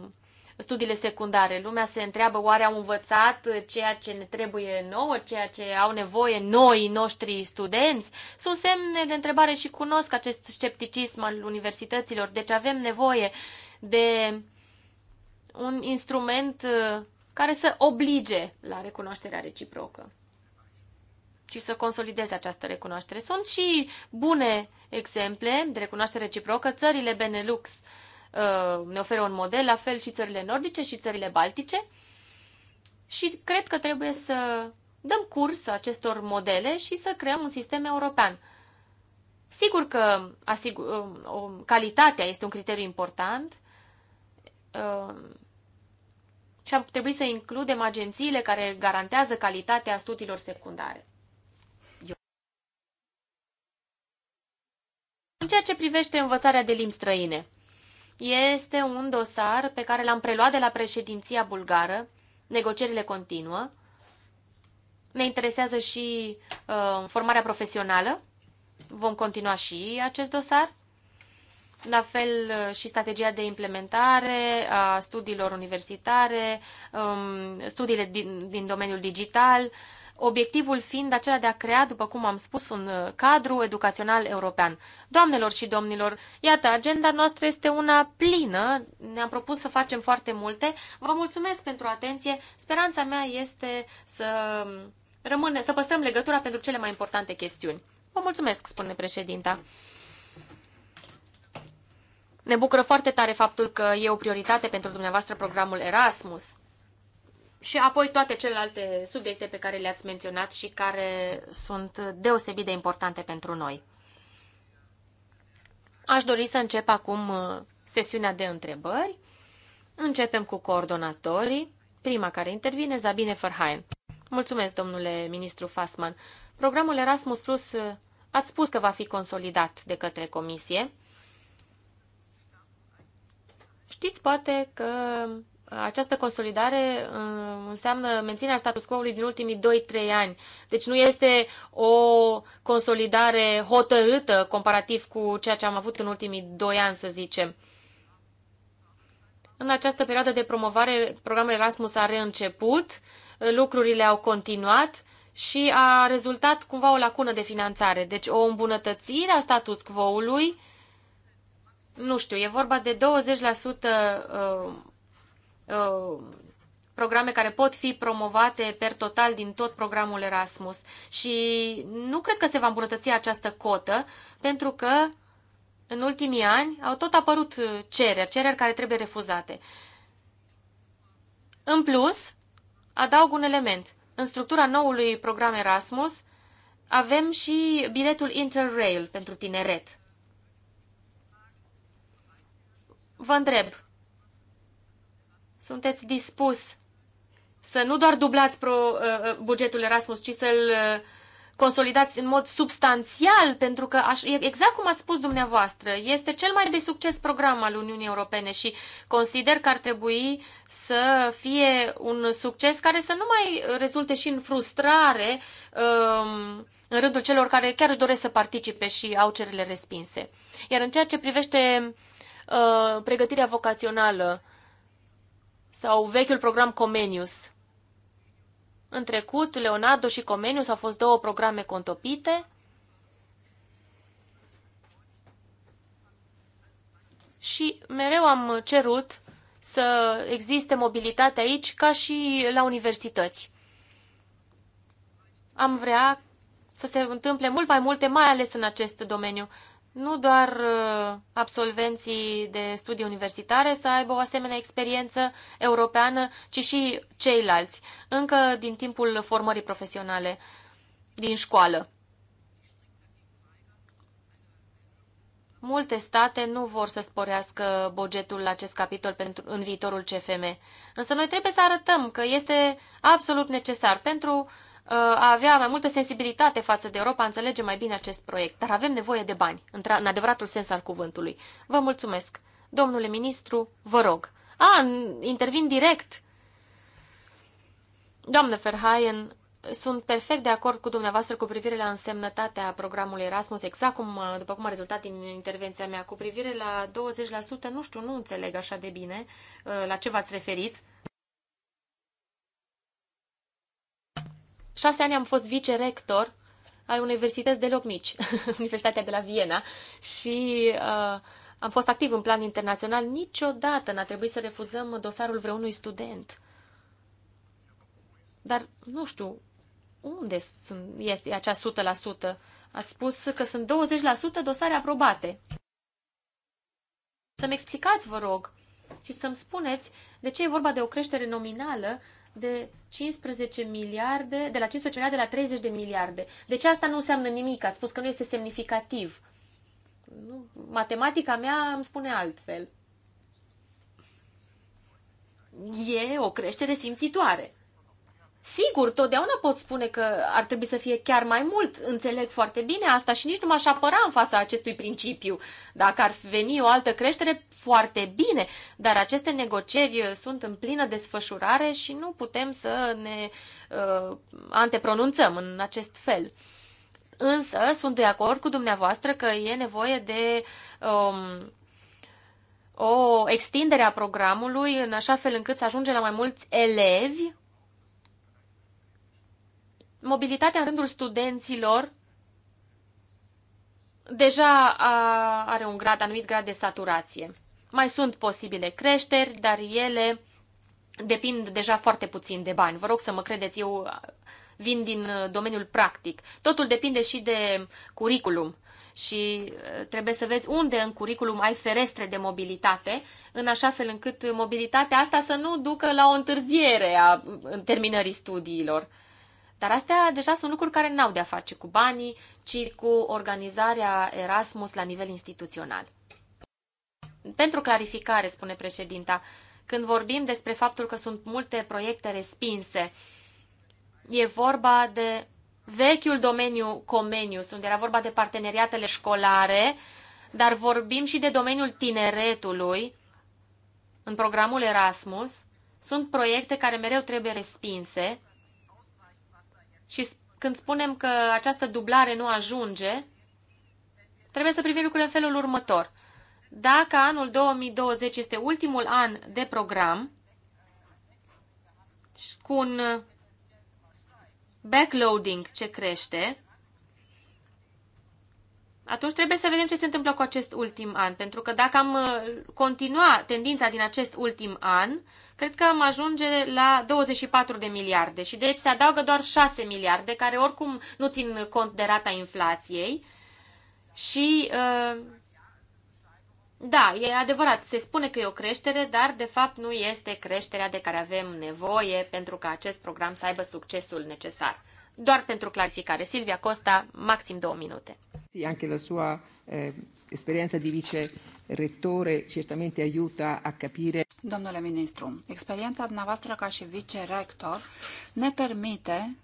studiile secundare. Lumea se întreabă oare au învățat uh, ceea ce ne trebuie nouă, ceea ce au nevoie noi, noștri studenți. Sunt semne de întrebare și cunosc acest scepticism al universităților. Deci avem nevoie de un instrument care să oblige la recunoașterea reciprocă ci să consolideze această recunoaștere. Sunt și bune exemple de recunoaștere reciprocă. Țările Benelux uh, ne oferă un model, la fel și țările nordice și țările baltice. Și cred că trebuie să dăm curs acestor modele și să creăm un sistem european. Sigur că asigur, uh, calitatea este un criteriu important uh, și am trebui să includem agențiile care garantează calitatea studiilor secundare. În ceea ce privește învățarea de limbi străine, este un dosar pe care l-am preluat de la președinția bulgară, negocierile continuă, ne interesează și uh, formarea profesională, vom continua și acest dosar, la fel uh, și strategia de implementare a studiilor universitare, um, studiile din, din domeniul digital, uh, obiectivul fiind acela de a crea, după cum am spus, un uh, cadru educațional european. Doamnelor și domnilor, iată, agenda noastră este una plină, ne-am propus să facem foarte multe. Vă mulțumesc pentru atenție, speranța mea este să, um, rămâne, să păstrăm legătura pentru cele mai importante chestiuni. Vă mulțumesc, spune președinta. Ne bucură foarte tare faptul că e o prioritate pentru dumneavoastră programul Erasmus și apoi toate celelalte subiecte pe care le-ați menționat și care sunt deosebit de importante pentru noi. Aș dori să încep acum uh, sesiunea de întrebări. Începem cu coordonatorii. Prima care intervine, Zabine Ferhain. Mulțumesc, domnule ministru Fasman. Programul Erasmus Plus uh, ați spus că va fi consolidat de către comisie. Știți poate că această consolidare uh, înseamnă menținerea status quo-ului din ultimii 2-3 ani. Deci nu este o consolidare hotărâtă comparativ cu ceea ce am avut în ultimii 2 ani, să zicem. În această perioadă de promovare, programul Erasmus a reînceput, lucrurile au continuat și a rezultat cumva o lacună de finanțare. Deci o îmbunătățire a status quo-ului, nu știu, e vorba de 20% Uh, programe care pot fi promovate per total din tot programul Erasmus. Și nu cred că se va îmbunătăți această cotă, pentru că în ultimii ani au tot apărut cereri, cereri care trebuie refuzate. În plus, adaug un element. În structura noului program Erasmus avem și biletul Interrail pentru tineret. Vă întreb, sunteți dispus să nu doar dublați pro, uh, uh, bugetul Erasmus, ci să-l uh, consolidați în mod substanțial, pentru că, aș, exact cum ați spus dumneavoastră, este cel mai de succes program al Uniunii Europene și consider că ar trebui să fie un succes care să nu mai rezulte și în frustrare um, în rândul celor care chiar își doresc să participe și au cererile respinse. Iar în ceea ce privește uh, pregătirea vocațională, uh, sau vechiul program Comenius. În trecut, Leonardo și Comenius au fost două programe contopite și mereu am cerut să existe mobilitate aici ca și la universități. Am vrea să se întâmple mult mai multe, mai ales în acest domeniu nu doar uh, absolvenții de studii universitare să aibă o asemenea experiență europeană, ci și ceilalți, încă din timpul formării profesionale din școală. Multe state nu vor să sporească bugetul la acest capitol pentru, în viitorul CFM, însă noi trebuie să arătăm că este absolut necesar pentru Uh, a avea mai multă sensibilitate față de Europa, a înțelege mai bine acest proiect. Dar avem nevoie de bani, în adevăratul sens al cuvântului. Vă mulțumesc. Domnule ministru, vă rog. A, intervin direct. Doamnă Ferhaien, sunt perfect de acord cu dumneavoastră cu privire la însemnătatea programului Erasmus, exact cum, uh, după cum a rezultat din intervenția mea, cu privire la 20%, nu știu, nu înțeleg așa de bine uh, la ce v-ați referit. șase ani am fost vicerector al universități deloc mici, Universitatea de la Viena, și uh, am fost activ în plan internațional. Niciodată n-a trebuit să refuzăm dosarul vreunui student. Dar nu știu unde sunt, este acea 100%. Ați spus că sunt 20% dosare aprobate. Să-mi explicați, vă rog, și să-mi spuneți de ce e vorba de o creștere nominală de 15 miliarde, de la 15 miliarde la 30 de miliarde. Deci asta nu înseamnă nimic, a spus că nu este semnificativ. Nu, matematica mea îmi spune altfel. E o creștere simțitoare. Sigur, totdeauna pot spune că ar trebui să fie chiar mai mult. Înțeleg foarte bine asta și nici nu m-aș apăra în fața acestui principiu. Dacă ar veni o altă creștere, foarte bine. Dar aceste negocieri sunt în plină desfășurare și nu putem să ne uh, antepronunțăm în acest fel. Însă, sunt de acord cu dumneavoastră că e nevoie de. Um, o extindere a programului în așa fel încât să ajunge la mai mulți elevi mobilitatea în rândul studenților deja are un grad, anumit grad de saturație. Mai sunt posibile creșteri, dar ele depind deja foarte puțin de bani. Vă rog să mă credeți, eu vin din domeniul practic. Totul depinde și de curriculum și uh, trebuie să vezi unde în curriculum ai ferestre de mobilitate, în așa fel încât mobilitatea asta să nu ducă la o întârziere a terminării studiilor. Dar astea deja sunt lucruri care n-au de-a face cu banii, ci cu organizarea Erasmus la nivel instituțional. Pentru clarificare, spune președinta, când vorbim despre faptul că sunt multe proiecte respinse, e vorba de vechiul domeniu Comenius, unde era vorba de parteneriatele școlare, dar vorbim și de domeniul tineretului în programul Erasmus. Sunt proiecte care mereu trebuie respinse, și când spunem că această dublare nu ajunge, trebuie să privim lucrurile în felul următor. Dacă anul 2020 este ultimul an de program, cu un backloading ce crește, atunci trebuie să vedem ce se întâmplă cu acest ultim an, pentru că dacă am uh, continua tendința din acest ultim an, cred că am ajunge la 24 de miliarde și deci se adaugă doar 6 miliarde, care oricum nu țin cont de rata inflației și... Uh, da, e adevărat, se spune că e o creștere, dar de fapt nu este creșterea de care avem nevoie pentru ca acest program să aibă succesul necesar doar pentru clarificare. Silvia Costa, maxim două minute. Anche la sua eh, esperienza di vice-rettore certamente aiuta a capire. Domnule ministru, experiența dumneavoastră ca și vice-rector ne permite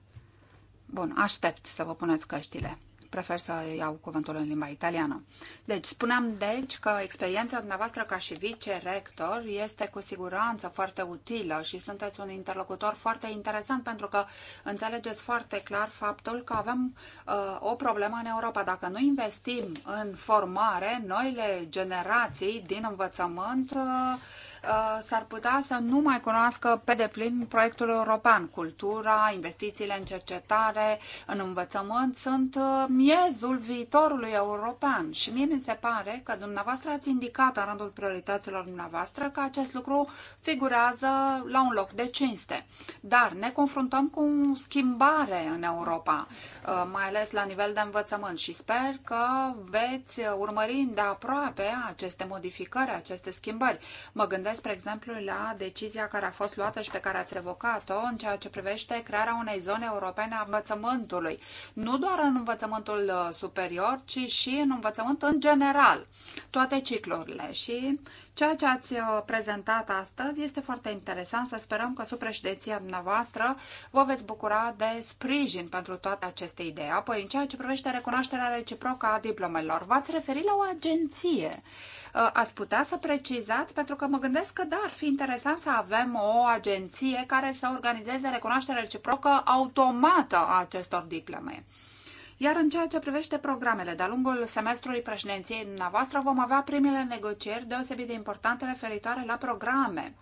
Bun, aștept să vă puneți căștile prefer să iau cuvântul în limba italiană. Deci, spuneam deci că experiența dumneavoastră ca și vice rector este cu siguranță foarte utilă și sunteți un interlocutor foarte interesant pentru că înțelegeți foarte clar faptul că avem uh, o problemă în Europa. Dacă nu investim în formare, noile generații din învățământ uh, Uh, s-ar putea să nu mai cunoască pe deplin proiectul european. Cultura, investițiile în cercetare, în învățământ sunt uh, miezul viitorului european și mie mi se pare că dumneavoastră ați indicat în rândul priorităților dumneavoastră că acest lucru figurează la un loc de cinste. Dar ne confruntăm cu o schimbare în Europa, uh, mai ales la nivel de învățământ și sper că veți urmări de aproape aceste modificări, aceste schimbări. Mă gândesc gândesc, spre exemplu, la decizia care a fost luată și pe care ați evocat-o în ceea ce privește crearea unei zone europene a învățământului. Nu doar în învățământul uh, superior, ci și în învățământ în general, toate ciclurile. Și Ceea ce ați uh, prezentat astăzi este foarte interesant. Să sperăm că sub președinția dumneavoastră vă veți bucura de sprijin pentru toate aceste idei. Apoi, în ceea ce privește recunoașterea reciprocă a diplomelor, v-ați referit la o agenție. Uh, ați putea să precizați, pentru că mă gândesc că da, ar fi interesant să avem o agenție care să organizeze recunoașterea reciprocă automată a acestor diplome. Iar în ceea ce privește programele, de-a lungul semestrului președinției dumneavoastră vom avea primele negocieri deosebit de importante referitoare la programe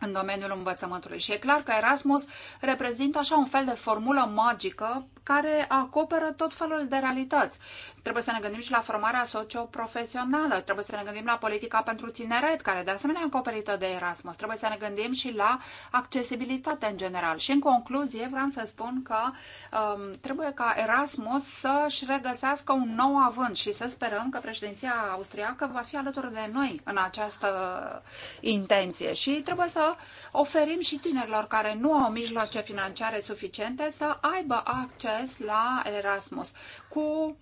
în domeniul învățământului. Și e clar că Erasmus reprezintă așa un fel de formulă magică care acoperă tot felul de realități. Trebuie să ne gândim și la formarea socioprofesională, trebuie să ne gândim la politica pentru tineret, care de asemenea e acoperită de Erasmus, trebuie să ne gândim și la accesibilitate în general. Și în concluzie vreau să spun că um, trebuie ca Erasmus să-și regăsească un nou avânt și să sperăm că președinția austriacă va fi alături de noi în această intenție. Și trebuie să oferim și tinerilor care nu au mijloace financiare suficiente să aibă acces mers la Erasmus, cu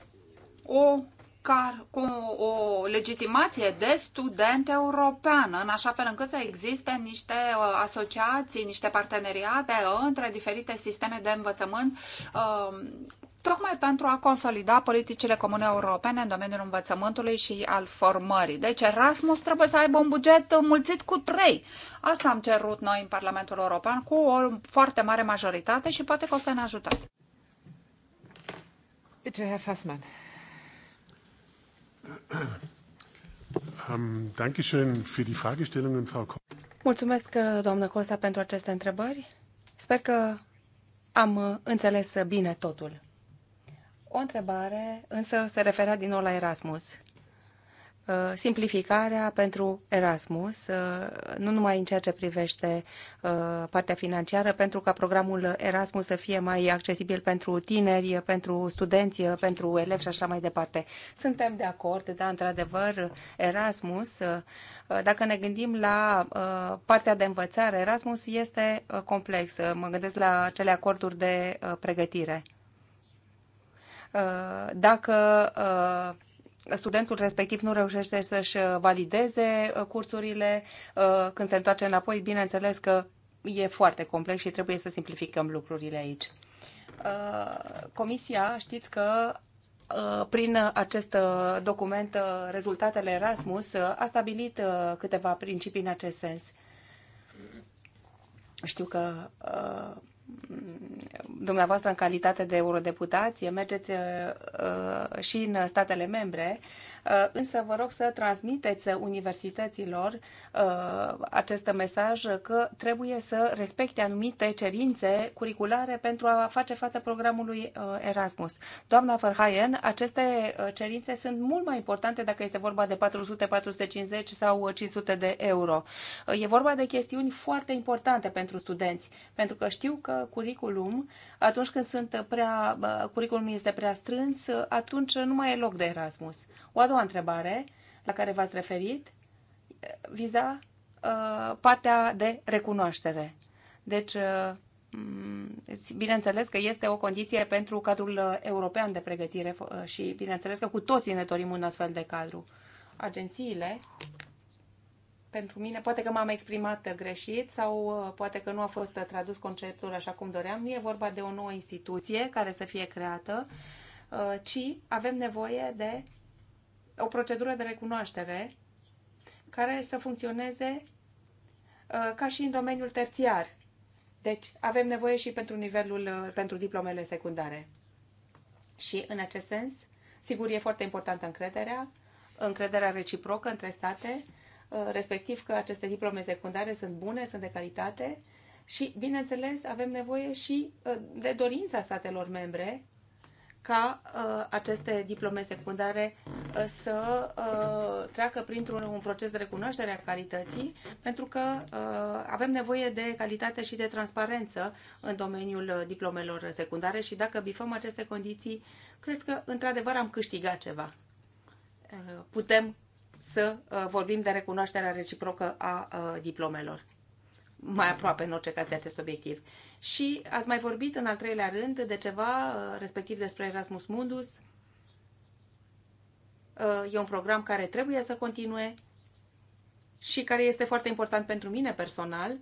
o car, cu o legitimație de student european, în așa fel încât să existe niște uh, asociații, niște parteneriate între diferite sisteme de învățământ, uh, tocmai pentru a consolida politicile comune europene în domeniul învățământului și al formării. Deci Erasmus trebuie să aibă un buget mulțit cu trei. Asta am cerut noi în Parlamentul European cu o foarte mare majoritate și poate că o să ne ajutați. Bitte, Herr Fassmann. Ähm, Mulțumesc, uh, doamnă Costa, pentru aceste întrebări. Sper că am uh, înțeles uh, bine totul. O întrebare, însă, se referea din nou la Erasmus. Uh, simplificarea pentru Erasmus, uh, nu numai în ceea ce privește uh, partea financiară, pentru ca programul Erasmus să fie mai accesibil pentru tineri, pentru studenți, pentru elevi și așa mai departe. Suntem de acord, da, într-adevăr, Erasmus, dacă ne gândim la partea de învățare, Erasmus este complex. Mă gândesc la cele acorduri de pregătire. Dacă studentul respectiv nu reușește să-și uh, valideze uh, cursurile uh, când se întoarce înapoi, bineînțeles că e foarte complex și trebuie să simplificăm lucrurile aici. Comisia, știți că prin acest document, rezultatele Erasmus, a stabilit câteva principii în acest sens. Știu că dumneavoastră în calitate de eurodeputați, mergeți uh, uh și în statele membre, Uh, însă vă rog să transmiteți universităților uh, acest mesaj că trebuie să respecte anumite cerințe curriculare pentru a face față programului uh, Erasmus. Doamna Verhaien, aceste cerințe sunt mult mai importante dacă este vorba de 400, 450 sau 500 de euro. E vorba de chestiuni foarte importante pentru studenți, pentru că știu că curriculum, atunci când sunt prea, curriculum este prea strâns, atunci nu mai e loc de Erasmus. O a doua întrebare la care v-ați referit eh, viza uh, partea de recunoaștere. Deci, uh, bineînțeles că este o condiție pentru cadrul european de pregătire și bineînțeles că cu toții ne dorim un astfel de cadru. Agențiile, pentru mine, poate că m-am exprimat greșit sau poate că nu a fost tradus conceptul așa cum doream, nu e vorba de o nouă instituție care să fie creată, ci avem nevoie de o procedură de recunoaștere care să funcționeze uh, ca și în domeniul terțiar. Deci avem nevoie și pentru nivelul, uh, pentru diplomele secundare. Și în acest sens, sigur, e foarte importantă încrederea, încrederea reciprocă între state, uh, respectiv că aceste diplome secundare sunt bune, sunt de calitate și, bineînțeles, avem nevoie și de dorința statelor membre ca uh, aceste diplome secundare uh, să uh, treacă printr-un un proces de recunoaștere a calității, pentru că uh, avem nevoie de calitate și de transparență în domeniul uh, diplomelor secundare și dacă bifăm aceste condiții, cred că într-adevăr am câștigat ceva. Uh, putem să uh, vorbim de recunoașterea reciprocă a uh, diplomelor mai aproape în orice caz de acest obiectiv. Și ați mai vorbit în al treilea rând de ceva, uh, respectiv despre Erasmus Mundus. Uh, e un program care trebuie să continue și care este foarte important pentru mine personal.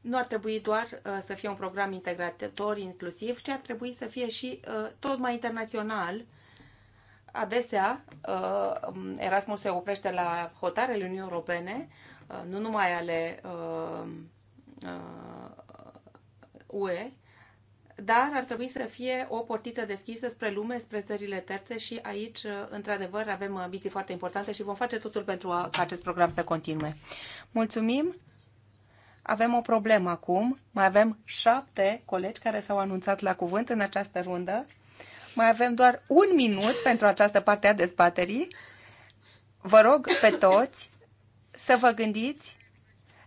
Nu ar trebui doar uh, să fie un program integrator inclusiv, ci ar trebui să fie și tot mai internațional, adesea Erasmus se oprește la hotarele Uniunii Europene, Uh, nu numai ale uh, uh, UE, dar ar trebui să fie o portiță deschisă spre lume, spre țările terțe și aici, într-adevăr, avem ambiții foarte importante și vom face totul pentru a, ca acest program să continue. Mulțumim! Avem o problemă acum. Mai avem șapte colegi care s-au anunțat la cuvânt în această rundă. Mai avem doar un minut pentru această parte a dezbaterii. Vă rog pe toți să vă gândiți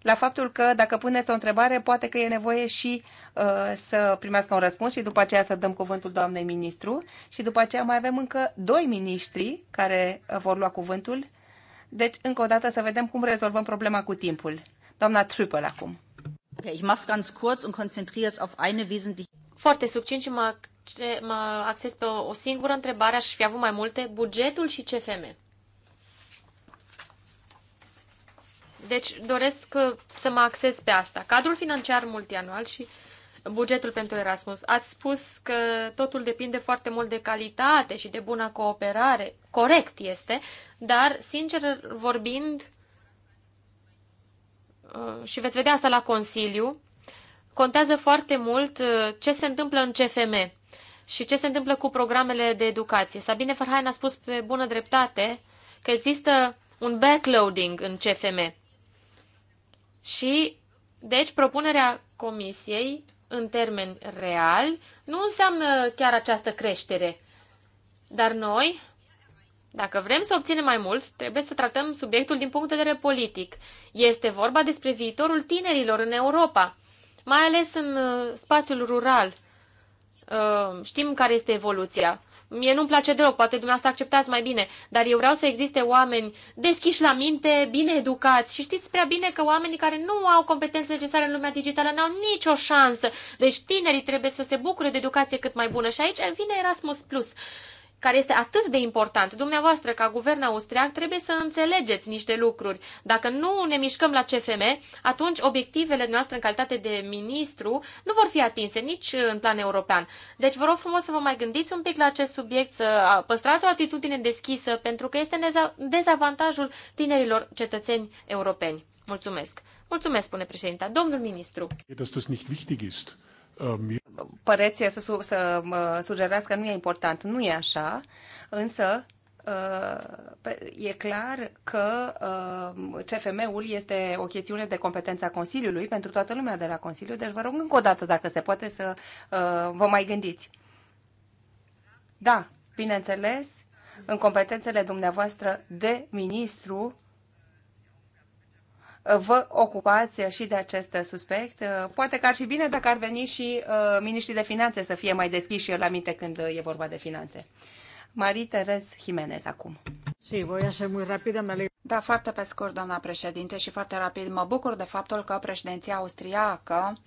la faptul că dacă puneți o întrebare, poate că e nevoie și uh, să primească un răspuns și după aceea să dăm cuvântul doamnei ministru și după aceea mai avem încă doi miniștri care uh, vor lua cuvântul. Deci, încă o dată, să vedem cum rezolvăm problema cu timpul. Doamna Trüppel acum. Foarte succint și mă, mă acces pe o, o singură întrebare, aș fi avut mai multe, bugetul și CFM. Deci doresc uh, să mă acces pe asta. Cadrul financiar multianual și bugetul pentru Erasmus. Ați spus că totul depinde foarte mult de calitate și de bună cooperare. Corect este, dar, sincer vorbind, uh, și veți vedea asta la Consiliu, contează foarte mult uh, ce se întâmplă în CFM și ce se întâmplă cu programele de educație. Sabine Farhain a spus pe bună dreptate că există un backloading în CFM. Și, deci, propunerea comisiei în termen real nu înseamnă chiar această creștere. Dar noi, dacă vrem să obținem mai mult, trebuie să tratăm subiectul din punct de vedere politic. Este vorba despre viitorul tinerilor în Europa, mai ales în uh, spațiul rural. Uh, știm care este evoluția. Mie nu-mi place deloc, poate dumneavoastră acceptați mai bine, dar eu vreau să existe oameni deschiși la minte, bine educați și știți prea bine că oamenii care nu au competențe necesare în lumea digitală n-au nicio șansă. Deci tinerii trebuie să se bucure de educație cât mai bună și aici vine Erasmus+. Plus care este atât de important. Dumneavoastră, ca guvern austriac, trebuie să înțelegeți niște lucruri. Dacă nu ne mișcăm la CFM, atunci obiectivele noastre în calitate de ministru nu vor fi atinse nici în plan european. Deci vă rog frumos să vă mai gândiți un pic la acest subiect, să păstrați o atitudine deschisă, pentru că este dezavantajul tinerilor cetățeni europeni. Mulțumesc! Mulțumesc, spune președinta. Domnul ministru. Dass das nicht wichtig ist păreți să, să, să sugerească că nu e important. Nu e așa, însă ă, e clar că ă, CFM-ul este o chestiune de competență a Consiliului pentru toată lumea de la Consiliu, deci vă rog încă o dată, dacă se poate, să ă, vă mai gândiți. Da, bineînțeles, în competențele dumneavoastră de ministru vă ocupați și de acest suspect. Poate că ar fi bine dacă ar veni și uh, miniștrii de finanțe să fie mai deschiși la minte când uh, e vorba de finanțe. Marie Terez Jimenez acum. Și voi așa ser rapidă, mă Da, foarte pe scurt, doamna președinte, și foarte rapid. Mă bucur de faptul că președinția austriacă uh,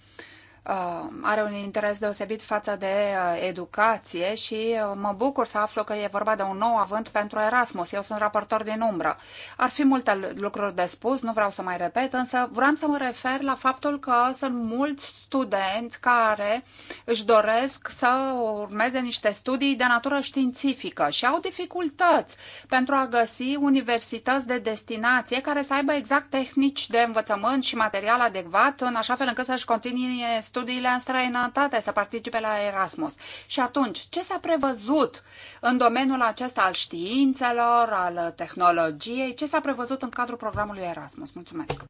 Uh, are un interes deosebit față de uh, educație și uh, mă bucur să aflu că e vorba de un nou avânt pentru Erasmus. Eu sunt raportor din umbră. Ar fi multe lucruri de spus, nu vreau să mai repet, însă vreau să mă refer la faptul că sunt mulți studenți care își doresc să urmeze niște studii de natură științifică și au dificultăți pentru a găsi universități de destinație care să aibă exact tehnici de învățământ și material adecvat în așa fel încât să-și continue studiile în străinătate, să participe la Erasmus. Și atunci, ce s-a prevăzut în domeniul acesta al științelor, al tehnologiei, ce s-a prevăzut în cadrul programului Erasmus? Mulțumesc!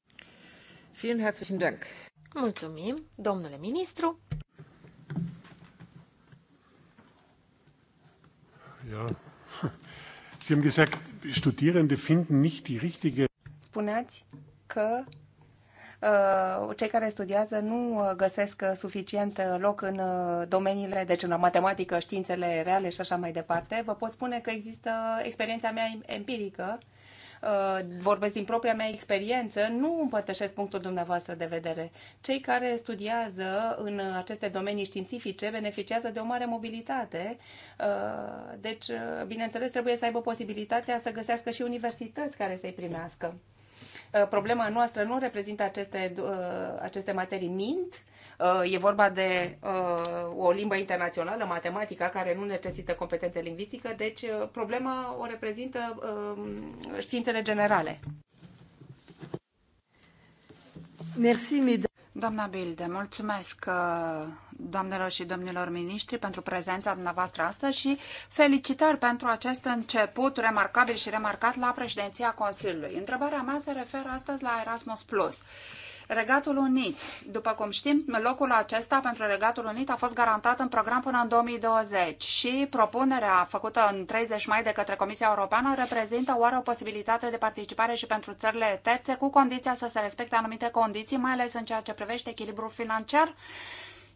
Vielen herzlichen Dank! Mulțumim, domnule ministru! Ja. Sie haben gesagt, Studierende finden nicht die richtige Spuneați că Uh, cei care studiază nu uh, găsesc uh, suficient loc în domeniile, deci în matematică, științele reale și așa mai departe. Vă pot spune că există experiența mea empirică, vorbesc din propria mea experiență, nu împărtășesc punctul dumneavoastră de vedere. Cei care studiază în aceste domenii științifice beneficiază de o mare mobilitate, deci, bineînțeles, trebuie să aibă posibilitatea să găsească și universități care să-i primească. Uh, problema noastră nu reprezintă aceste, uh, aceste materii mint, uh, e vorba de o limbă internațională, matematica, care nu necesită competențe lingvistică, deci problema o reprezintă științele generale. Merci, Doamna Bilde, mulțumesc uh, doamnelor și domnilor miniștri pentru prezența dumneavoastră astăzi și felicitări pentru acest început remarcabil și remarcat la președinția Consiliului. Întrebarea mea se referă astăzi la Erasmus+. Regatul Unit. După cum știm, locul acesta pentru Regatul Unit a fost garantat în program până în 2020 și propunerea făcută în 30 mai de către Comisia Europeană reprezintă oare o posibilitate de participare și pentru țările terțe cu condiția să se respecte anumite condiții, mai ales în ceea ce privește echilibrul financiar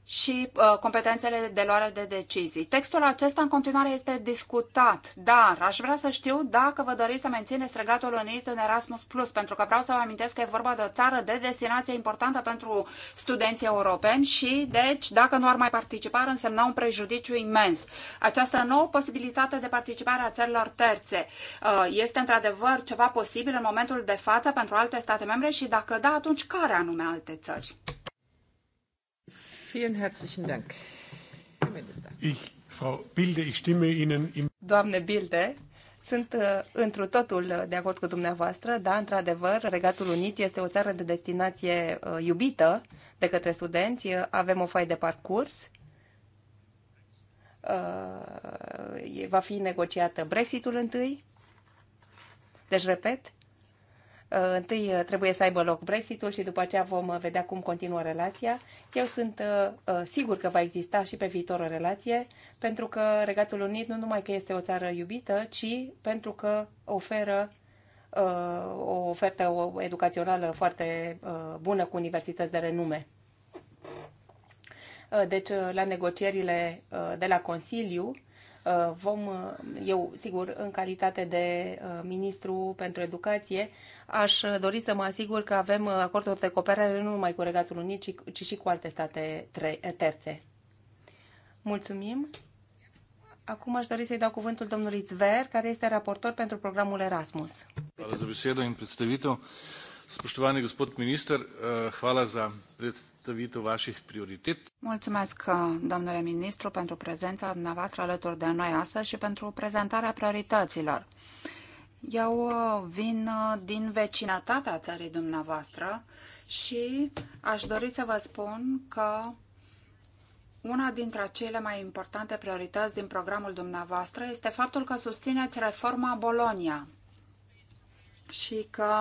și uh, competențele de luare de decizii. Textul acesta în continuare este discutat, dar aș vrea să știu dacă vă doriți să mențineți Regatul Unit în Erasmus+, Plus, pentru că vreau să vă amintesc că e vorba de o țară de destinație importantă pentru studenții europeni și, deci, dacă nu ar mai participa, ar însemna un prejudiciu imens. Această nouă posibilitate de participare a țărilor terțe uh, este, într-adevăr, ceva posibil în momentul de față pentru alte state membre și, dacă da, atunci care anume alte țări? Vielen herzlichen Dank, Herr Minister. Ich, Frau Bilde, ich stimme Ihnen im Doamne Bilde, sunt uh, întru totul de acord cu dumneavoastră, dar, într-adevăr, Regatul Unit este o țară de destinație uh, iubită de către studenți. Avem o foaie de parcurs. Uh, va fi negociată Brexitul întâi. Deci, repet, Uh, întâi uh, trebuie să aibă loc Brexitul și după aceea vom uh, vedea cum continuă relația. Eu sunt sigur că va exista și pe viitor o relație, pentru că Regatul Unit nu numai că este o țară iubită, ci pentru că oferă o ofertă educațională foarte bună cu universități de renume. Deci, la negocierile de la Consiliu, Uh, vom, uh, eu sigur, în calitate de uh, ministru pentru educație, aș dori să mă asigur că avem acorduri de cooperare nu numai cu Regatul Unit, ci, ci și cu alte state terțe. Mulțumim! Acum aș dori să-i dau cuvântul domnului Zver, care este raportor pentru programul Erasmus. Hvala Spoštovani gospod minister, eh, hvala za predstavitev vaših prioritet. Mulțumesc, eh, domnule ministru, pentru prezența dumneavoastră alături de noi astăzi și pentru prezentarea priorităților. Eu eh, vin din vecinătatea țării dumneavoastră și aș dori să vă spun că una dintre cele mai importante priorități din programul dumneavoastră este faptul că susțineți reforma Bolonia și că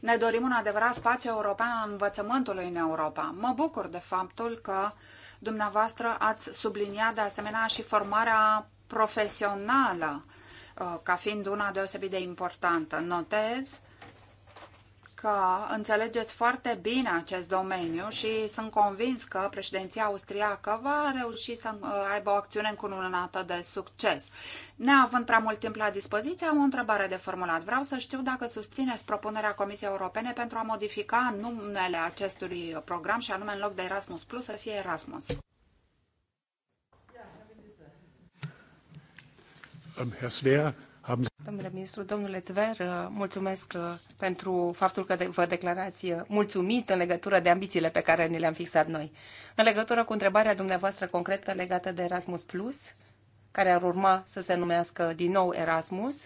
ne dorim un adevărat spațiu european al învățământului în Europa. Mă bucur de faptul că dumneavoastră ați subliniat de asemenea și formarea profesională uh, ca fiind una deosebit de importantă. Notez că înțelegeți foarte bine acest domeniu și sunt convins că președinția austriacă va reuși să uh, aibă o acțiune încununată de succes. Neavând prea mult timp la dispoziție, am o întrebare de formulat. Vreau să știu dacă susțineți propunerea Comisiei Europene pentru a modifica numele acestui program și anume în loc de Erasmus Plus să fie Erasmus. Um, Herr Svea, Domnule ministru, domnule Zver, mulțumesc uh, pentru faptul că vă declarați uh, mulțumit în legătură de ambițiile pe care ni le-am fixat noi. În legătură cu întrebarea dumneavoastră concretă legată de Erasmus+, Plus, care ar urma să se numească din nou Erasmus,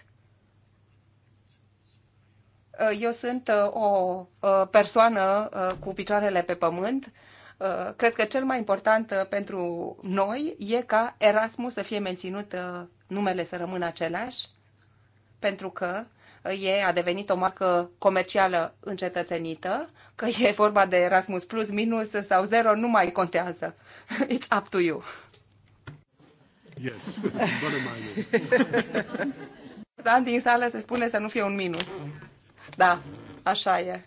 uh, eu sunt o persoană cu picioarele pe pământ, cred că cel mai important pentru noi e ca Erasmus să fie menținut, numele să rămână același pentru că uh, e, a devenit o marcă comercială încetățenită, că e vorba de Erasmus plus, minus sau zero, nu mai contează. It's up to you. Yes, bottom minus. Dan, din sală se spune să nu fie un minus. Da, așa e.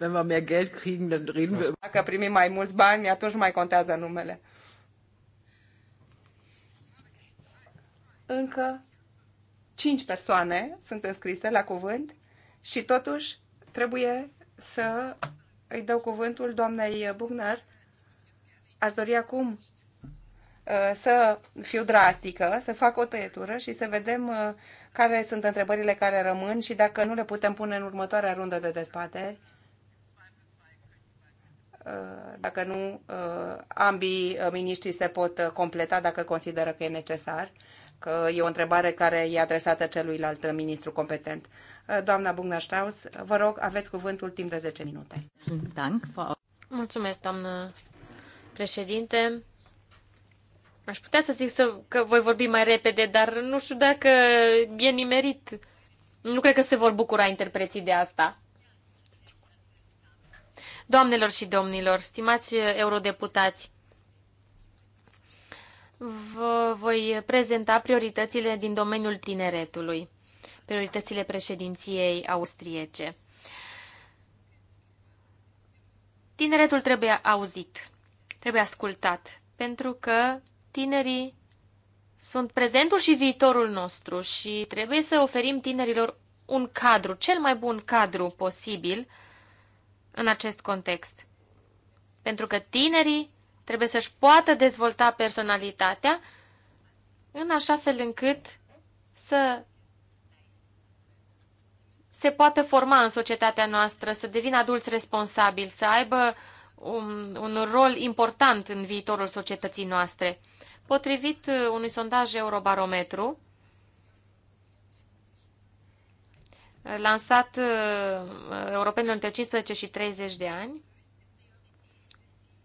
Wenn wir mehr Geld kriegen, dann reden wir. Dacă primim mai mulți bani, atunci mai contează numele. Încă Cinci persoane sunt înscrise la cuvânt și totuși trebuie să îi dau cuvântul doamnei Bugner. Aș dori acum uh, să fiu drastică, să fac o tăietură și să vedem uh, care sunt întrebările care rămân și dacă nu le putem pune în următoarea rundă de dezbateri. Uh, dacă nu, ambii miniștri se pot completa dacă consideră că e necesar că e o întrebare care e adresată celuilalt ministru competent. Uh, doamna Bugna Strauss, vă rog, aveți cuvântul timp de 10 minute. Mulțumesc, doamnă președinte. Aș putea să zic să, că voi vorbi mai repede, dar nu știu dacă e nimerit. Nu cred că se vor bucura interpreții de asta. Doamnelor și domnilor, stimați eurodeputați, vă voi prezenta prioritățile din domeniul tineretului, prioritățile președinției austriece. Tineretul trebuie auzit, trebuie ascultat, pentru că tinerii sunt prezentul și viitorul nostru și trebuie să oferim tinerilor un cadru, cel mai bun cadru posibil în acest context. Pentru că tinerii Trebuie să-și poată dezvolta personalitatea în așa fel încât să se poată forma în societatea noastră, să devină adulți responsabili, să aibă un, un rol important în viitorul societății noastre. Potrivit uh, unui sondaj Eurobarometru, lansat uh, europenilor între 15 și 30 de ani,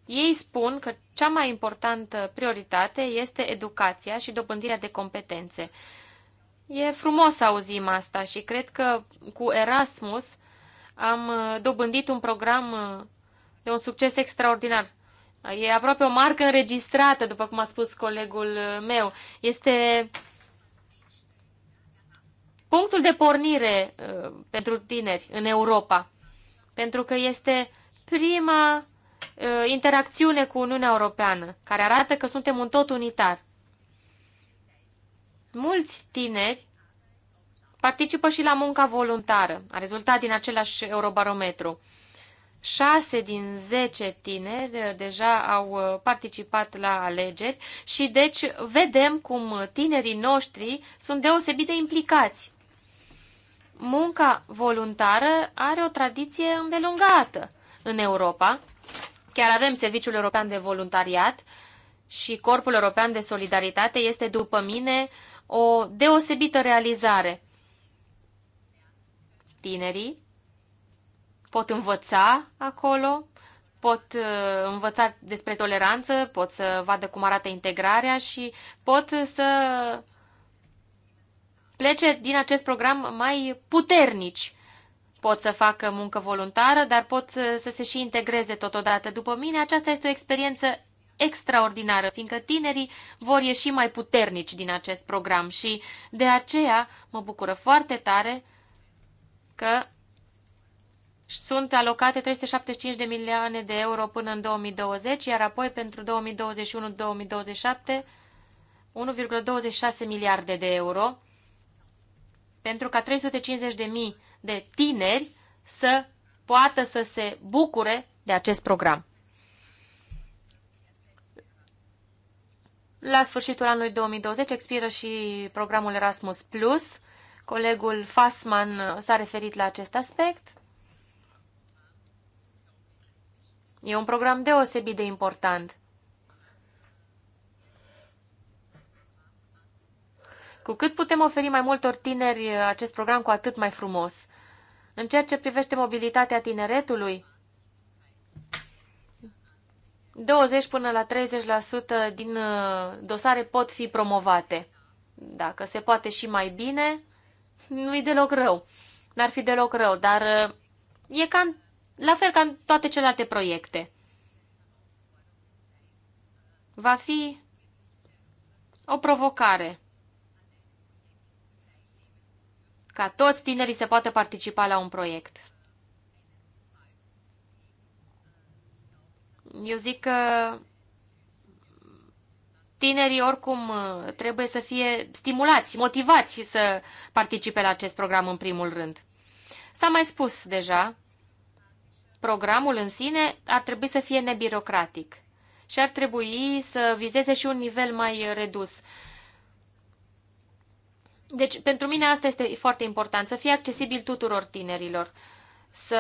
ei spun că cea mai importantă prioritate este educația și dobândirea de competențe. E frumos să auzim asta și cred că cu Erasmus am uh, dobândit un program uh, de un succes extraordinar. E aproape o marcă înregistrată, după cum a spus colegul uh, meu. Este punctul de pornire pentru tineri în Europa, pentru că este prima Uh, interacțiune cu Uniunea Europeană, care arată că suntem un tot unitar. Mulți tineri participă și la munca voluntară, a rezultat din același eurobarometru. 6 din 10 tineri uh, deja au uh, participat la alegeri și deci vedem cum tinerii noștri sunt deosebit de implicați. Munca voluntară are o tradiție îndelungată în Europa Chiar avem Serviciul European de Voluntariat și Corpul European de Solidaritate este, după mine, o deosebită realizare. Tinerii pot învăța acolo, pot uh, învăța despre toleranță, pot să vadă cum arată integrarea și pot să plece din acest program mai puternici pot să facă muncă voluntară, dar pot să se și integreze totodată. După mine, aceasta este o experiență extraordinară, fiindcă tinerii vor ieși mai puternici din acest program și de aceea mă bucură foarte tare că sunt alocate 375 de milioane de euro până în 2020, iar apoi pentru 2021-2027 1,26 miliarde de euro, pentru ca 350 de mii de tineri să poată să se bucure de acest program. La sfârșitul anului 2020 expiră și programul Erasmus+. Plus. Colegul Fassman s-a referit la acest aspect. E un program deosebit de important. Cu cât putem oferi mai multor tineri acest program, cu atât mai frumos. În ceea ce privește mobilitatea tineretului, 20 până la 30% din uh, dosare pot fi promovate. Dacă se poate și mai bine, nu-i deloc rău. N-ar fi deloc rău, dar uh, e cam, la fel ca în toate celelalte proiecte. Va fi o provocare. ca toți tinerii să poată participa la un proiect. Eu zic că tinerii oricum uh, trebuie să fie stimulați, motivați să participe la acest program în primul rând. S-a mai spus deja, programul în sine ar trebui să fie nebirocratic și ar trebui să vizeze și un nivel mai redus. Deci, pentru mine asta este foarte important, să fie accesibil tuturor tinerilor. Să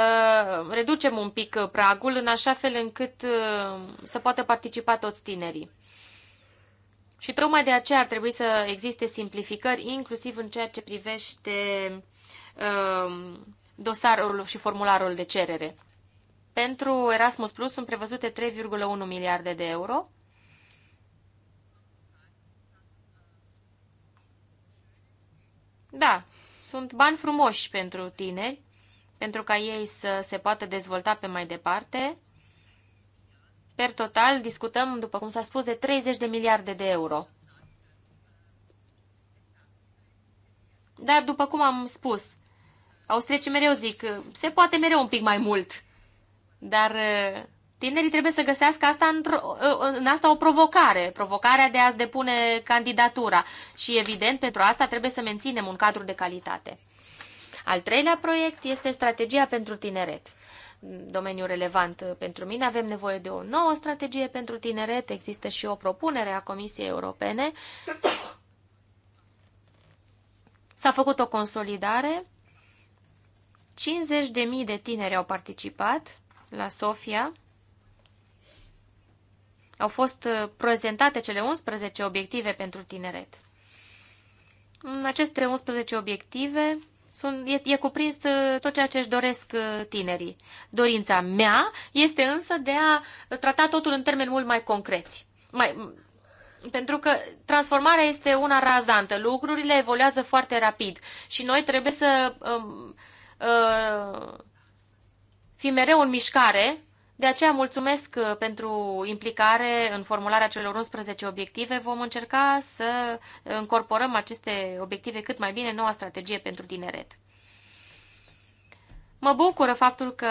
reducem un pic pragul în așa fel încât uh, să poată participa toți tinerii. Și tocmai de aceea ar trebui să existe simplificări, inclusiv în ceea ce privește uh, dosarul și formularul de cerere. Pentru Erasmus Plus sunt prevăzute 3,1 miliarde de euro Da, sunt bani frumoși pentru tineri, pentru ca ei să se poată dezvolta pe mai departe. Per total, discutăm, după cum s-a spus, de 30 de miliarde de euro. Dar, după cum am spus, austriecii mereu zic, se poate mereu un pic mai mult. Dar Tinerii trebuie să găsească asta într-o, ă, ă, în asta o provocare, provocarea de a-ți depune candidatura și, evident, pentru asta trebuie să menținem un cadru de calitate. Al treilea proiect este strategia pentru tineret. Domeniul relevant ă, pentru mine, avem nevoie de o nouă strategie pentru tineret, există și o propunere a Comisiei Europene. S-a făcut o consolidare, 50.000 de tineri au participat la Sofia, au fost uh, prezentate cele 11 obiective pentru tineret. În aceste 11 obiective sunt, e, e cuprins uh, tot ceea ce își doresc uh, tinerii. Dorința mea este însă de a trata totul în termeni mult mai concreți. Mai, pentru că transformarea este una razantă, lucrurile evoluează foarte rapid și noi trebuie să um, uh, fim mereu în mișcare de aceea mulțumesc uh, pentru implicare în formularea celor 11 obiective. Vom încerca să încorporăm aceste obiective cât mai bine în noua strategie pentru tineret. Mă bucură faptul că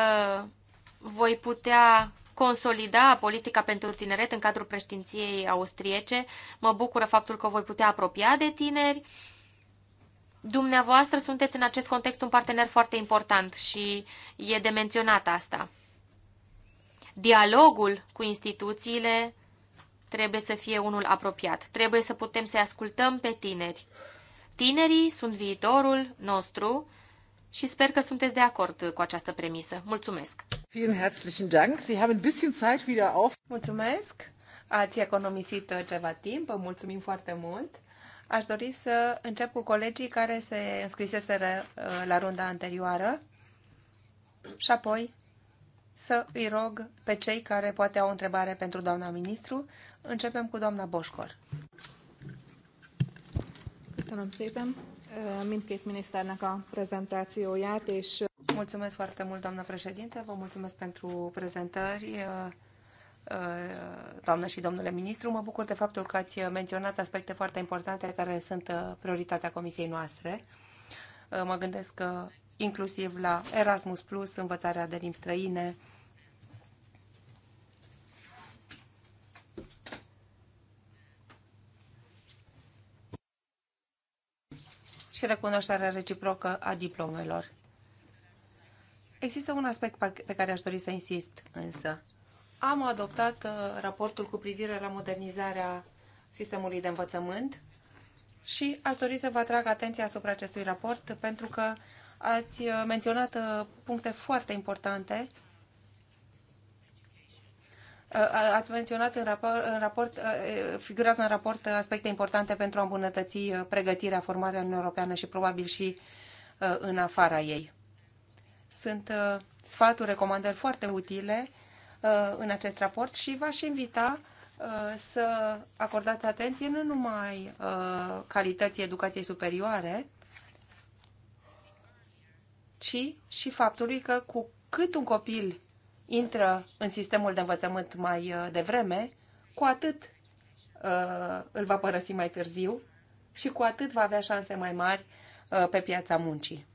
voi putea consolida politica pentru tineret în cadrul preștinției austriece. Mă bucură faptul că voi putea apropia de tineri. Dumneavoastră sunteți în acest context un partener foarte important și e de menționat asta. Dialogul cu instituțiile trebuie să fie unul apropiat. Trebuie să putem să ascultăm pe tineri. Tinerii sunt viitorul nostru și sper că sunteți de acord cu această premisă. Mulțumesc! Mulțumesc! Ați economisit ceva timp, vă mulțumim foarte mult. Aș dori să încep cu colegii care se înscriseseră uh, la runda anterioară și apoi să îi rog pe cei care poate au o întrebare pentru doamna ministru. Începem cu doamna Boșcor. Köszönöm szépen mindkét miniszternek a prezentációját, és... Mulțumesc foarte mult, doamna președinte, vă mulțumesc pentru prezentări, doamna și domnule ministru. Mă bucur de faptul că ați menționat aspecte foarte importante care sunt prioritatea comisiei noastre. Mă gândesc că inclusiv la Erasmus Plus, învățarea de limbi străine. și recunoașterea reciprocă a diplomelor. Există un aspect pe care aș dori să insist, însă. Am adoptat uh, raportul cu privire la modernizarea sistemului de învățământ și aș dori să vă atrag atenția asupra acestui raport pentru că Ați uh, menționat uh, puncte foarte importante. Uh, ați menționat în raport, în raport, figurați în raport aspecte importante pentru a îmbunătăți pregătirea, formarea în Europeană și probabil și în afara ei. Sunt sfaturi, recomandări foarte utile în acest raport și v-aș invita să acordați atenție nu numai calității educației superioare, ci și faptului că cu cât un copil intră în sistemul de învățământ mai uh, devreme, cu atât uh, îl va părăsi mai târziu și cu atât va avea șanse mai mari uh, pe piața muncii.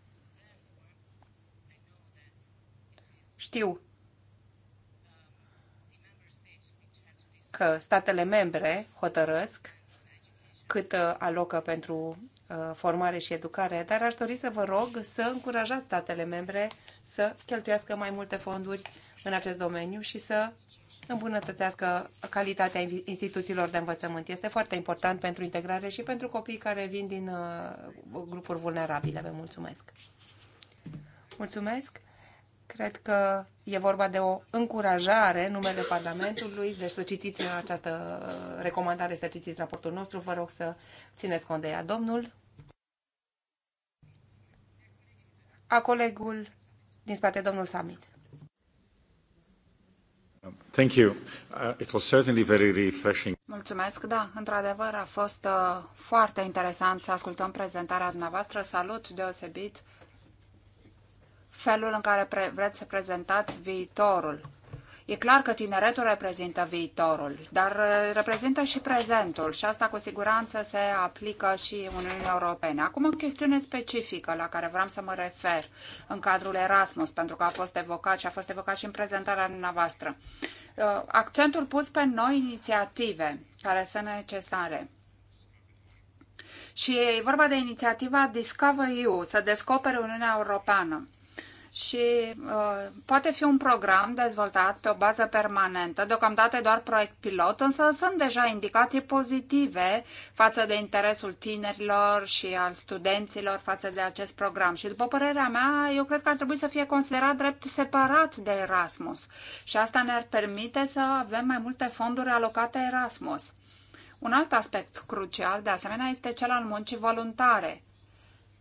Știu că statele membre hotărăsc cât uh, alocă pentru Uh, formare și educare, dar aș dori să vă rog să încurajați statele membre să cheltuiască mai multe fonduri în acest domeniu și să îmbunătățească calitatea instituțiilor de învățământ. Este foarte important pentru integrare și pentru copiii care vin din uh, grupuri vulnerabile. Vă mulțumesc! Mulțumesc! Cred că e vorba de o încurajare în numele Parlamentului, deci să citiți această uh, recomandare, să citiți raportul nostru. Vă rog să țineți cont de ea. Domnul a colegul din spate, domnul Samit. Thank you. Uh, it was certainly very refreshing. Mulțumesc, da, într-adevăr a fost uh, foarte interesant să ascultăm prezentarea dumneavoastră. Salut deosebit felul în care pre- vreți să prezentați viitorul E clar că tineretul reprezintă viitorul, dar uh, reprezintă și prezentul și asta cu siguranță se aplică și Uniunii Europene. Acum o chestiune specifică la care vreau să mă refer în cadrul Erasmus, pentru că a fost evocat și a fost evocat și în prezentarea dumneavoastră. Uh, accentul pus pe noi inițiative care sunt necesare. Și e vorba de inițiativa Discover EU, să descopere Uniunea Europeană și uh, poate fi un program dezvoltat pe o bază permanentă, deocamdată e doar proiect pilot, însă sunt deja indicații pozitive față de interesul tinerilor și al studenților față de acest program. Și după părerea mea, eu cred că ar trebui să fie considerat drept separat de Erasmus și asta ne-ar permite să avem mai multe fonduri alocate Erasmus. Un alt aspect crucial, de asemenea, este cel al muncii voluntare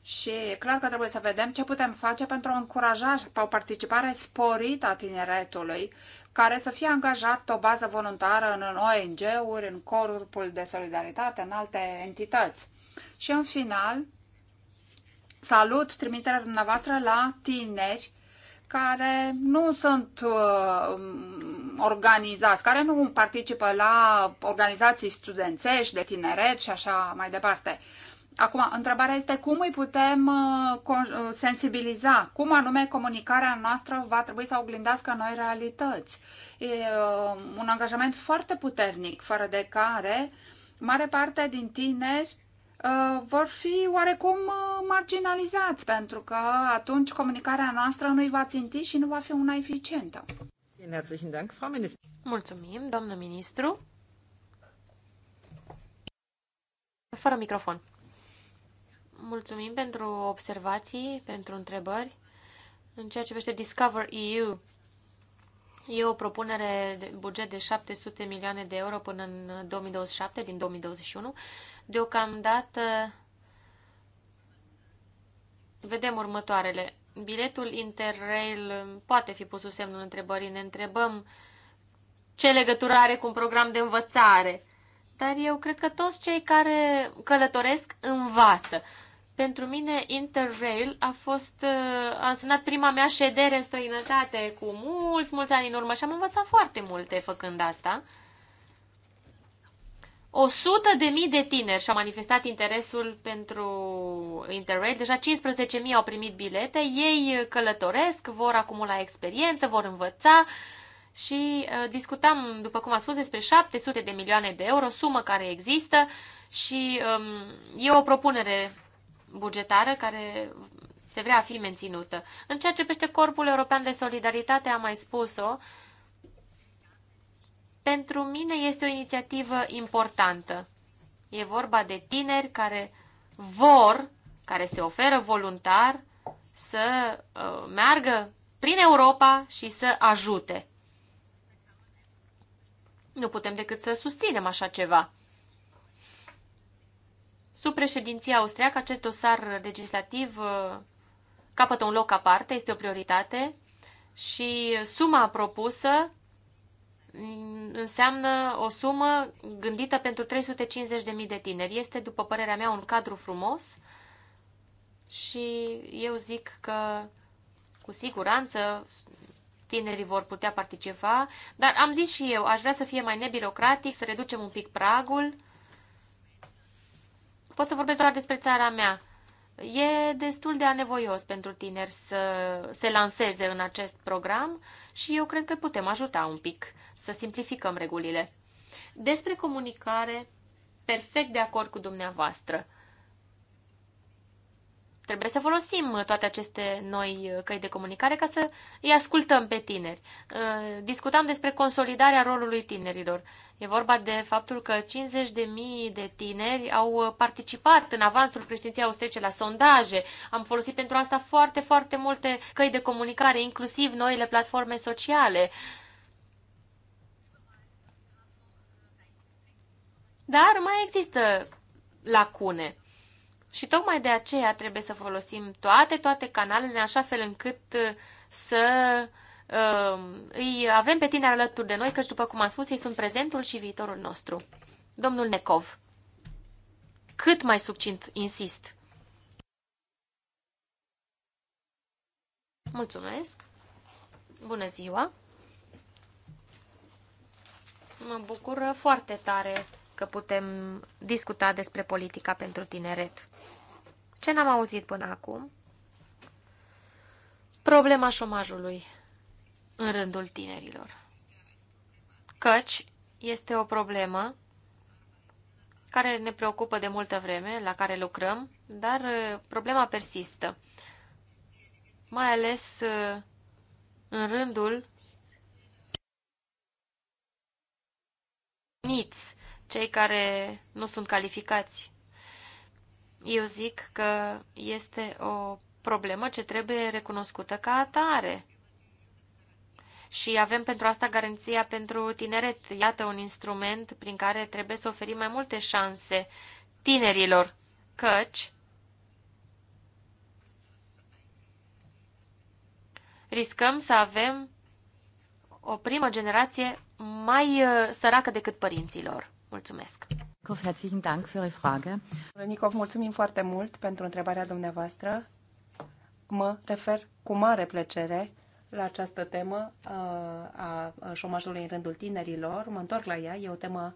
și e clar că trebuie să vedem ce putem face pentru a încuraja o participare sporită a tineretului care să fie angajat pe o bază voluntară în ONG-uri, în corpul de solidaritate, în alte entități. Și în final, salut trimiterea dumneavoastră la tineri care nu sunt uh, organizați, care nu participă la organizații studențești, de tineret și așa mai departe. Acum, întrebarea este cum îi putem uh, uh, sensibiliza, cum anume comunicarea noastră va trebui să oglindească noi realități. E uh, un angajament foarte puternic, fără de care mare parte din tineri vor fi oarecum marginalizați, pentru că atunci comunicarea noastră nu îi va ținti și nu va fi una eficientă. Mulțumim, doamnă ministru. Fără microfon. Mulțumim pentru observații, pentru întrebări. În ceea ce vește Discover EU, e o propunere de buget de 700 milioane de euro până în 2027, din 2021. Deocamdată vedem următoarele. Biletul Interrail poate fi pus sub semnul întrebării. Ne întrebăm ce legătură are cu un program de învățare. Dar eu cred că toți cei care călătoresc învață. Pentru mine, Interrail a fost, uh, a însemnat prima mea ședere în străinătate cu mulți, mulți ani în urmă și am învățat foarte multe făcând asta. O sută de mii de tineri și-au manifestat interesul pentru Interrail. Deja 15.000 au primit bilete. Ei uh, călătoresc, vor acumula experiență, vor învăța și uh, discutam, după cum am spus, despre 700 de milioane de euro, sumă care există și um, e o propunere bugetară care se vrea a fi menținută. În ceea ce pește Corpul European de Solidaritate, am mai spus-o, pentru mine este o inițiativă importantă. E vorba de tineri care vor, care se oferă voluntar să uh, meargă prin Europa și să ajute. Nu putem decât să susținem așa ceva. Sub președinția austriacă, acest dosar legislativ uh, capătă un loc aparte, este o prioritate și suma propusă mm, înseamnă o sumă gândită pentru 350.000 de tineri. Este, după părerea mea, un cadru frumos și eu zic că cu siguranță tinerii vor putea participa, dar am zis și eu, aș vrea să fie mai nebirocratic, să reducem un pic pragul, Pot să vorbesc doar despre țara mea. E destul de anevoios pentru tineri să se lanseze în acest program și eu cred că putem ajuta un pic să simplificăm regulile. Despre comunicare, perfect de acord cu dumneavoastră trebuie să folosim toate aceste noi căi de comunicare ca să îi ascultăm pe tineri. Uh, discutam despre consolidarea rolului tinerilor. E vorba de faptul că 50.000 de tineri au participat în avansul președinției austrice la sondaje. Am folosit pentru asta foarte, foarte multe căi de comunicare, inclusiv noile platforme sociale. Dar mai există lacune. Și tocmai de aceea trebuie să folosim toate, toate canalele în așa fel încât uh, să uh, îi avem pe tineri alături de noi, căci după cum am spus, ei sunt prezentul și viitorul nostru. Domnul Necov, cât mai succint, insist. Mulțumesc! Bună ziua! Mă bucură foarte tare că putem discuta despre politica pentru tineret. Ce n-am auzit până acum? Problema șomajului în rândul tinerilor. Căci este o problemă care ne preocupă de multă vreme, la care lucrăm, dar uh, problema persistă, mai ales uh, în rândul niți, cei care nu sunt calificați. Eu zic că este o problemă ce trebuie recunoscută ca atare. Și avem pentru asta garanția pentru tineret. Iată un instrument prin care trebuie să oferim mai multe șanse tinerilor, căci riscăm să avem o primă generație mai uh, săracă decât părinților. Mulțumesc! Herzlichen Dank für Ihre Frage. Nikov, mulțumim foarte mult pentru întrebarea dumneavoastră. Mă refer cu mare plăcere la această temă uh, a șomajului în rândul tinerilor. Mă întorc la ea. E o temă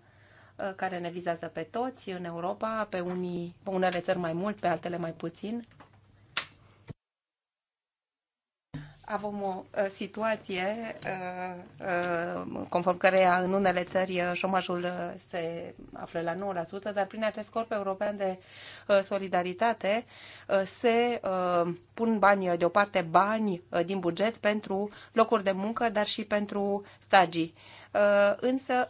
uh, care ne vizează pe toți în Europa, pe unii, pe unele țări mai mult, pe altele mai puțin. avem o uh, situație uh, uh, conform căreia în unele țări șomajul se află la 9%, dar prin acest corp european de solidaritate se pun bani deoparte, bani din buget pentru locuri de muncă, dar și pentru stagii. Însă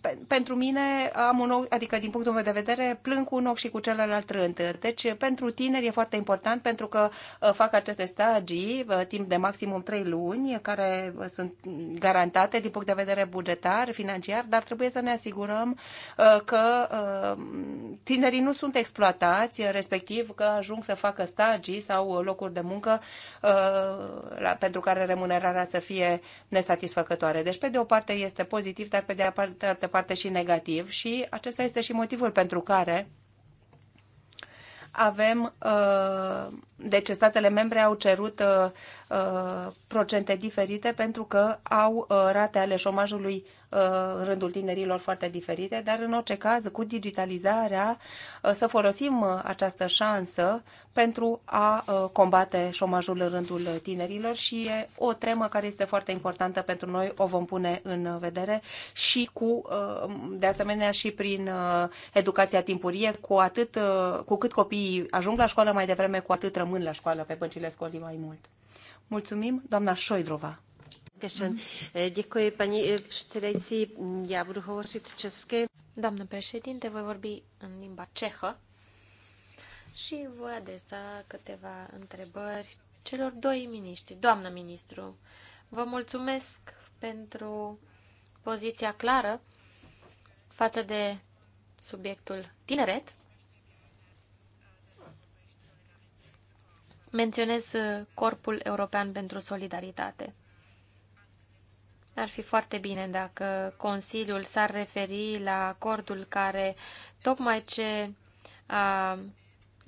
pe, pentru mine am un ochi, adică din punctul meu de vedere, plâng cu un ochi și cu celălalt rând. Deci pentru tineri e foarte important pentru că uh, fac aceste stagii uh, timp de maximum 3 luni care uh, sunt garantate din punct de vedere bugetar, financiar, dar trebuie să ne asigurăm că tinerii nu sunt exploatați, respectiv că ajung să facă stagii sau locuri de muncă pentru care remunerarea să fie nesatisfăcătoare. Deci pe de o parte este pozitiv, dar pe de de altă parte și negativ și acesta este și motivul pentru care avem uh, deci statele membre au cerut uh, uh, procente diferite pentru că au uh, rate ale șomajului uh, în rândul tinerilor foarte diferite, dar în orice caz, cu digitalizarea, uh, să folosim uh, această șansă pentru a uh, combate șomajul în rândul tinerilor și e o temă care este foarte importantă pentru noi, o vom pune în vedere și cu, uh, de asemenea, și prin uh, educația timpurie, cu atât, uh, cu cât copiii ajung la școală mai devreme, cu atât rămân rămân la școală pe băncile școlii mai mult. Mulțumim, doamna Șoidrova. Děkuji, paní eh, předsedající. Já budu hovořit česky. Doamnă președinte, voi vorbi în limba cehă și voi adresa câteva întrebări celor doi miniștri. Doamnă ministru, vă mulțumesc pentru poziția clară față de subiectul tineret menționez uh, Corpul European pentru Solidaritate. Ar fi foarte bine dacă Consiliul s-ar referi la acordul care, tocmai ce a,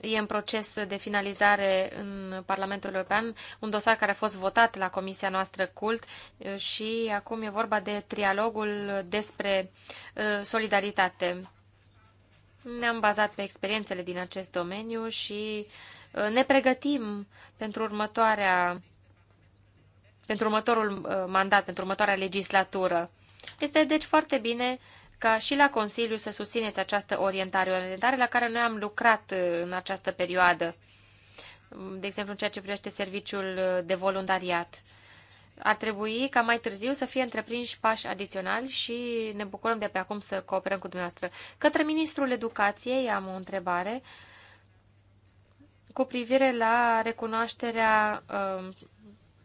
e în proces de finalizare în Parlamentul European, un dosar care a fost votat la Comisia noastră CULT uh, și acum e vorba de trialogul despre uh, solidaritate. Ne-am bazat pe experiențele din acest domeniu și uh, Uh, ne pregătim pentru următoarea pentru următorul uh, mandat, pentru următoarea legislatură. Este deci foarte bine ca și la Consiliu să susțineți această orientare, o orientare la care noi am lucrat uh, în această perioadă, mm, de exemplu în ceea ce privește serviciul de voluntariat. Ar trebui ca mai târziu să fie întreprinși pași adiționali și ne bucurăm de pe acum să cooperăm cu dumneavoastră. Către Ministrul Educației am o întrebare cu privire la recunoașterea uh,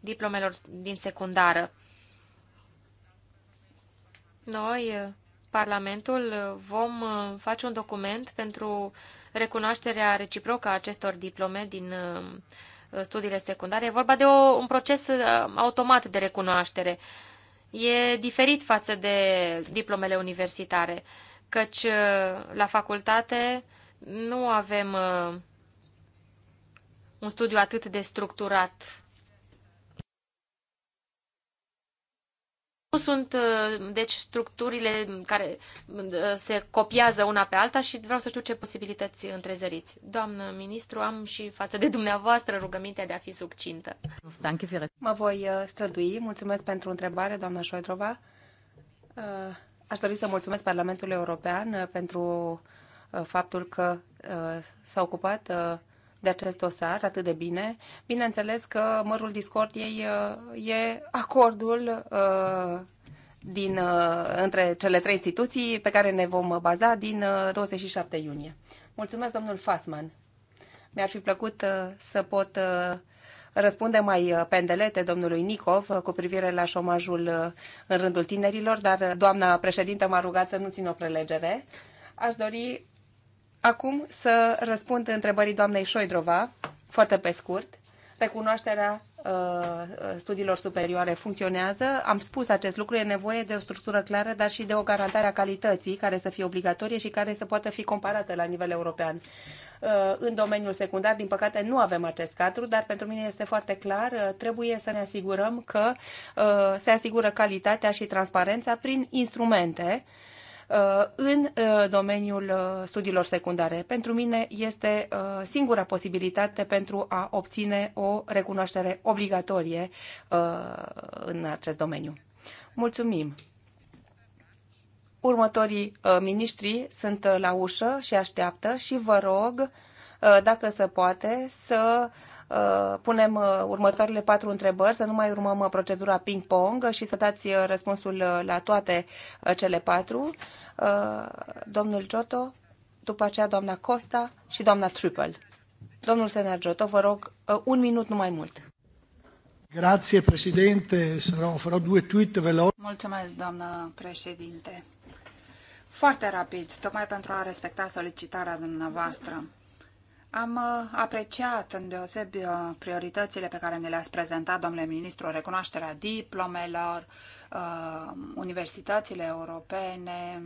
diplomelor din secundară. Noi, Parlamentul, vom uh, face un document pentru recunoașterea reciprocă a acestor diplome din uh, studiile secundare. E vorba de o, un proces uh, automat de recunoaștere. E diferit față de diplomele universitare, căci la facultate nu avem un studiu atât de structurat. Nu sunt, uh, deci, structurile care uh, se copiază una pe alta și vreau să știu ce posibilități întrezăriți. Doamnă ministru, am și față de dumneavoastră rugămintea de a fi succintă. Mă voi uh, strădui. Mulțumesc pentru întrebare, doamna Șoedrova. Aș dori să mulțumesc Parlamentului European pentru faptul că s-a ocupat de acest dosar atât de bine. Bineînțeles că mărul discordiei uh, e acordul uh, din, uh, între cele trei instituții pe care ne vom baza din 27 iunie. Mulțumesc, domnul Fasman. Mi-ar fi plăcut să pot răspunde mai pendelete domnului Nicov cu privire la șomajul în rândul tinerilor, dar doamna președintă m-a rugat să nu țin o prelegere. Aș dori Acum să răspund întrebării doamnei Șoidrova, foarte pe scurt. Recunoașterea uh, uh, studiilor superioare funcționează. Am spus acest lucru, e nevoie de o structură clară, dar și de o garantare a calității care să fie obligatorie și care să poată fi comparată la nivel european. Uh, în domeniul secundar, din păcate, nu avem acest cadru, dar pentru mine este foarte clar, trebuie să ne asigurăm că se asigură calitatea și transparența prin instrumente uh, Uh, în uh, domeniul uh, studiilor secundare. Pentru mine este singura posibilitate pentru a obține o recunoaștere obligatorie în acest domeniu. Mulțumim! Următorii miniștri sunt la ușă și așteaptă și vă rog, dacă se poate, să Uh, punem uh, următoarele patru întrebări, să nu mai urmăm uh, procedura ping-pong și să dați răspunsul la toate cele patru. Domnul Giotto, după aceea doamna Costa și doamna Triple. Domnul Senar Giotto, vă rog, un minut, nu mai mult. Grazie, președinte. Sarò, farò două tweet veloci. Mulțumesc, doamnă președinte. Foarte rapid, tocmai pentru a respecta solicitarea dumneavoastră. Am uh, apreciat îndeosebi uh, prioritățile pe care ne le-ați prezentat, domnule ministru, recunoașterea diplomelor, uh, universitățile europene,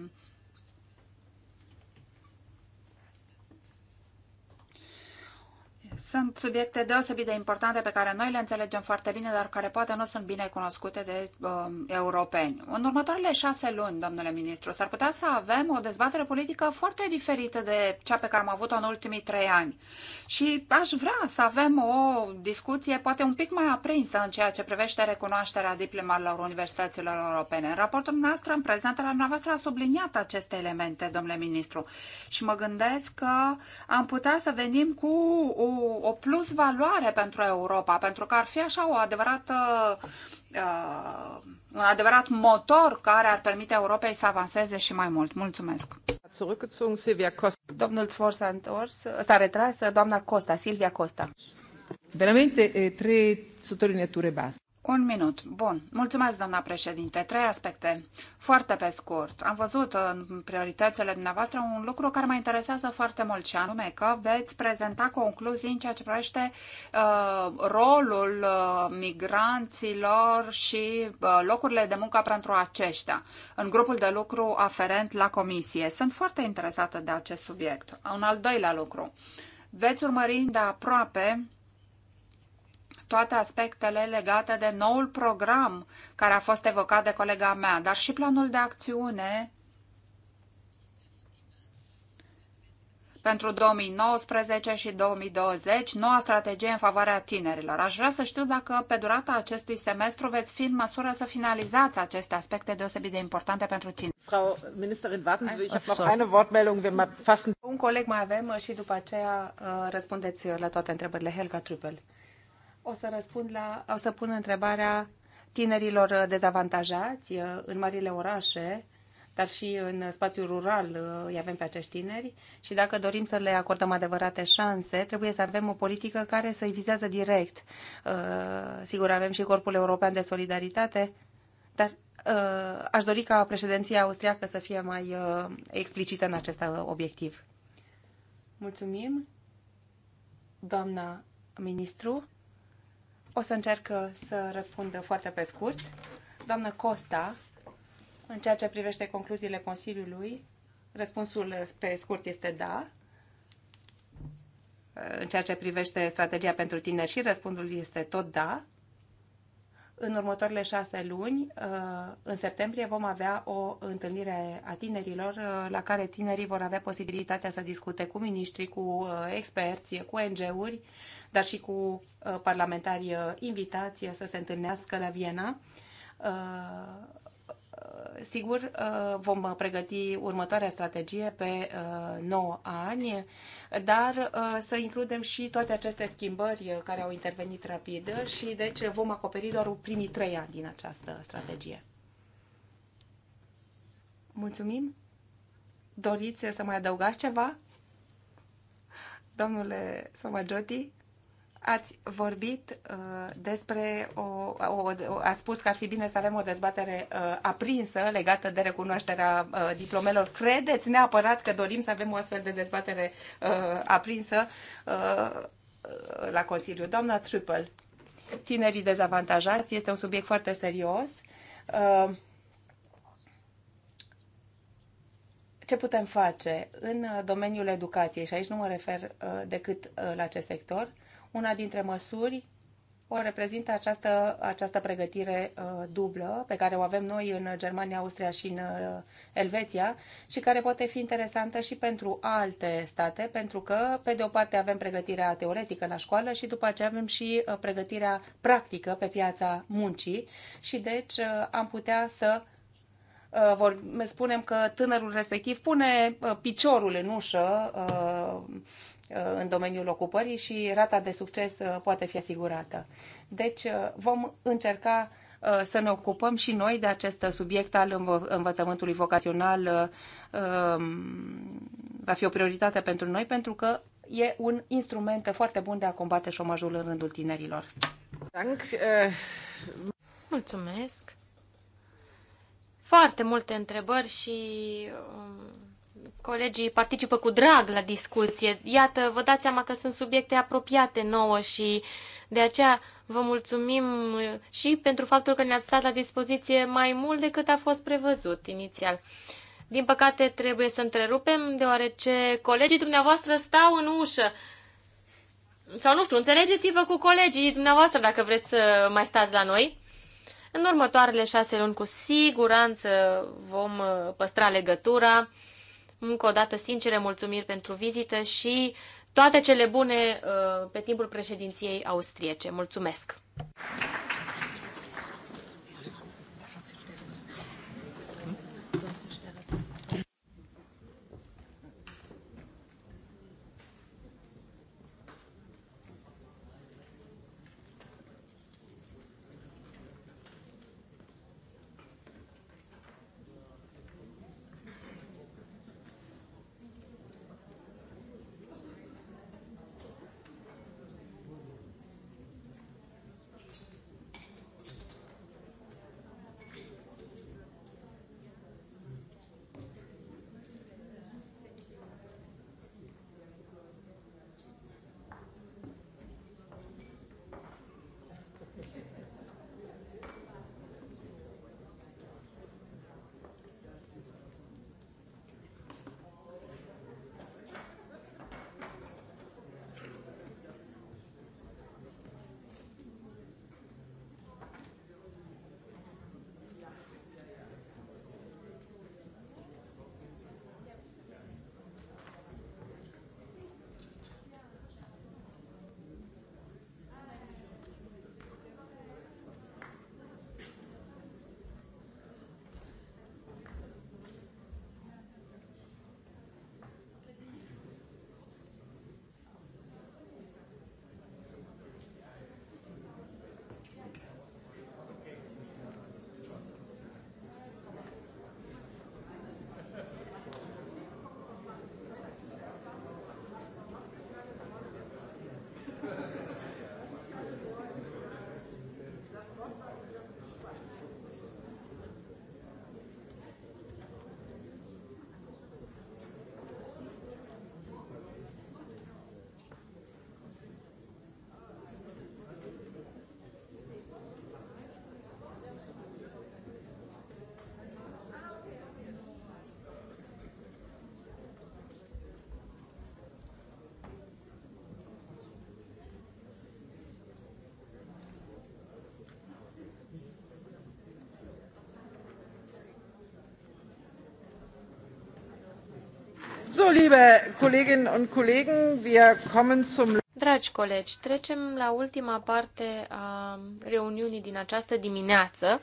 Sunt subiecte deosebit de importante pe care noi le înțelegem foarte bine, dar care poate nu sunt bine cunoscute de um, europeni. În următoarele șase luni, domnule ministru, s-ar putea să avem o dezbatere politică foarte diferită de cea pe care am avut-o în ultimii trei ani. Și aș vrea să avem o discuție poate un pic mai aprinsă în ceea ce privește recunoașterea diplomarilor universităților europene. În raportul noastră, în prezentarea noastră, a subliniat aceste elemente, domnule ministru. Și mă gândesc că am putea să venim cu o o plus valoare pentru Europa, pentru că ar fi așa o adevărată, uh, un adevărat motor care ar permite Europei să avanseze și mai mult. Mulțumesc! Domnul Tvor s-a întors, s-a retras, doamna Costa, Silvia Costa. Veramente eh, trei sottolineature basta. Un minut. Bun. Mulțumesc, doamna președinte. Trei aspecte. Foarte pe scurt. Am văzut în prioritățile dumneavoastră un lucru care mă interesează foarte mult și anume că veți prezenta concluzii în ceea ce privește uh, rolul uh, migranților și uh, locurile de muncă pentru aceștia în grupul de lucru aferent la comisie. Sunt foarte interesată de acest subiect. Un al doilea lucru. Veți urmări de aproape toate aspectele legate de noul program care a fost evocat de colega mea, dar și planul de acțiune pentru 2019 și 2020, noua strategie în favoarea tinerilor. Aș vrea să știu dacă pe durata acestui semestru veți fi în măsură să finalizați aceste aspecte deosebit de importante pentru tineri. Frau Ministerin, warten Sie, ich habe noch eine Wortmeldung. Wir fassen... Un coleg mai avem și după aceea uh, răspundeți la toate întrebările. Helga Trüppel. O să răspund la, o să pun întrebarea tinerilor dezavantajați uh, în marile orașe, dar și în spațiul rural uh, îi avem pe acești tineri și dacă dorim să le acordăm adevărate șanse, trebuie să avem o politică care să-i vizează direct. Uh, sigur, avem și Corpul European de Solidaritate, dar aș dori ca președinția austriacă să fie mai explicită în acest obiectiv. Mulțumim, doamna ministru. O să încerc uh, să răspund foarte pe scurt. Doamnă Costa, în ceea ce privește concluziile Consiliului, răspunsul pe scurt este da. Uh, în ceea ce privește strategia pentru tineri și răspunsul este tot da. În următoarele șase luni, uh, în septembrie, vom avea o întâlnire a tinerilor uh, la care tinerii vor avea posibilitatea să discute cu miniștri, cu uh, experți, cu ONG-uri, dar și cu parlamentari invitați să se întâlnească la Viena Uh, sigur, uh, vom pregăti următoarea strategie pe 9 uh, ani, dar să includem și toate aceste schimbări care au intervenit rapid și deci vom acoperi doar primii trei ani din această strategie. Mulțumim! Doriți să mai adăugați ceva? Domnule Somagiotti? Ați vorbit uh, despre, o, o, o, a spus că ar fi bine să avem o dezbatere uh, aprinsă legată de recunoașterea uh, diplomelor. Credeți neapărat că dorim să avem o astfel de dezbatere uh, aprinsă uh, la Consiliu? Doamna Triple, tinerii dezavantajați, este un subiect foarte serios. Uh, ce putem face în uh, domeniul educației, și aici nu mă refer uh, decât uh, la acest sector, una dintre măsuri o reprezintă această, această pregătire uh, dublă pe care o avem noi în Germania, Austria și în uh, Elveția și care poate fi interesantă și pentru alte state, pentru că, pe de o parte, avem pregătirea teoretică la școală și după aceea avem și uh, pregătirea practică pe piața muncii și, deci, uh, am putea să uh, vor, spunem că tânărul respectiv pune uh, piciorul în ușă uh, Uh, în domeniul ocupării și rata de succes uh, poate fi asigurată. Deci uh, vom încerca să ne ocupăm și noi de acest subiect al învă învățământului vocațional. Um, va fi o prioritate pentru noi pentru că e un instrument foarte bun de a combate șomajul în rândul tinerilor. Mulțumesc! Foarte multe întrebări și um, Colegii participă cu drag la discuție. Iată, vă dați seama că sunt subiecte apropiate nouă și de aceea vă mulțumim și pentru faptul că ne-ați stat la dispoziție mai mult decât a fost prevăzut inițial. Din păcate, trebuie să întrerupem, deoarece colegii dumneavoastră stau în ușă. Sau nu știu, înțelegeți-vă cu colegii dumneavoastră dacă vreți să mai stați la noi. În următoarele șase luni, cu siguranță, vom uh, păstra legătura. Încă o dată, sincere mulțumiri pentru vizită și toate cele bune uh, pe timpul președinției austriece. Mulțumesc! So, liebe Kolleginnen und Kollegen, wir kommen zum... Dragi colegi, trecem la ultima parte a reuniunii din această dimineață.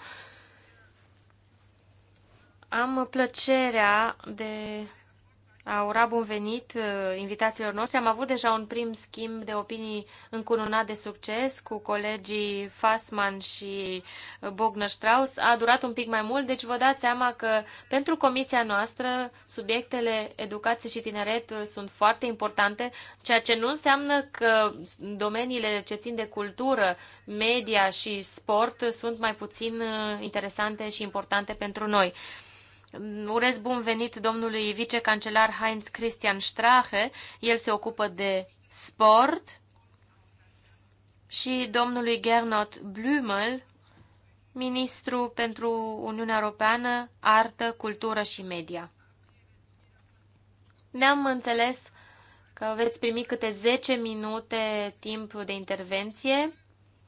Am plăcerea de Aura, bun venit uh, invitațiilor noștri. Am avut deja un prim schimb de opinii încununat de succes cu colegii Fassman și uh, Bogner Strauss. A durat un pic mai mult, deci vă dați seama că pentru comisia noastră subiectele educație și tineret uh, sunt foarte importante, ceea ce nu înseamnă că domeniile ce țin de cultură, media și sport sunt mai puțin interesante și importante pentru noi. Urez bun venit domnului vicecancelar Heinz Christian Strache, el se ocupă de sport, și domnului Gernot Blümel, ministru pentru Uniunea Europeană, Artă, Cultură și Media. Ne-am înțeles că veți primi câte 10 minute timp de intervenție.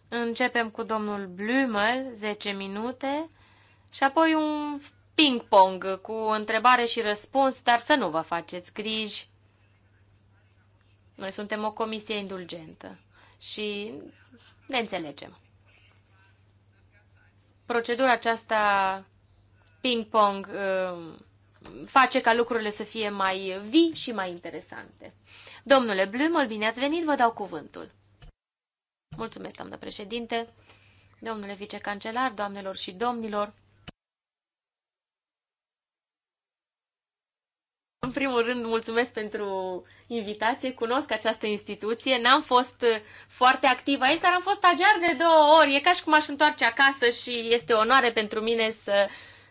Începem cu domnul Blümel, 10 minute, și apoi un ping-pong cu întrebare și răspuns, dar să nu vă faceți griji. Noi suntem o comisie indulgentă și ne înțelegem. Procedura aceasta ping-pong um, face ca lucrurile să fie mai vii și mai interesante. Domnule Blumel, bine ați venit, vă dau cuvântul. Mulțumesc, doamnă președinte, domnule vicecancelar, doamnelor și domnilor. În primul rând, mulțumesc pentru invitație, cunosc această instituție, n-am fost uh, foarte activă aici, dar am fost stagiar de două ori, e ca și cum aș întoarce acasă și este o onoare pentru mine să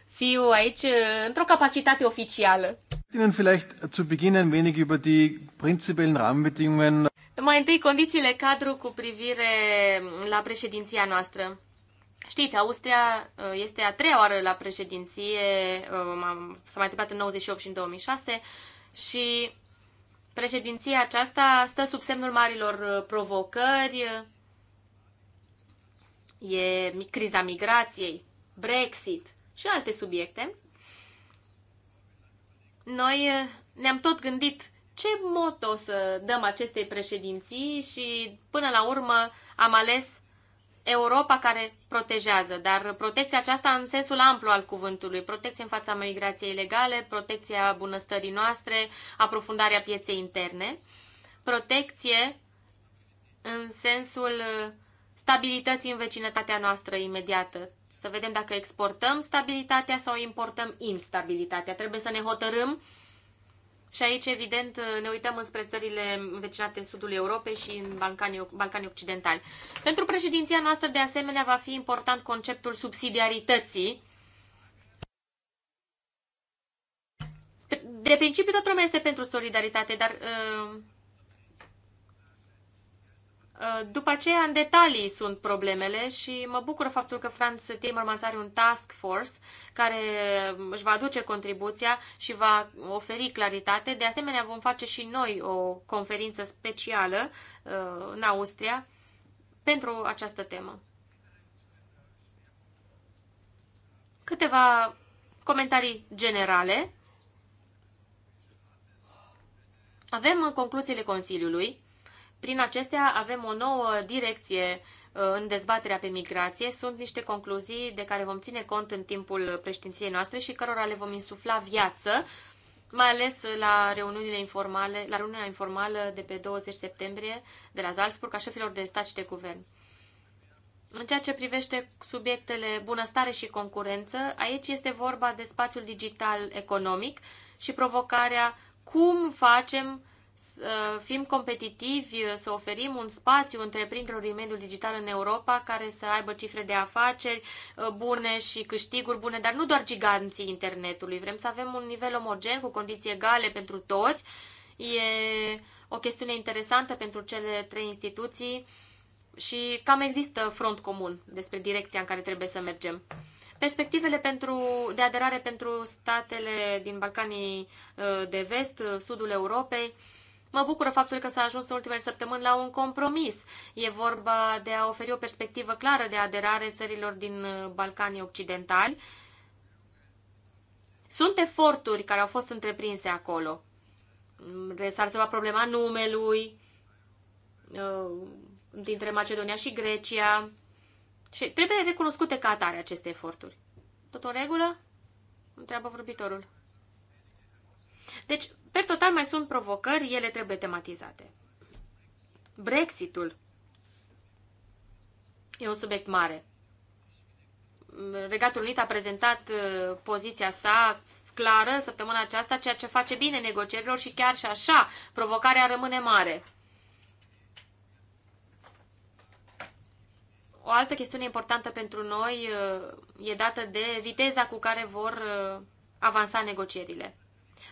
fiu aici uh, într-o capacitate oficială. vielleicht zu Beginn ein wenig über die prinzipiellen Rahmenbedingungen. Mai întâi condițiile cadru cu privire la președinția noastră. Știți, Austria uh, este a treia oară la președinție, uh, s-a mai întâmplat în 98 și în 2006 și președinția aceasta stă sub semnul marilor uh, provocări, e criza migrației, Brexit și alte subiecte. Noi ne-am tot gândit ce moto să dăm acestei președinții și până la urmă am ales Europa care protejează, dar protecția aceasta în sensul amplu al cuvântului, protecție în fața migrației ilegale, protecția bunăstării noastre, aprofundarea pieței interne, protecție în sensul stabilității în vecinătatea noastră imediată. Să vedem dacă exportăm stabilitatea sau importăm instabilitatea. Trebuie să ne hotărâm și aici, evident, ne uităm înspre țările învecinate Sudului Europei și în Balcanii, Balcanii Occidentali. Pentru președinția noastră, de asemenea, va fi important conceptul subsidiarității. De principiu, toată lumea este pentru solidaritate, dar uh, Uh, după aceea, în detalii sunt problemele și mă bucur faptul că Franz Timmermans are un task force care își va aduce contribuția și va oferi claritate. De asemenea, vom face și noi o conferință specială uh, în Austria pentru această temă. Câteva comentarii generale. Avem concluziile Consiliului prin acestea avem o nouă direcție uh, în dezbaterea pe migrație. Sunt niște concluzii de care vom ține cont în timpul președinției noastre și cărora le vom insufla viață, mai ales la reuniunile informale, la reuniunea informală de pe 20 septembrie de la Salzburg, a șefilor de stat și de guvern. În ceea ce privește subiectele bunăstare și concurență, aici este vorba de spațiul digital economic și provocarea cum facem să fim competitivi, să oferim un spațiu întreprinderilor din mediul digital în Europa care să aibă cifre de afaceri uh, bune și câștiguri bune, dar nu doar giganții internetului. Vrem să avem un nivel omogen, cu condiții egale pentru toți. E o chestiune interesantă pentru cele trei instituții și cam există front comun despre direcția în care trebuie să mergem. Perspectivele pentru, de aderare pentru statele din Balcanii uh, de Vest, uh, sudul Europei, Mă bucură faptul că s-a ajuns în ultimele săptămâni la un compromis. E vorba de a oferi o perspectivă clară de aderare țărilor din uh, Balcanii Occidentali. Sunt eforturi care au fost întreprinse acolo. Mm, s-ar va problema numelui uh, dintre Macedonia și Grecia. Și trebuie recunoscute ca atare aceste eforturi. Tot în regulă? Întreabă vorbitorul. Deci, Per total mai sunt provocări, ele trebuie tematizate. Brexitul e un subiect mare. Regatul Unit a prezentat uh, poziția sa clară săptămâna aceasta, ceea ce face bine negocierilor și chiar și așa provocarea rămâne mare. O altă chestiune importantă pentru noi uh, e dată de viteza cu care vor uh, avansa negocierile.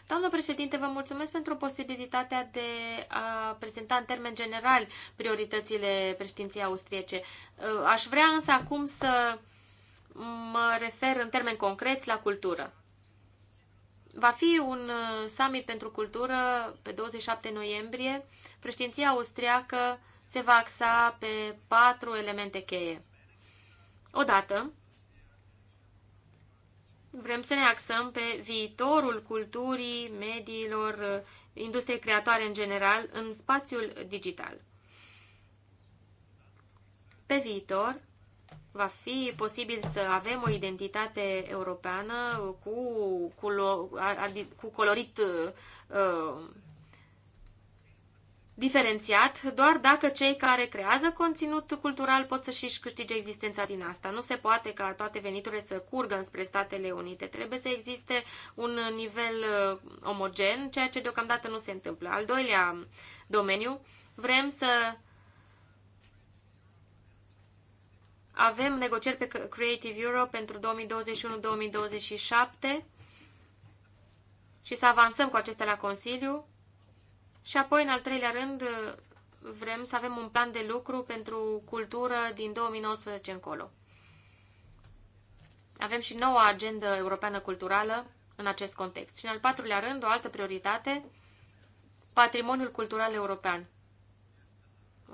Doamnă președinte, vă mulțumesc pentru posibilitatea de a prezenta în termen general prioritățile președinției austriece. Uh, aș vrea însă acum să mă refer în termeni concreți la cultură. Va fi un uh, summit pentru cultură pe 27 noiembrie. Președinția austriacă se va axa pe patru elemente cheie. Odată, Vrem să ne axăm pe viitorul culturii, mediilor, industriei creatoare în general, în spațiul digital. Pe viitor, va fi posibil să avem o identitate europeană cu, cu, cu colorit uh, diferențiat doar dacă cei care creează conținut cultural pot să și câștige existența din asta. Nu se poate ca toate veniturile să curgă înspre Statele Unite. Trebuie să existe un nivel uh, omogen, ceea ce deocamdată nu se întâmplă. Al doilea um, domeniu, vrem să avem negocieri pe Creative Europe pentru 2021-2027 și să avansăm cu acestea la Consiliu și apoi, în al treilea rând, vrem să avem un plan de lucru pentru cultură din 2019 încolo. Avem și noua agendă europeană culturală în acest context. Și în al patrulea rând, o altă prioritate, patrimoniul cultural european.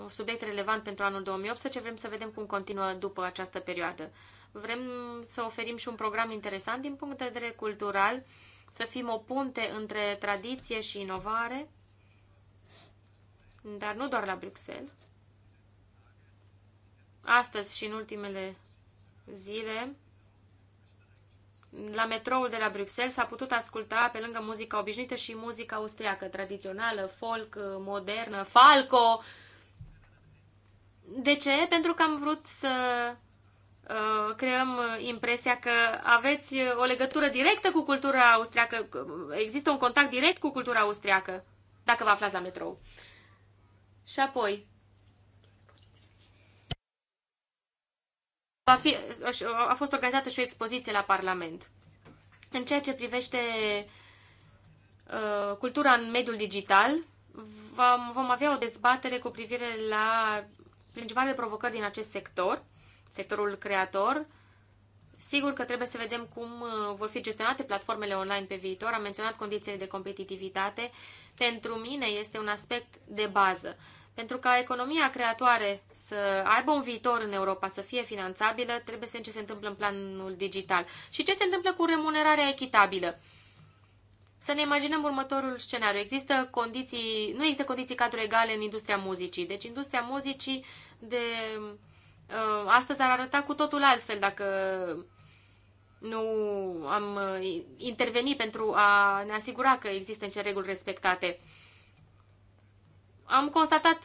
Un subiect relevant pentru anul 2018, vrem să vedem cum continuă după această perioadă. Vrem să oferim și un program interesant din punct de vedere cultural, să fim o punte între tradiție și inovare, dar nu doar la Bruxelles. Astăzi și în ultimele zile, la metroul de la Bruxelles s-a putut asculta pe lângă muzica obișnuită și muzica austriacă, tradițională, folk, modernă, falco. De ce? Pentru că am vrut să uh, creăm impresia că aveți o legătură directă cu cultura austriacă, există un contact direct cu cultura austriacă, dacă vă aflați la metrou. Și apoi, va fi, a fost organizată și o expoziție la Parlament. În ceea ce privește uh, cultura în mediul digital, vom, vom avea o dezbatere cu privire la principalele provocări din acest sector, sectorul creator. Sigur că trebuie să vedem cum uh, vor fi gestionate platformele online pe viitor. Am menționat condițiile de competitivitate. Pentru mine este un aspect de bază. Pentru ca economia creatoare să aibă un viitor în Europa, să fie finanțabilă, trebuie să vedem ce se întâmplă în planul digital. Și ce se întâmplă cu remunerarea echitabilă? Să ne imaginăm următorul scenariu. Există condiții, nu există condiții cadru egale în industria muzicii. Deci industria muzicii de uh, astăzi ar arăta cu totul altfel dacă nu am uh, intervenit pentru a ne asigura că există niște reguli respectate. Uh, am constatat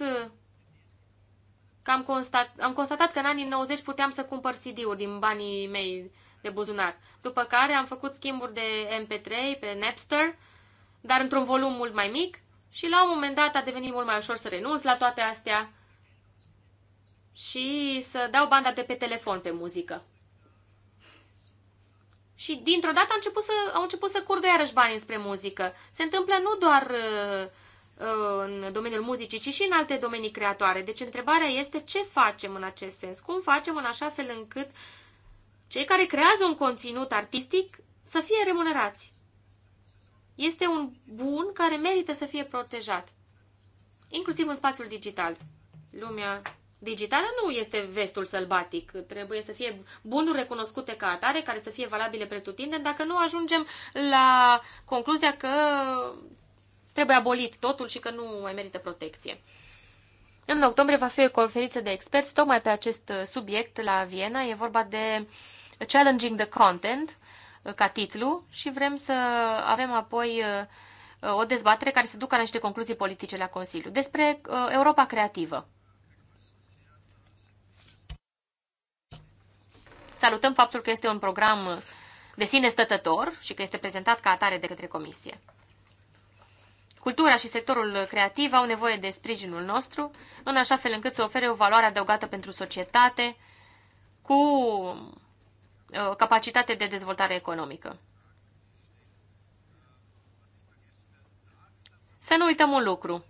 că am, constat, am constatat că în anii 90 puteam să cumpăr CD-uri din banii mei de buzunar. După care am făcut schimburi de MP3 pe Napster, dar într-un volum mult mai mic și la un moment dat a devenit mult mai ușor să renunț la toate astea și să dau banda de pe telefon pe muzică. Și dintr-o dată au început să, au început să curgă iarăși bani spre muzică. Se întâmplă nu doar uh, Uh, în domeniul muzicii, ci și în alte domenii creatoare. Deci întrebarea este ce facem în acest sens? Cum facem în așa fel încât cei care creează un conținut artistic să fie remunerați? Este un bun care merită să fie protejat, inclusiv în spațiul digital. Lumea digitală nu este vestul sălbatic. Trebuie să fie bunuri recunoscute ca atare, care să fie valabile pretutinde, dacă nu ajungem la concluzia că trebuie abolit totul și că nu mai merită protecție. În octombrie va fi o conferință de experți tocmai pe acest uh, subiect la Viena. E vorba de Challenging the Content uh, ca titlu și vrem să avem apoi uh, o dezbatere care să ducă la niște concluzii politice la Consiliu despre Europa creativă. Salutăm faptul că este un program de sine stătător și că este prezentat ca atare de către Comisie. Cultura și sectorul creativ au nevoie de sprijinul nostru, în așa fel încât să ofere o valoare adăugată pentru societate, cu uh, capacitate de dezvoltare economică. Să nu uităm un lucru.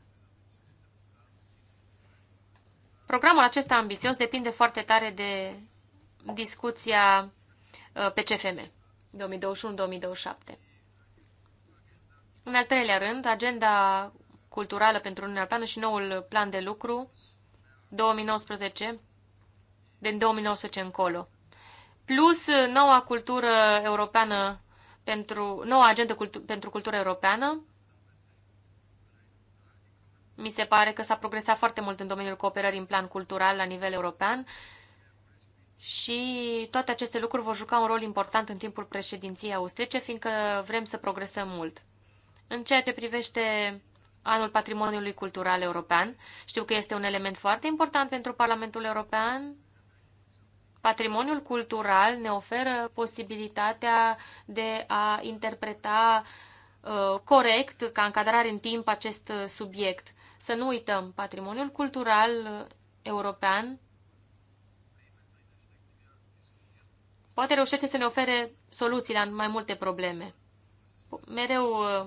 Programul acesta ambițios depinde foarte tare de discuția pe CFM 2021-2027. În al treilea rând, agenda culturală pentru Uniunea Europeană și noul plan de lucru 2019, din 2019 încolo. Plus noua cultură europeană pentru, noua agenda cultu- pentru cultură europeană. Mi se pare că s-a progresat foarte mult în domeniul cooperării în plan cultural la nivel european și toate aceste lucruri vor juca un rol important în timpul președinției austrice, fiindcă vrem să progresăm mult. În ceea ce privește anul patrimoniului cultural european, știu că este un element foarte important pentru Parlamentul European. Patrimoniul cultural ne oferă posibilitatea de a interpreta uh, corect, ca încadrare în timp, acest subiect. Să nu uităm, patrimoniul cultural uh, european poate reușește să ne ofere soluții la mai multe probleme. Mereu uh,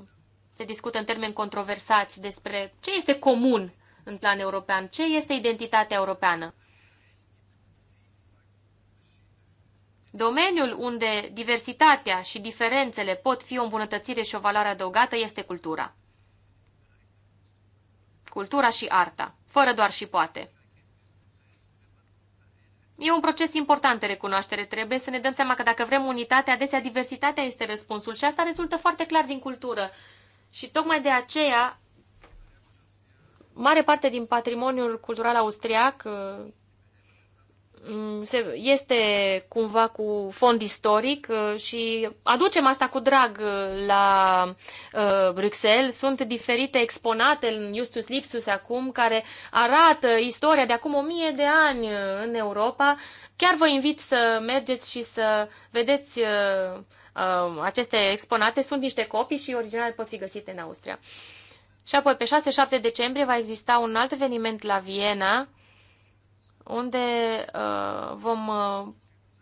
se discută în termeni controversați despre ce este comun în plan european, ce este identitatea europeană. Domeniul unde diversitatea și diferențele pot fi o îmbunătățire și o valoare adăugată este cultura. Cultura și arta, fără doar și poate. E un proces important de recunoaștere. Trebuie să ne dăm seama că dacă vrem unitate, adesea diversitatea este răspunsul și asta rezultă foarte clar din cultură. Și tocmai de aceea, mare parte din patrimoniul cultural austriac uh, mm, este cumva cu fond istoric uh, și aducem asta cu drag uh, la Bruxelles. Sunt diferite exponate în Justus Lipsus acum care arată istoria de acum o mie de ani în Europa. Chiar vă invit să mergeți și să vedeți Um, aceste exponate sunt niște copii și originale pot fi găsite în Austria. Și apoi, pe 6-7 decembrie, va exista un alt eveniment la Viena, unde uh, vom, uh,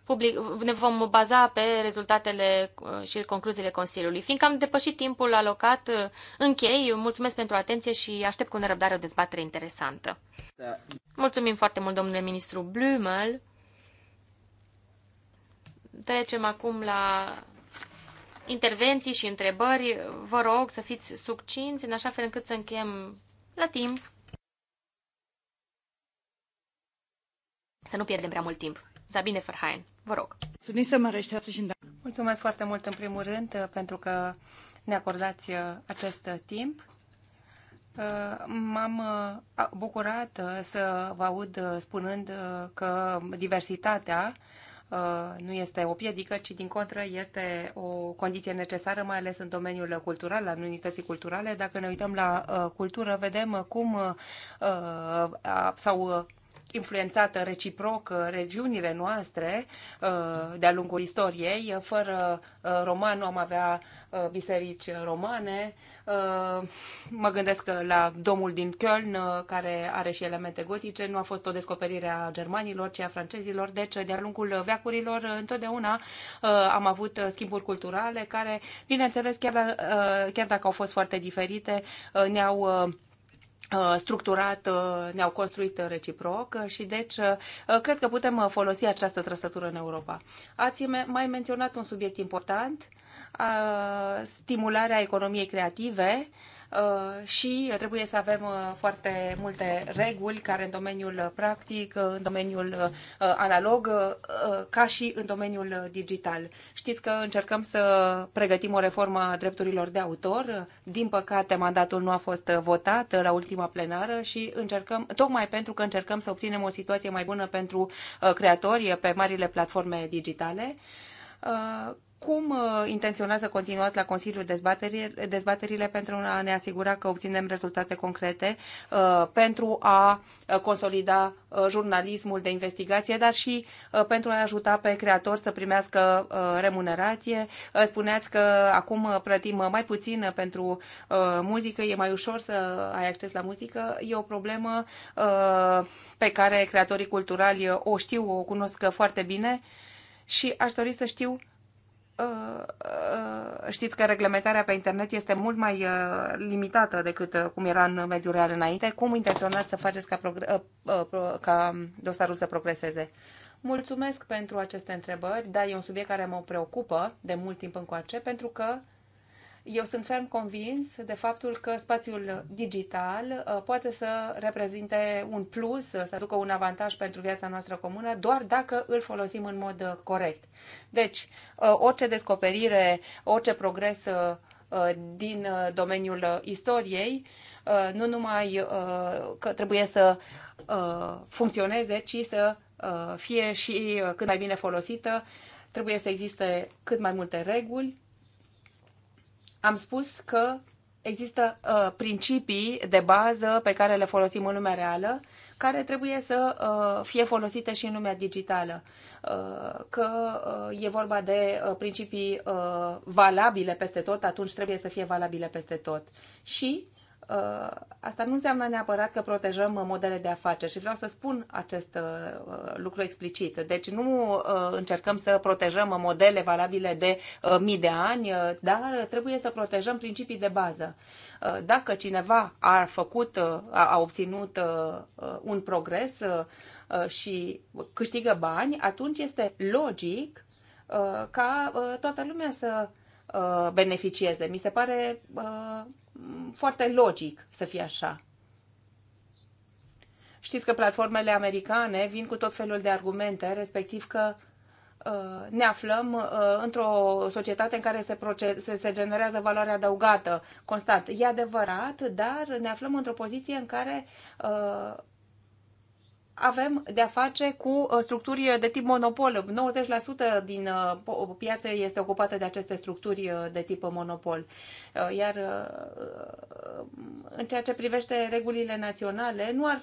public, ne vom baza pe rezultatele uh, și concluziile Consiliului. Fiindcă am depășit timpul alocat, uh, închei. Mulțumesc pentru atenție și aștept cu nerăbdare o dezbatere interesantă. Da. Mulțumim foarte mult, domnule ministru Blumel. Trecem acum la intervenții și întrebări. Vă rog să fiți succinți în așa fel încât să încheiem la timp. Să nu pierdem prea mult timp. Zabine Ferhain, vă rog. Mulțumesc foarte mult în primul rând pentru că ne acordați uh, acest timp. Uh, m-am uh, bucurat să vă aud spunând că diversitatea Uh, nu este o piedică, ci din contră este o condiție necesară, mai ales în domeniul cultural, la unității culturale. Dacă ne uităm la uh, cultură, vedem cum uh, s-au influențată reciproc uh, regiunile noastre uh, de-a lungul istoriei. Uh, fără roman nu am avea biserici romane. Mă gândesc la domul din Köln, care are și elemente gotice. Nu a fost o descoperire a germanilor, ci a francezilor. Deci, de-a lungul veacurilor, întotdeauna am avut schimburi culturale care, bineînțeles, da, chiar dacă au fost foarte diferite, ne-au Uh, structurat, uh, ne-au construit uh, reciproc și deci cred că putem folosi această trăsătură în Europa. Ați mai menționat un subiect important, stimularea economiei creative Uh, și trebuie să avem uh, foarte multe reguli care în domeniul uh, practic, în domeniul analog, ca și în domeniul digital. Știți că încercăm să pregătim o reformă a drepturilor de autor. Din păcate, mandatul nu a fost votat la ultima plenară și încercăm, tocmai pentru că încercăm să obținem o situație mai bună pentru creatori pe marile platforme digitale cum uh, intenționați să continuați la Consiliul dezbaterile, dezbaterile pentru a ne asigura că obținem rezultate concrete uh, pentru a uh, consolida jurnalismul de investigație, dar și pentru a ajuta pe creatori să primească remunerație? Spuneați că acum plătim mai puțin pentru muzică, e mai ușor să ai acces la muzică. E o problemă pe care creatorii culturali o știu, o cunosc foarte bine și aș dori să știu Uh, uh, știți că reglementarea pe internet este mult mai uh, limitată decât cum era în mediul real înainte. Cum intenționați să faceți ca, ca dosarul să progreseze? Mulțumesc pentru aceste întrebări, dar e un subiect care mă preocupă de mult timp încoace, pentru că eu sunt ferm convins de faptul că spațiul digital uh, poate să reprezinte un plus, uh, să aducă un avantaj pentru viața noastră comună, doar dacă îl folosim în mod uh, corect. Deci, orice descoperire, orice progres din domeniul istoriei, nu numai că trebuie să funcționeze, ci să fie și cât mai bine folosită, trebuie să existe cât mai multe reguli am spus că există uh, principii de bază pe care le folosim în lumea reală, care trebuie să uh, fie folosite și în lumea digitală. Uh, că uh, e vorba de uh, principii uh, valabile peste tot, atunci trebuie să fie valabile peste tot. Și Uh, asta nu înseamnă neapărat că protejăm modele de afaceri și vreau să spun acest uh, lucru explicit. Deci nu uh, încercăm să protejăm modele valabile de mii de ani, dar trebuie să protejăm principii de bază. Dacă cineva a făcut, a obținut un progres și câștigă bani, atunci este logic ca toată lumea să beneficieze. Mi se pare uh, foarte logic să fie așa. Știți că platformele americane vin cu tot felul de argumente, respectiv că uh, ne aflăm uh, într-o societate în care se, proces, se generează valoare adăugată constant. E adevărat, dar ne aflăm într-o poziție în care uh, avem de-a face cu uh, structuri de tip monopol. 90% din uh, piață este ocupată de aceste structuri uh, de tip monopol. Iar în ceea ce privește regulile naționale, nu ar,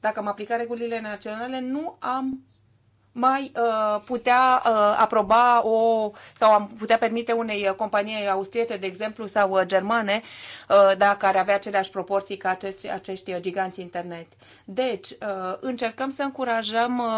dacă am aplicat regulile naționale, nu am mai uh, putea uh, aproba o sau am putea permite unei companii austriece, de exemplu, sau uh, germane, uh, dacă ar avea aceleași proporții ca acești, acești uh, giganți internet. Deci, uh, încercăm să încurajăm uh,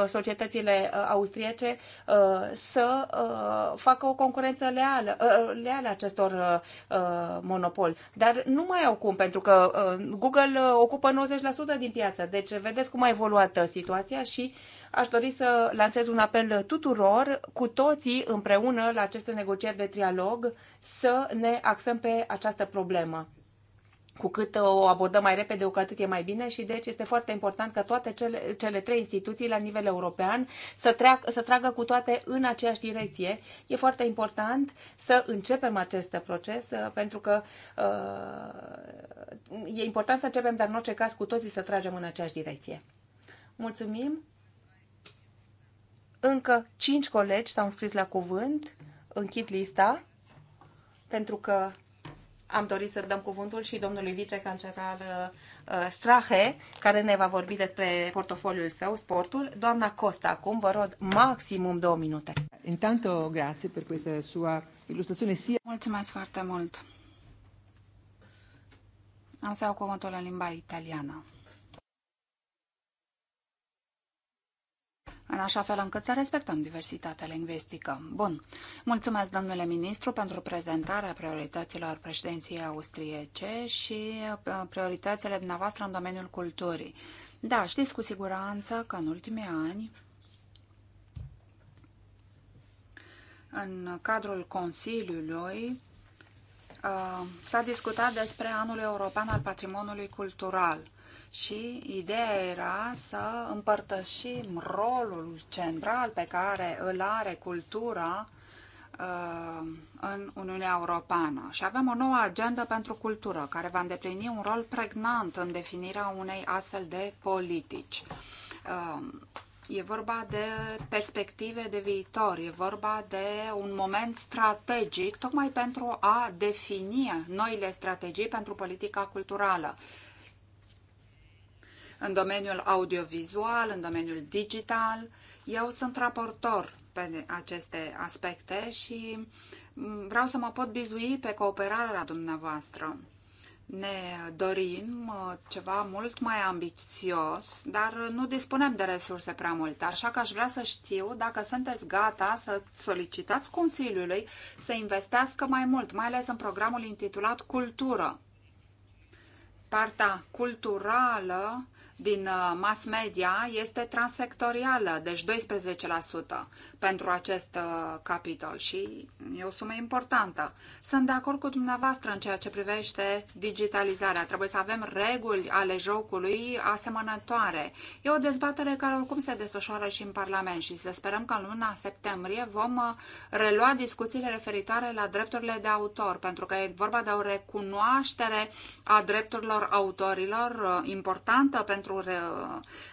uh, societățile uh, austriece uh, să uh, facă o concurență leală, uh, leală acestor uh, uh monopol. Dar nu mai au cum, pentru că uh, Google ocupă 90% din piață. Deci, vedeți cum a evoluat uh, situația și uh, Aș dori să lansez un apel tuturor, cu toții împreună la aceste negocieri de trialog, să ne axăm pe această problemă cu cât uh, o abordăm mai repede, cu atât e mai bine și deci este foarte important ca toate cele, cele trei instituții la nivel european să, treac, să tragă cu toate în aceeași direcție. E foarte important să începem acest proces uh, pentru că uh, e important să începem, dar în orice caz cu toții să tragem în aceeași direcție. Mulțumim! Încă cinci colegi s-au înscris la cuvânt. Închid lista pentru că am dorit să dăm cuvântul și domnului vicecancelar uh, Strahe, care ne va vorbi despre portofoliul său, sportul. Doamna Costa, acum vă rog maximum două minute. Intanto, grazie per questa sua ilustrazione. Mulțumesc foarte mult. Am să iau cuvântul la limba italiană. în așa fel încât să respectăm diversitatea lingvistică. Bun. Mulțumesc, domnule ministru, pentru prezentarea priorităților președinției austriece și uh, prioritățile dumneavoastră în domeniul culturii. Da, știți cu siguranță că în ultimii ani în cadrul Consiliului uh, s-a discutat despre Anul European al Patrimoniului Cultural și ideea era să împărtășim rolul central pe care îl are cultura uh, în Uniunea Europeană și avem o nouă agendă pentru cultură care va îndeplini un rol pregnant în definirea unei astfel de politici. Uh, e vorba de perspective de viitor, e vorba de un moment strategic tocmai pentru a defini noile strategii pentru politica culturală în domeniul audiovizual, în domeniul digital. Eu sunt raportor pe aceste aspecte și mm, vreau să mă pot bizui pe cooperarea dumneavoastră. Ne dorim uh, ceva mult mai ambițios, dar nu dispunem de resurse prea multe, așa că aș vrea să știu dacă sunteți gata să solicitați Consiliului să investească mai mult, mai ales în programul intitulat Cultură. Partea culturală din uh, mass media este transsectorială, deci 12% pentru acest uh, capitol și e o sumă importantă. Sunt de acord cu dumneavoastră în ceea ce privește digitalizarea. Trebuie să avem reguli ale jocului asemănătoare. E o dezbatere care oricum se desfășoară și în Parlament și să sperăm că în luna septembrie vom uh, relua discuțiile referitoare la drepturile de autor, pentru că e vorba de o recunoaștere a drepturilor autorilor uh, importantă pentru re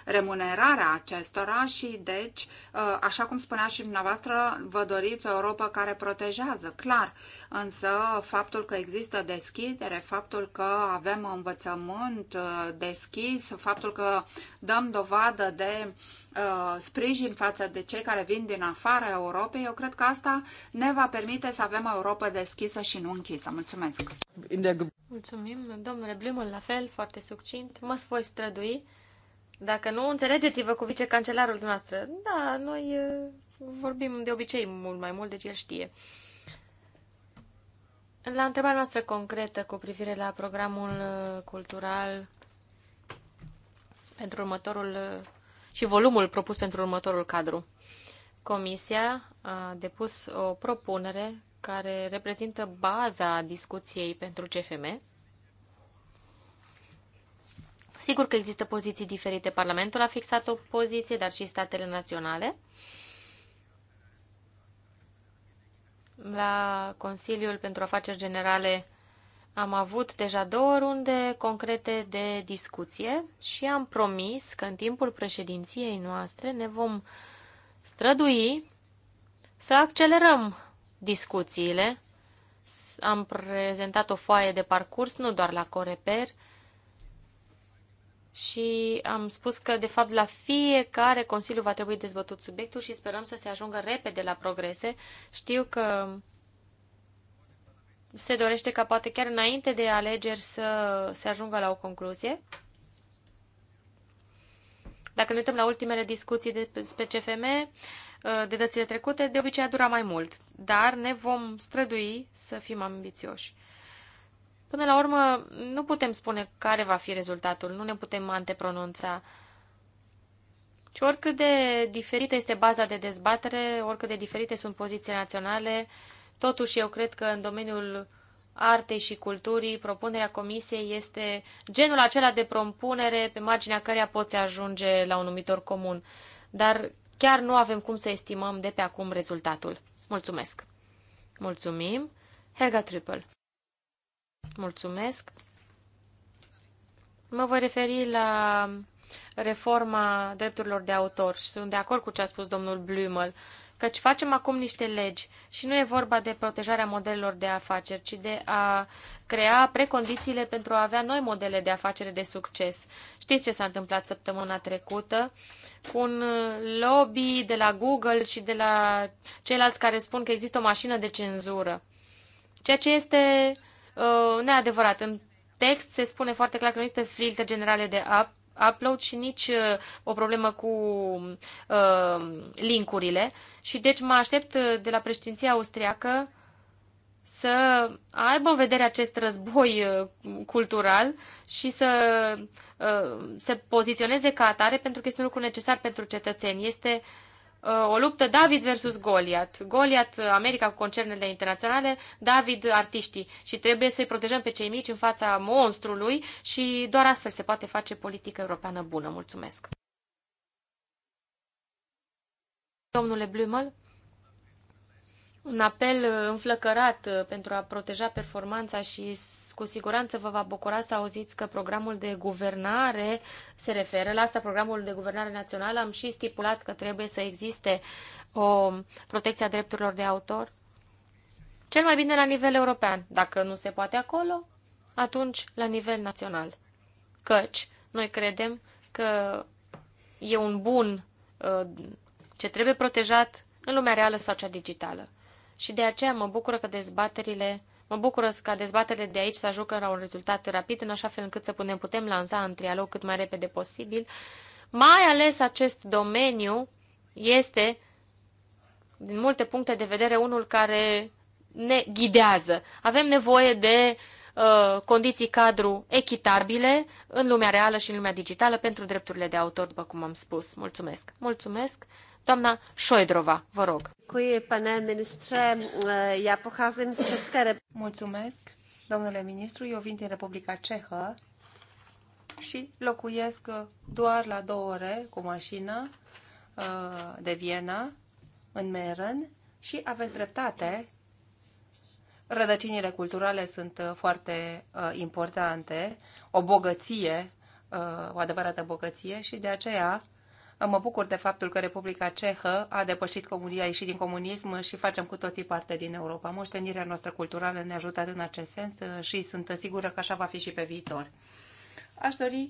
remunerarea acestora și deci, uh, așa cum spunea și și dumneavoastră vă doriți o Europa care protejează, clar. Însă faptul că există deschidere, faptul că avem învățământ uh, deschis, faptul că dăm dovadă de uh, sprijin față de cei care vin din afara Europei, eu cred că asta ne va permite să avem o Europa deschisă și nu închisă. Mulțumesc! Mulțumim, domnule Blumel, la fel, foarte succint. Mă voi strădui. Dacă nu, înțelegeți-vă cu vicecancelarul dumneavoastră. Da, noi uh, vorbim de obicei mult mai mult, deci el știe. La întrebarea noastră concretă cu privire la programul uh, cultural pentru următorul uh, și volumul propus pentru următorul cadru. Comisia a depus o propunere care reprezintă baza discuției pentru CFM. Sigur că există poziții diferite. Parlamentul a fixat o poziție, dar și statele naționale. La Consiliul pentru Afaceri Generale am avut deja două runde concrete de discuție și am promis că în timpul președinției noastre ne vom strădui să accelerăm discuțiile. Am prezentat o foaie de parcurs, nu doar la Coreper, și am spus că, de fapt, la fiecare Consiliu va trebui dezbătut subiectul și sperăm să se ajungă repede la progrese. Știu că se dorește ca poate chiar înainte de alegeri să se ajungă la o concluzie. Dacă ne uităm la ultimele discuții despre CFM, uh, de dățile trecute, de obicei a dura mai mult, dar ne vom strădui să fim ambițioși. Până la urmă, nu putem spune care va fi rezultatul, nu ne putem antepronunța. Și oricât de diferită este baza de dezbatere, oricât de diferite sunt poziții naționale, totuși eu cred că în domeniul artei și culturii, propunerea comisiei este genul acela de propunere pe marginea căreia poți ajunge la un numitor comun. Dar chiar nu avem cum să estimăm de pe acum rezultatul. Mulțumesc! Mulțumim! Helga Triple Mulțumesc. Mă voi referi la reforma drepturilor de autor și sunt de acord cu ce a spus domnul Blümel, căci facem acum niște legi și nu e vorba de protejarea modelelor de afaceri, ci de a crea precondițiile pentru a avea noi modele de afacere de succes. Știți ce s-a întâmplat săptămâna trecută cu un lobby de la Google și de la ceilalți care spun că există o mașină de cenzură, ceea ce este uh, neadevărat. În text se spune foarte clar că nu există filtre generale de up, upload și nici uh, o problemă cu uh, linkurile. Și deci mă aștept uh, de la președinția austriacă să aibă în vedere acest război uh, cultural și să uh, se poziționeze ca atare pentru că este un lucru necesar pentru cetățeni. Este uh, Uh, o luptă David versus Goliat. Goliat, uh, America cu concernele internaționale, David artiștii. Și trebuie să-i protejăm pe cei mici în fața monstrului și doar astfel se poate face politică europeană bună. Mulțumesc! Domnule Blumel, un apel uh, înflăcărat uh, pentru a proteja performanța și cu siguranță vă va bucura să auziți că programul de guvernare se referă la asta, programul de guvernare națională. Am și stipulat că trebuie să existe o protecție a drepturilor de autor. Cel mai bine la nivel european. Dacă nu se poate acolo, atunci la nivel național. Căci noi credem că e un bun uh, ce trebuie protejat în lumea reală sau cea digitală și de aceea mă bucură că dezbaterile Mă bucură ca dezbaterile de aici să ajungă la un rezultat rapid, în așa fel încât să putem, putem lansa în trialog cât mai repede posibil. Mai ales acest domeniu este, din multe puncte de vedere, unul care ne ghidează. Avem nevoie de uh, condiții cadru echitabile în lumea reală și în lumea digitală pentru drepturile de autor, după cum am spus. Mulțumesc! Mulțumesc! Doamna Șoedrova, vă rog. Eh, Mulțumesc, domnule ministru. Eu vin din Republica Cehă și locuiesc doar la două ore cu mașina eh, de Viena, în Meren, și aveți dreptate. Rădăcinile culturale sunt eh, foarte importante, o bogăție, o adevărată bogăție și de aceea Mă bucur de faptul că Republica Cehă a depășit comunia, a ieșit din comunism și facem cu toții parte din Europa. Moștenirea noastră culturală ne-a ajutat în acest sens uh, și sunt sigură că așa va fi și pe viitor. Aș dori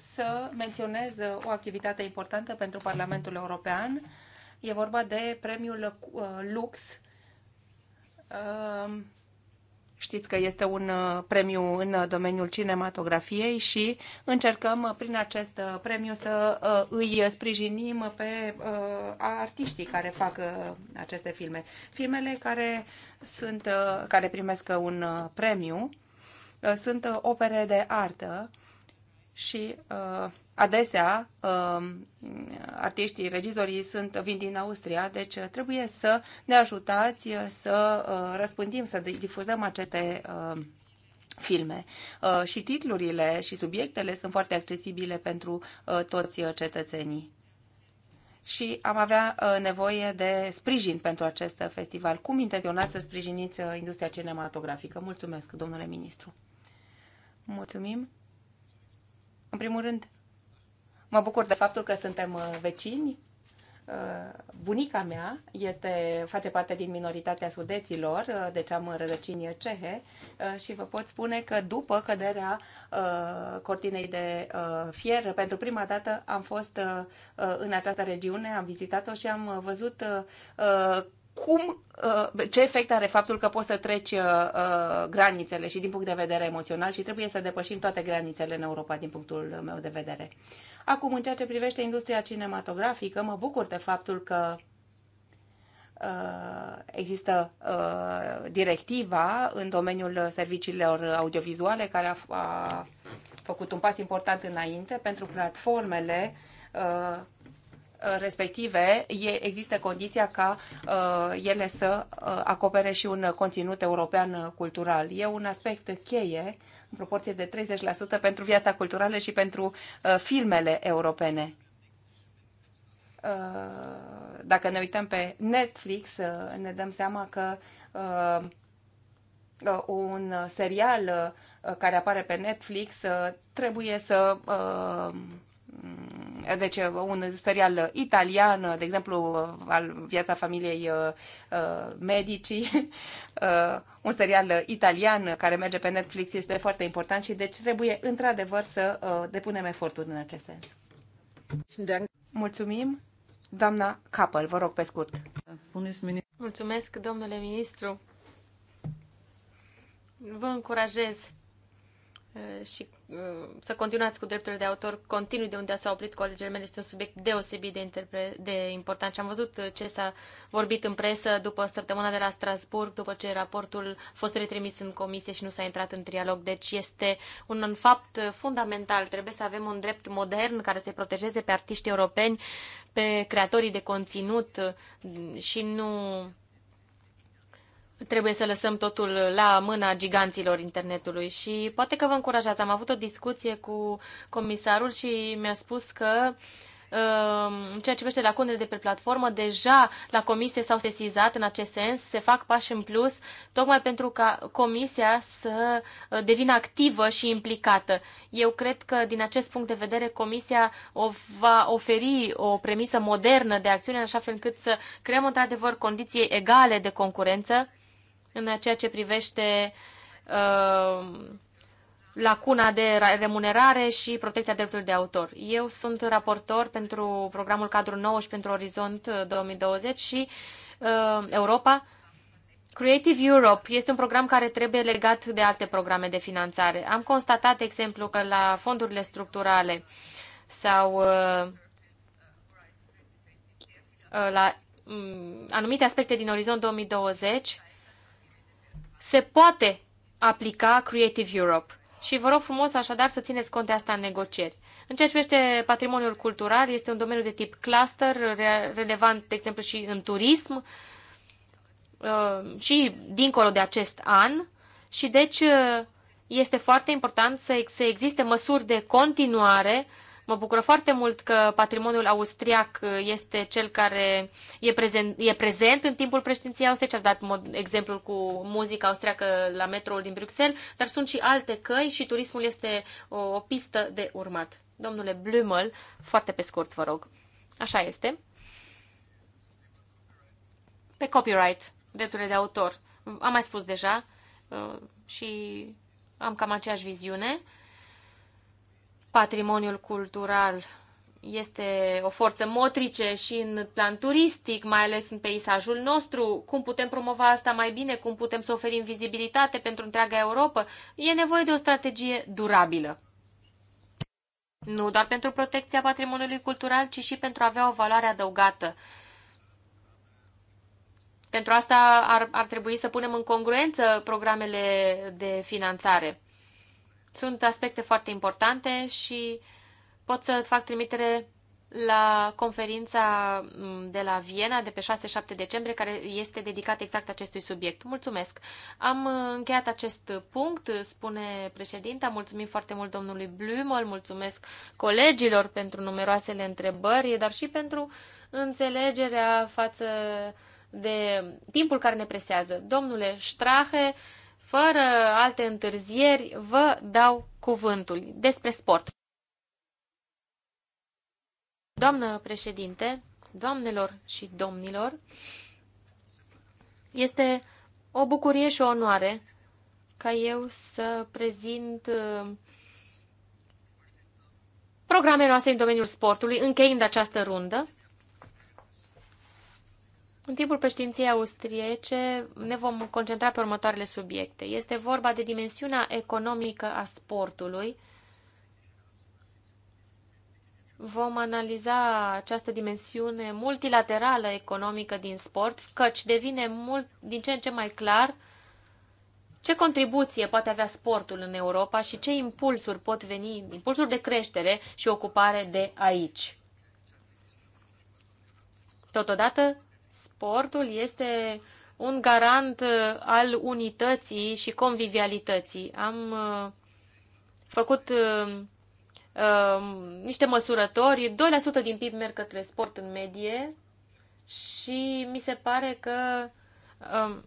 să menționez uh, o activitate importantă pentru Parlamentul European. E vorba de premiul uh, Lux Știți că este un uh, premiu în uh, domeniul cinematografiei și încercăm uh, prin acest premiu să îi sprijinim pe artiștii care fac aceste filme. Filmele care, sunt, care primesc un premiu sunt opere de artă și adesea um, artiștii, regizorii sunt, vin din Austria, deci uh, trebuie să ne ajutați uh, să uh, răspândim, să difuzăm aceste filme. Și titlurile și subiectele sunt foarte accesibile pentru toți cetățenii. Și am avea nevoie de sprijin pentru acest festival. Cum intenționați să sprijiniți industria cinematografică? Mulțumesc, domnule ministru. Mulțumim. În primul rând, Mă bucur de faptul că suntem uh, vecini. Uh, bunica mea este, face parte din minoritatea sudeților, uh, deci am rădăcini cehe și vă pot spune că după căderea cortinei de fier, pentru prima dată am fost în această regiune, am vizitat-o și am văzut cum, ce efect are faptul că poți să treci granițele și din punct de vedere emoțional și trebuie să depășim toate granițele în Europa din punctul meu de vedere. Acum, în ceea ce privește industria cinematografică, mă bucur de faptul că uh, există uh, directiva în domeniul serviciilor audiovizuale care a, făcut un pas important înainte pentru platformele uh, respective există condiția ca ele să acopere și un conținut european cultural. E un aspect cheie în proporție de 30% pentru viața culturală și pentru uh, filmele europene. Uh, dacă ne uităm pe Netflix, uh, ne dăm seama că uh, uh un serial uh, care apare pe Netflix uh, trebuie să Mm, deci uh, un serial italian, uh, de exemplu, uh, al viața familiei Medici, un serial italian care merge pe Netflix este foarte important și deci trebuie într-adevăr să depunem eforturi în acest sens. Mulțumim. Doamna Capăl, vă rog pe scurt. Mulțumesc, domnule ministru. Vă încurajez Eh, și mm, să continuați cu drepturile de autor continui de unde s-au oprit colegele mele. Este un subiect deosebit de, de important și am văzut eh, ce s-a vorbit în presă după săptămâna de la Strasburg, după ce raportul a fost retrimis în comisie și nu s-a intrat în trialog. Deci este un fapt eh, fundamental. Trebuie să avem un drept modern care să protejeze pe artiști europeni, pe creatorii de conținut mm, și nu trebuie să lăsăm totul la mâna giganților internetului și poate că vă încurajați. Am avut o discuție cu comisarul și mi-a spus că um, în ceea ce privește lacunele de pe platformă, deja la comisie s-au sesizat în acest sens, se fac pași în plus, tocmai pentru ca comisia să uh, devină activă și implicată. Eu cred că, din acest punct de vedere, comisia o va oferi o premisă modernă de acțiune, în așa fel încât să creăm, într-adevăr, condiții egale de concurență în ceea ce privește uh, lacuna de remunerare și protecția drepturilor de autor. Eu sunt raportor pentru programul cadru 9 și pentru Orizont 2020 uh, și uh, Europa. Creative Europe este un program care trebuie legat de alte programe de finanțare. Am constatat, de exemplu, că la fondurile structurale sau uh, uh la um, anumite aspecte din Orizont 2020 se poate aplica Creative Europe. Și vă rog frumos așadar să țineți cont de asta în negocieri. În ceea ce privește patrimoniul cultural, este un domeniu de tip cluster, relevant, de exemplu, și în turism uh, și dincolo de acest an. Și deci uh, este foarte important să, să existe măsuri de continuare Mă bucură foarte mult că patrimoniul austriac uh, este cel care e prezent, e prezent în timpul președinției austriece. Ați dat mod, exemplul cu muzica austriacă la metroul din Bruxelles, dar sunt și alte căi și turismul este o, o pistă de urmat. Domnule Blümel, foarte pe scurt, vă rog. Așa este. Pe copyright, drepturile de autor. Am mai spus deja uh, și am cam aceeași viziune patrimoniul cultural este o forță motrice și în plan turistic, mai ales în peisajul nostru, cum putem promova asta mai bine, cum putem să oferim vizibilitate pentru întreaga Europa, e nevoie de o strategie durabilă. Nu doar pentru protecția patrimoniului cultural, ci și pentru a avea o valoare adăugată. Pentru asta ar, ar trebui să punem în congruență programele de finanțare. Sunt aspecte foarte importante și pot să fac trimitere la conferința mm, de la Viena de pe 6-7 decembrie, care este dedicată exact acestui subiect. Mulțumesc! Am uh, încheiat acest punct, spune președinta. Mulțumim foarte mult domnului Blumel, mulțumesc colegilor pentru numeroasele întrebări, dar și pentru înțelegerea față de timpul care ne presează. Domnule Strache, fără alte întârzieri, vă dau cuvântul despre sport. Doamnă președinte, doamnelor și domnilor, este o bucurie și o onoare ca eu să prezint uh, programele noastre în domeniul sportului, încheind această rundă. În timpul președinției austriece ne vom concentra pe următoarele subiecte. Este vorba de dimensiunea economică a sportului. Vom analiza această dimensiune multilaterală economică din sport, căci devine mult, din ce în ce mai clar ce contribuție poate avea sportul în Europa și ce impulsuri pot veni, impulsuri de creștere și ocupare de aici. Totodată, sportul este un garant uh, al unității și convivialității. Am uh, făcut uh, niște măsurători, 2% din PIB merg către sport în medie și mi se pare că ar um,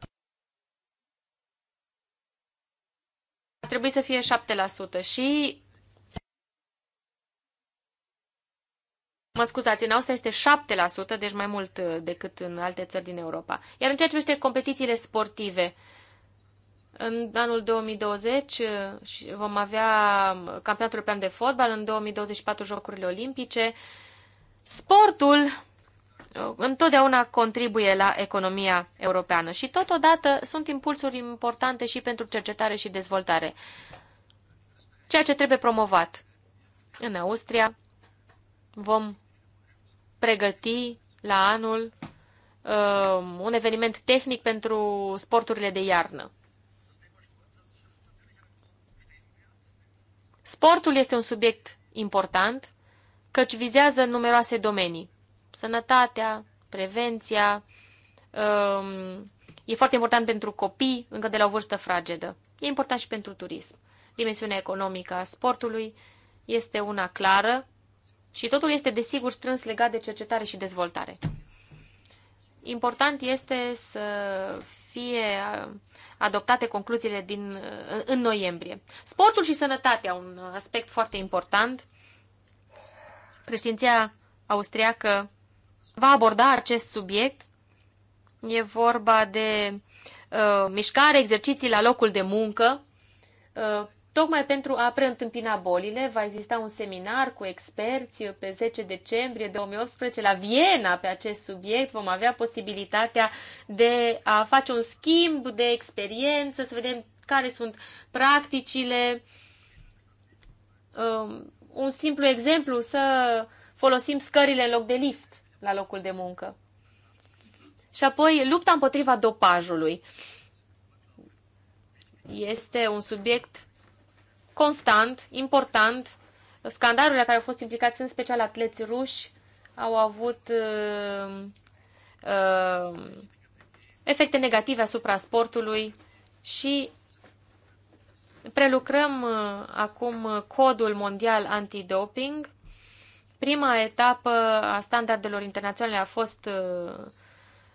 trebui să fie 7% și Mă scuzați, în Austria este 7%, deci mai mult uh, decât în alte țări din Europa. Iar în ceea ce privește competițiile sportive, în anul 2020 uh, vom avea um, campionatul european de fotbal, în 2024 Jocurile Olimpice. Sportul uh, întotdeauna contribuie la economia europeană și totodată sunt impulsuri importante și pentru cercetare și dezvoltare, ceea ce trebuie promovat. În Austria vom pregăti la anul uh, un eveniment tehnic pentru sporturile de iarnă. Sportul este un subiect important, căci vizează numeroase domenii. Sănătatea, prevenția, um, e foarte important pentru copii, încă de la o vârstă fragedă. E important și pentru turism. Dimensiunea economică a sportului este una clară, și totul este, desigur, strâns legat de cercetare și dezvoltare. Important este să fie adoptate concluziile din, în noiembrie. Sportul și sănătatea, un aspect foarte important. Președinția austriacă va aborda acest subiect. E vorba de uh, mișcare, exerciții la locul de muncă, uh, Tocmai pentru a preîntâmpina bolile, va exista un seminar cu experți pe 10 decembrie 2018 la Viena pe acest subiect. Vom avea posibilitatea de a face un schimb de experiență, să vedem care sunt practicile. Um, un simplu exemplu, să folosim scările în loc de lift la locul de muncă. Și apoi, lupta împotriva dopajului. Este un subiect constant, important. Scandalurile care au fost implicați, în special atleți ruși, au avut uh, uh, efecte negative asupra sportului și prelucrăm uh, acum codul mondial antidoping. Prima etapă a standardelor internaționale a fost uh,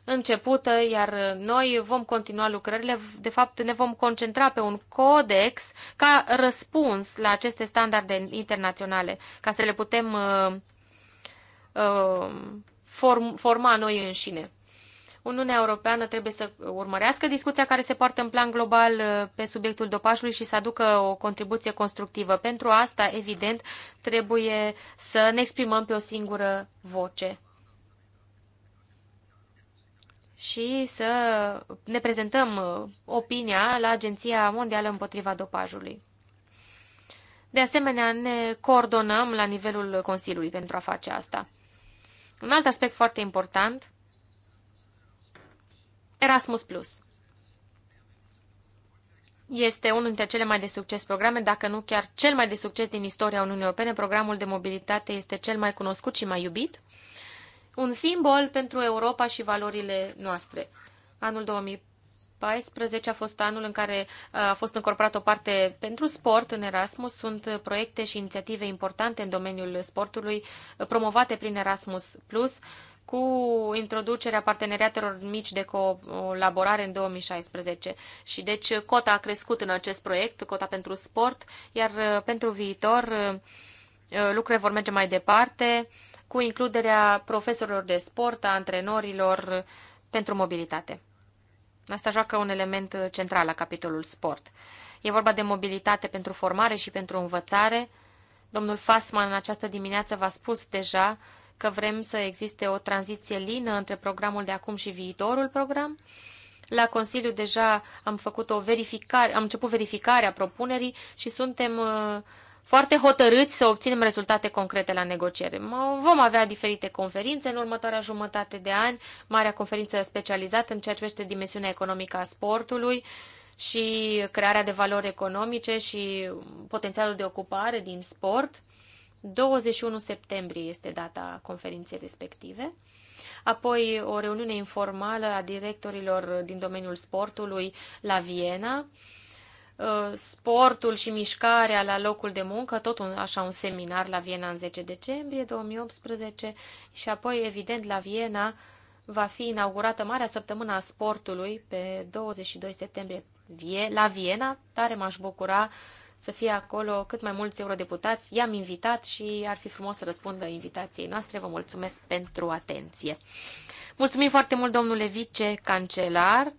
începută, iar noi vom continua lucrările. De fapt, ne vom concentra pe un codex ca răspuns la aceste standarde internaționale, ca să le putem uh, uh, form, forma noi înșine. Uniunea Europeană trebuie să urmărească discuția care se poartă în plan global uh, pe subiectul dopașului și să aducă o contribuție constructivă. Pentru asta, evident, trebuie să ne exprimăm pe o singură voce și să ne prezentăm uh, opinia la Agenția Mondială împotriva dopajului. De asemenea, ne coordonăm la nivelul Consiliului pentru a face asta. Un alt aspect foarte important, Erasmus+. Plus. Este unul dintre cele mai de succes programe, dacă nu chiar cel mai de succes din istoria Uniunii Europene. Programul de mobilitate este cel mai cunoscut și mai iubit un simbol pentru Europa și valorile noastre. Anul 2014 a fost anul în care uh, a fost încorporat o parte pentru sport în Erasmus. Sunt proiecte și inițiative importante în domeniul sportului uh, promovate prin Erasmus+, Plus, cu introducerea parteneriatelor mici de colaborare în 2016. Și deci uh, cota a crescut în acest proiect, cota pentru sport, iar pentru viitor lucrurile vor merge mai departe cu includerea profesorilor de sport, a antrenorilor pentru mobilitate. Asta joacă un element central la capitolul sport. E vorba de mobilitate pentru formare și pentru învățare. Domnul Fasman în această dimineață v-a spus deja că vrem să existe o tranziție lină între programul de acum și viitorul program. La Consiliu deja am făcut o verificare, am început verificarea propunerii și suntem uh, foarte hotărâți să obținem rezultate concrete la negociere. Vom avea diferite conferințe în următoarea jumătate de ani, marea conferință specializată în ceea ce privește dimensiunea economică a sportului și crearea de valori economice și potențialul de ocupare din sport. 21 septembrie este data conferinței respective. Apoi o reuniune informală a directorilor din domeniul sportului la Viena Uh, sportul și mișcarea la locul de muncă, tot un, așa un seminar la Viena în 10 decembrie 2018 și apoi, evident, la Viena va fi inaugurată Marea Săptămână a Sportului pe 22 septembrie Vie la Viena. Tare m-aș bucura să fie acolo cât mai mulți eurodeputați. I-am invitat și ar fi frumos să răspundă invitației noastre. Vă mulțumesc pentru atenție. Mulțumim foarte mult, domnule vice-cancelar.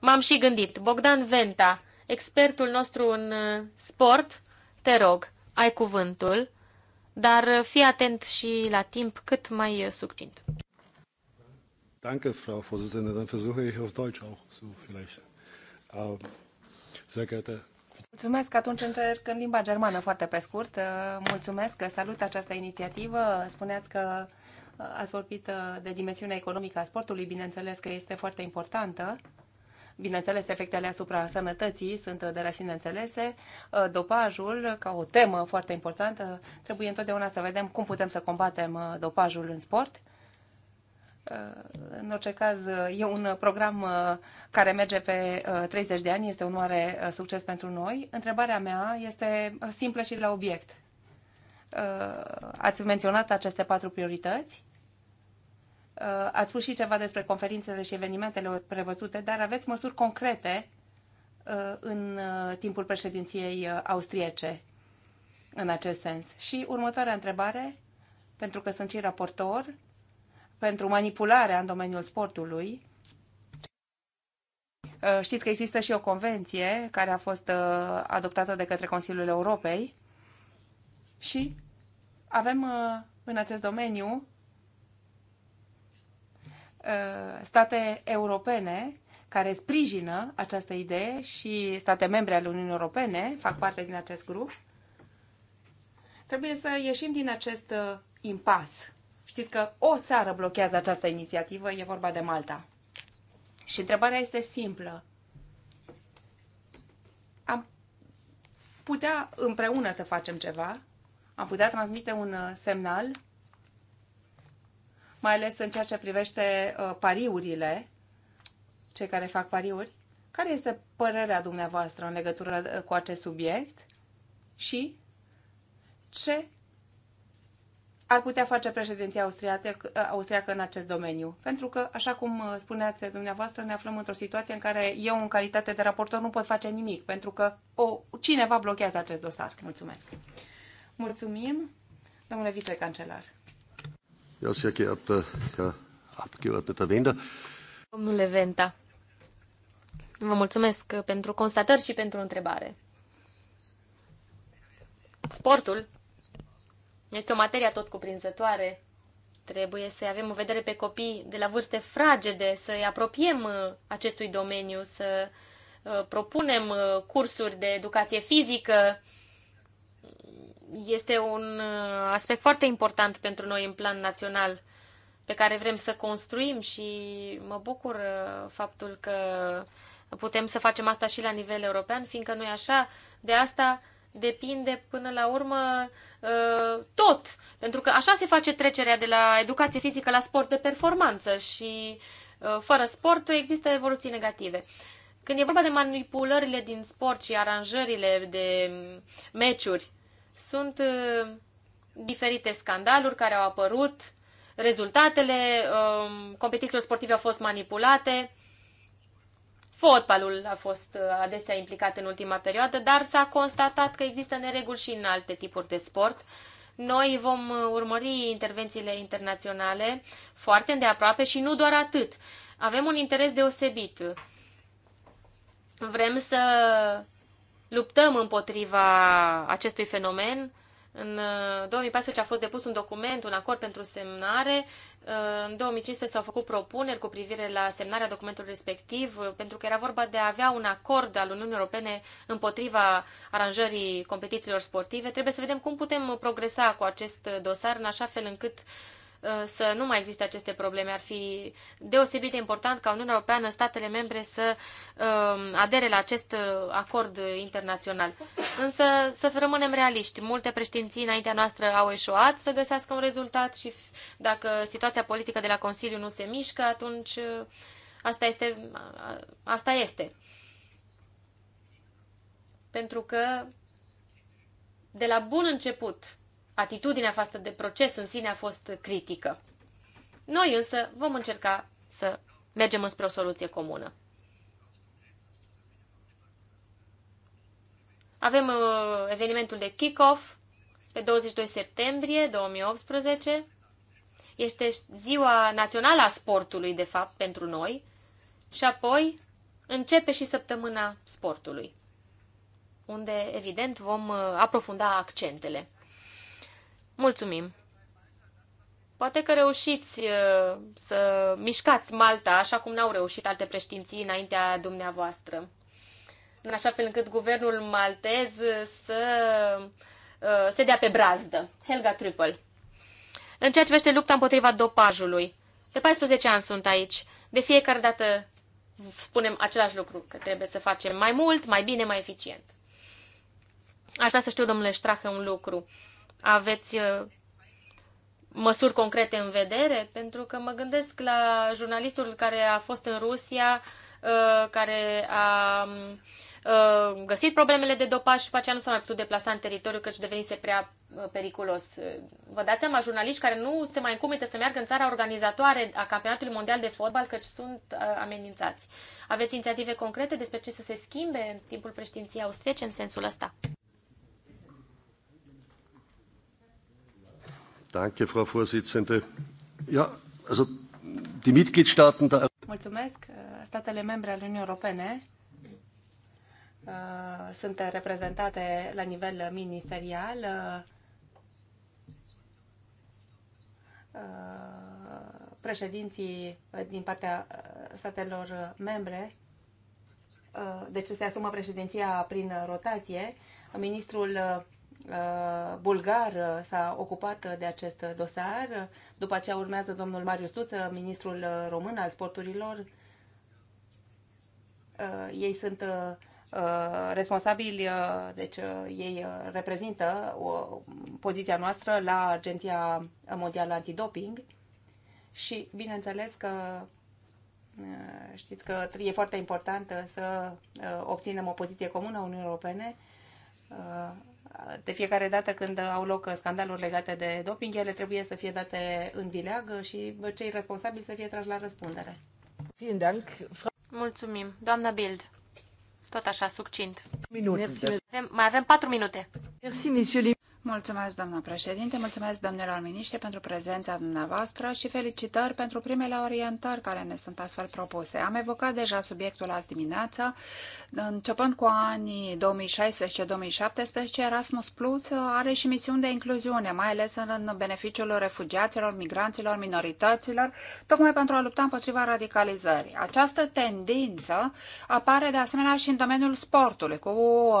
M-am și gândit. Bogdan Venta, expertul nostru în uh, sport, te rog, ai cuvântul, dar uh, fii atent și la timp cât mai uh, succint. Danke, Frau Vorsitzende. Dann versuche ich auf Deutsch auch so vielleicht. Uh, sehr geehrte Mulțumesc, atunci încerc în limba germană foarte pe scurt. Mulțumesc, că salut această inițiativă. Spuneați că ați vorbit de dimensiunea economică a sportului, bineînțeles că este foarte importantă. Bineînțeles, efectele asupra sănătății sunt de la sine înțelese. Uh, dopajul, ca o temă foarte importantă, trebuie întotdeauna să vedem cum putem să combatem uh, dopajul în sport. Uh, în orice caz, e un program care merge pe 30 de ani, este un mare succes pentru noi. Întrebarea mea este simplă și la obiect. Ați menționat aceste patru priorități Uh, ați spus și ceva despre conferințele și evenimentele prevăzute, dar aveți măsuri concrete uh, în uh, timpul președinției austriece în acest sens. Și următoarea întrebare, pentru că sunt și raportor, pentru manipularea în domeniul sportului. Știți că există și o convenție care a fost adoptată de către Consiliul Europei și avem în acest domeniu Uh, state europene care sprijină această idee și state membre ale Uniunii Europene fac parte din acest grup. Trebuie să ieșim din acest uh, impas. Știți că o țară blochează această inițiativă, e vorba de Malta. Și întrebarea este simplă. Am putea împreună să facem ceva? Am putea transmite un uh, semnal mai ales în ceea ce privește uh, pariurile, cei care fac pariuri. Care este părerea dumneavoastră în legătură uh, cu acest subiect și ce ar putea face președinția austriacă, uh, în acest domeniu? Pentru că, așa cum spuneați dumneavoastră, ne aflăm într-o situație în care eu, în calitate de raportor, nu pot face nimic, pentru că o, cineva blochează acest dosar. Mulțumesc! Mulțumim, domnule vicecancelar! Ja, sehr geehrter Herr Abgeordneter Wender. Domnule Venta, vă mulțumesc pentru constatări și pentru întrebare. Sportul este o materie tot cuprinzătoare. Trebuie să avem în vedere pe copii de la vârste fragede, să-i apropiem uh, acestui domeniu, să uh, propunem uh, cursuri de educație fizică, este un uh, aspect foarte important pentru noi în plan național pe care vrem să construim și mă bucur uh, faptul că putem să facem asta și la nivel european, fiindcă noi așa, de asta depinde până la urmă uh, tot. Pentru că așa se face trecerea de la educație fizică la sport de performanță și fără sport există evoluții negative. Când e vorba de manipulările din sport și aranjările de mm, meciuri, sunt uh, diferite scandaluri care au apărut, rezultatele um, competițiilor sportive au fost manipulate, fotbalul a fost uh, adesea implicat în ultima perioadă, dar s-a constatat că există nereguli și în alte tipuri de sport. Noi vom uh, urmări intervențiile internaționale foarte îndeaproape și nu doar atât. Avem un interes deosebit. Vrem să luptăm împotriva acestui fenomen. În 2014 uh, a fost depus un document, un acord pentru semnare. Uh, în 2015 s-au făcut propuneri cu privire la semnarea documentului respectiv, uh, pentru că era vorba de a avea un acord al Uniunii Europene împotriva aranjării competițiilor sportive. Trebuie să vedem cum putem progresa cu acest dosar, în așa fel încât Uh, să nu mai existe aceste probleme. Ar fi deosebit de important ca Uniunea Europeană, statele membre să um, adere la acest uh, acord internațional. Însă să rămânem realiști. Multe președinții înaintea noastră au eșuat să găsească un rezultat și dacă situația politică de la Consiliu nu se mișcă, atunci uh, asta este. Asta este. Pentru că de la bun început atitudinea față de proces în sine a fost critică. Noi însă vom încerca să mergem înspre o soluție comună. Avem uh, evenimentul de kick-off pe 22 septembrie 2018. Este ziua națională a sportului, de fapt, pentru noi. Și apoi începe și săptămâna sportului, unde, evident, vom uh, aprofunda accentele. Mulțumim! Poate că reușiți uh, să mișcați Malta așa cum n-au reușit alte preștinții înaintea dumneavoastră. În așa fel încât guvernul maltez să uh, se dea pe brazdă. Helga Triple. În ceea ce vește lupta împotriva dopajului. De 14 ani sunt aici. De fiecare dată spunem același lucru, că trebuie să facem mai mult, mai bine, mai eficient. Aș vrea să știu, domnule Strache, un lucru. Aveți uh, măsuri concrete în vedere? Pentru că mă gândesc la jurnalistul care a fost în Rusia, uh, care a uh, găsit problemele de dopaj și după aceea nu s-a mai putut deplasa în teritoriu căci devenise prea periculos. Vă dați seama, jurnaliști care nu se mai încumete să meargă în țara organizatoare a campionatului mondial de fotbal căci sunt amenințați. Aveți inițiative concrete despre ce să se schimbe în timpul președinției austriece în sensul ăsta? Danke, Frau Vorsitzende. Ja, also die Mitgliedstaaten Mulțumesc. Uh, statele membre ale Uniunii Europene uh, sunt reprezentate la nivel ministerial. Uh, uh președinții uh, din partea statelor membre, deci se asumă președinția prin rotație. Ministrul Uh, bulgar s-a ocupat de acest dosar. După aceea urmează domnul Marius Duță, ministrul român al sporturilor. Uh, ei sunt uh, responsabili, deci ei reprezintă poziția noastră la Agenția Mondială Antidoping și bineînțeles că știți că e foarte important să obținem o poziție comună a Uniunii Europene de fiecare dată când au loc scandaluri legate de doping, ele trebuie să fie date în vileag și cei responsabili să fie trași la răspundere. Mulțumim. Doamna Bild, tot așa, succint. Minute. mai avem patru minute. Merci, Mulțumesc, doamna președinte, mulțumesc, domnilor miniștri, pentru prezența dumneavoastră și felicitări pentru primele orientări care ne sunt astfel propuse. Am evocat deja subiectul azi dimineață. Începând cu anii 2016-2017, Erasmus Plus are și misiuni de incluziune, mai ales în beneficiul refugiaților, migranților, minorităților, tocmai pentru a lupta împotriva radicalizării. Această tendință apare de asemenea și în domeniul sportului, cu uh,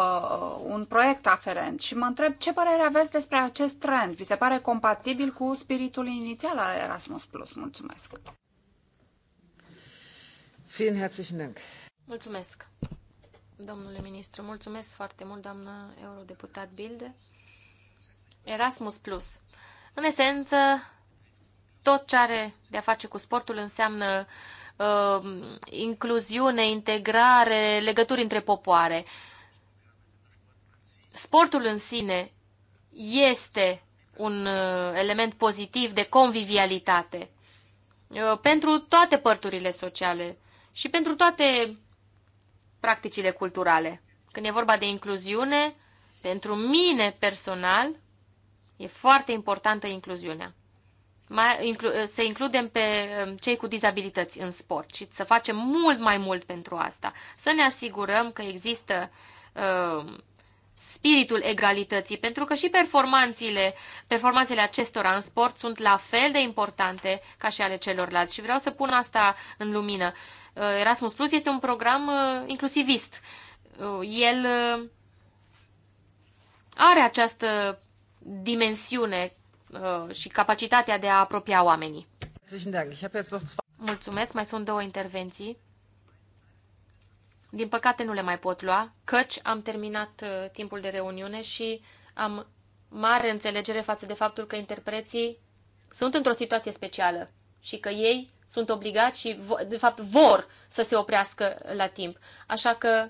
un proiect aferent. Și mă întreb ce părere aveți despre acest trend? Vi se pare compatibil cu spiritul inițial al Erasmus Plus? Mulțumesc! Vielen herzlichen Dank! Mulțumesc, domnule ministru! Mulțumesc foarte mult, doamnă eurodeputat Bilde! Erasmus Plus. În esență, tot ce are de-a face cu sportul înseamnă uh, incluziune, integrare, legături între popoare. Sportul în sine este un uh, element pozitiv de convivialitate uh, pentru toate părturile sociale și pentru toate practicile culturale. Când e vorba de incluziune, pentru mine personal, e foarte importantă incluziunea. Mai, inclu, uh, să includem pe um, cei cu dizabilități în sport și să facem mult mai mult pentru asta. Să ne asigurăm că există uh, spiritul egalității, pentru că și performanțele, performanțele acestora în sport sunt la fel de importante ca și ale celorlalți și vreau să pun asta în lumină. Uh, Erasmus Plus este un program uh, inclusivist. Uh, el are această dimensiune și capacitatea de a apropia oamenii. Mulțumesc, mai sunt două intervenții. Din păcate nu le mai pot lua, căci am terminat uh, timpul de reuniune și am mare înțelegere față de faptul că interpreții sunt într-o situație specială și că ei sunt obligați și, de fapt, vor să se oprească la timp. Așa că,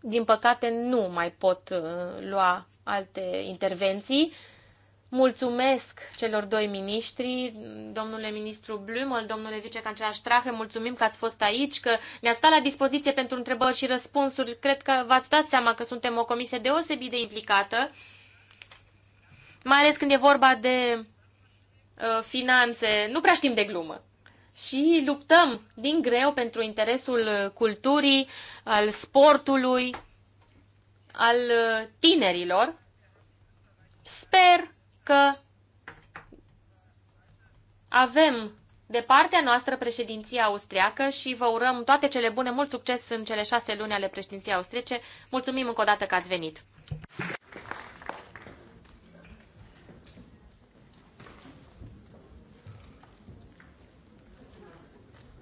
din păcate, nu mai pot uh, lua alte intervenții. Mulțumesc celor doi miniștri, domnule ministru Blumel, domnule vicecancelar Strache, mulțumim că ați fost aici, că ne-ați stat la dispoziție pentru întrebări și răspunsuri. Cred că v-ați dat seama că suntem o comisie deosebit de implicată, mai ales când e vorba de uh, finanțe. Nu prea știm de glumă. Și luptăm din greu pentru interesul culturii, al sportului, al ă, tinerilor. Sper că avem de partea noastră președinția austriacă și vă urăm toate cele bune, mult succes în cele șase luni ale președinției austriece. Mulțumim încă o dată că ați venit!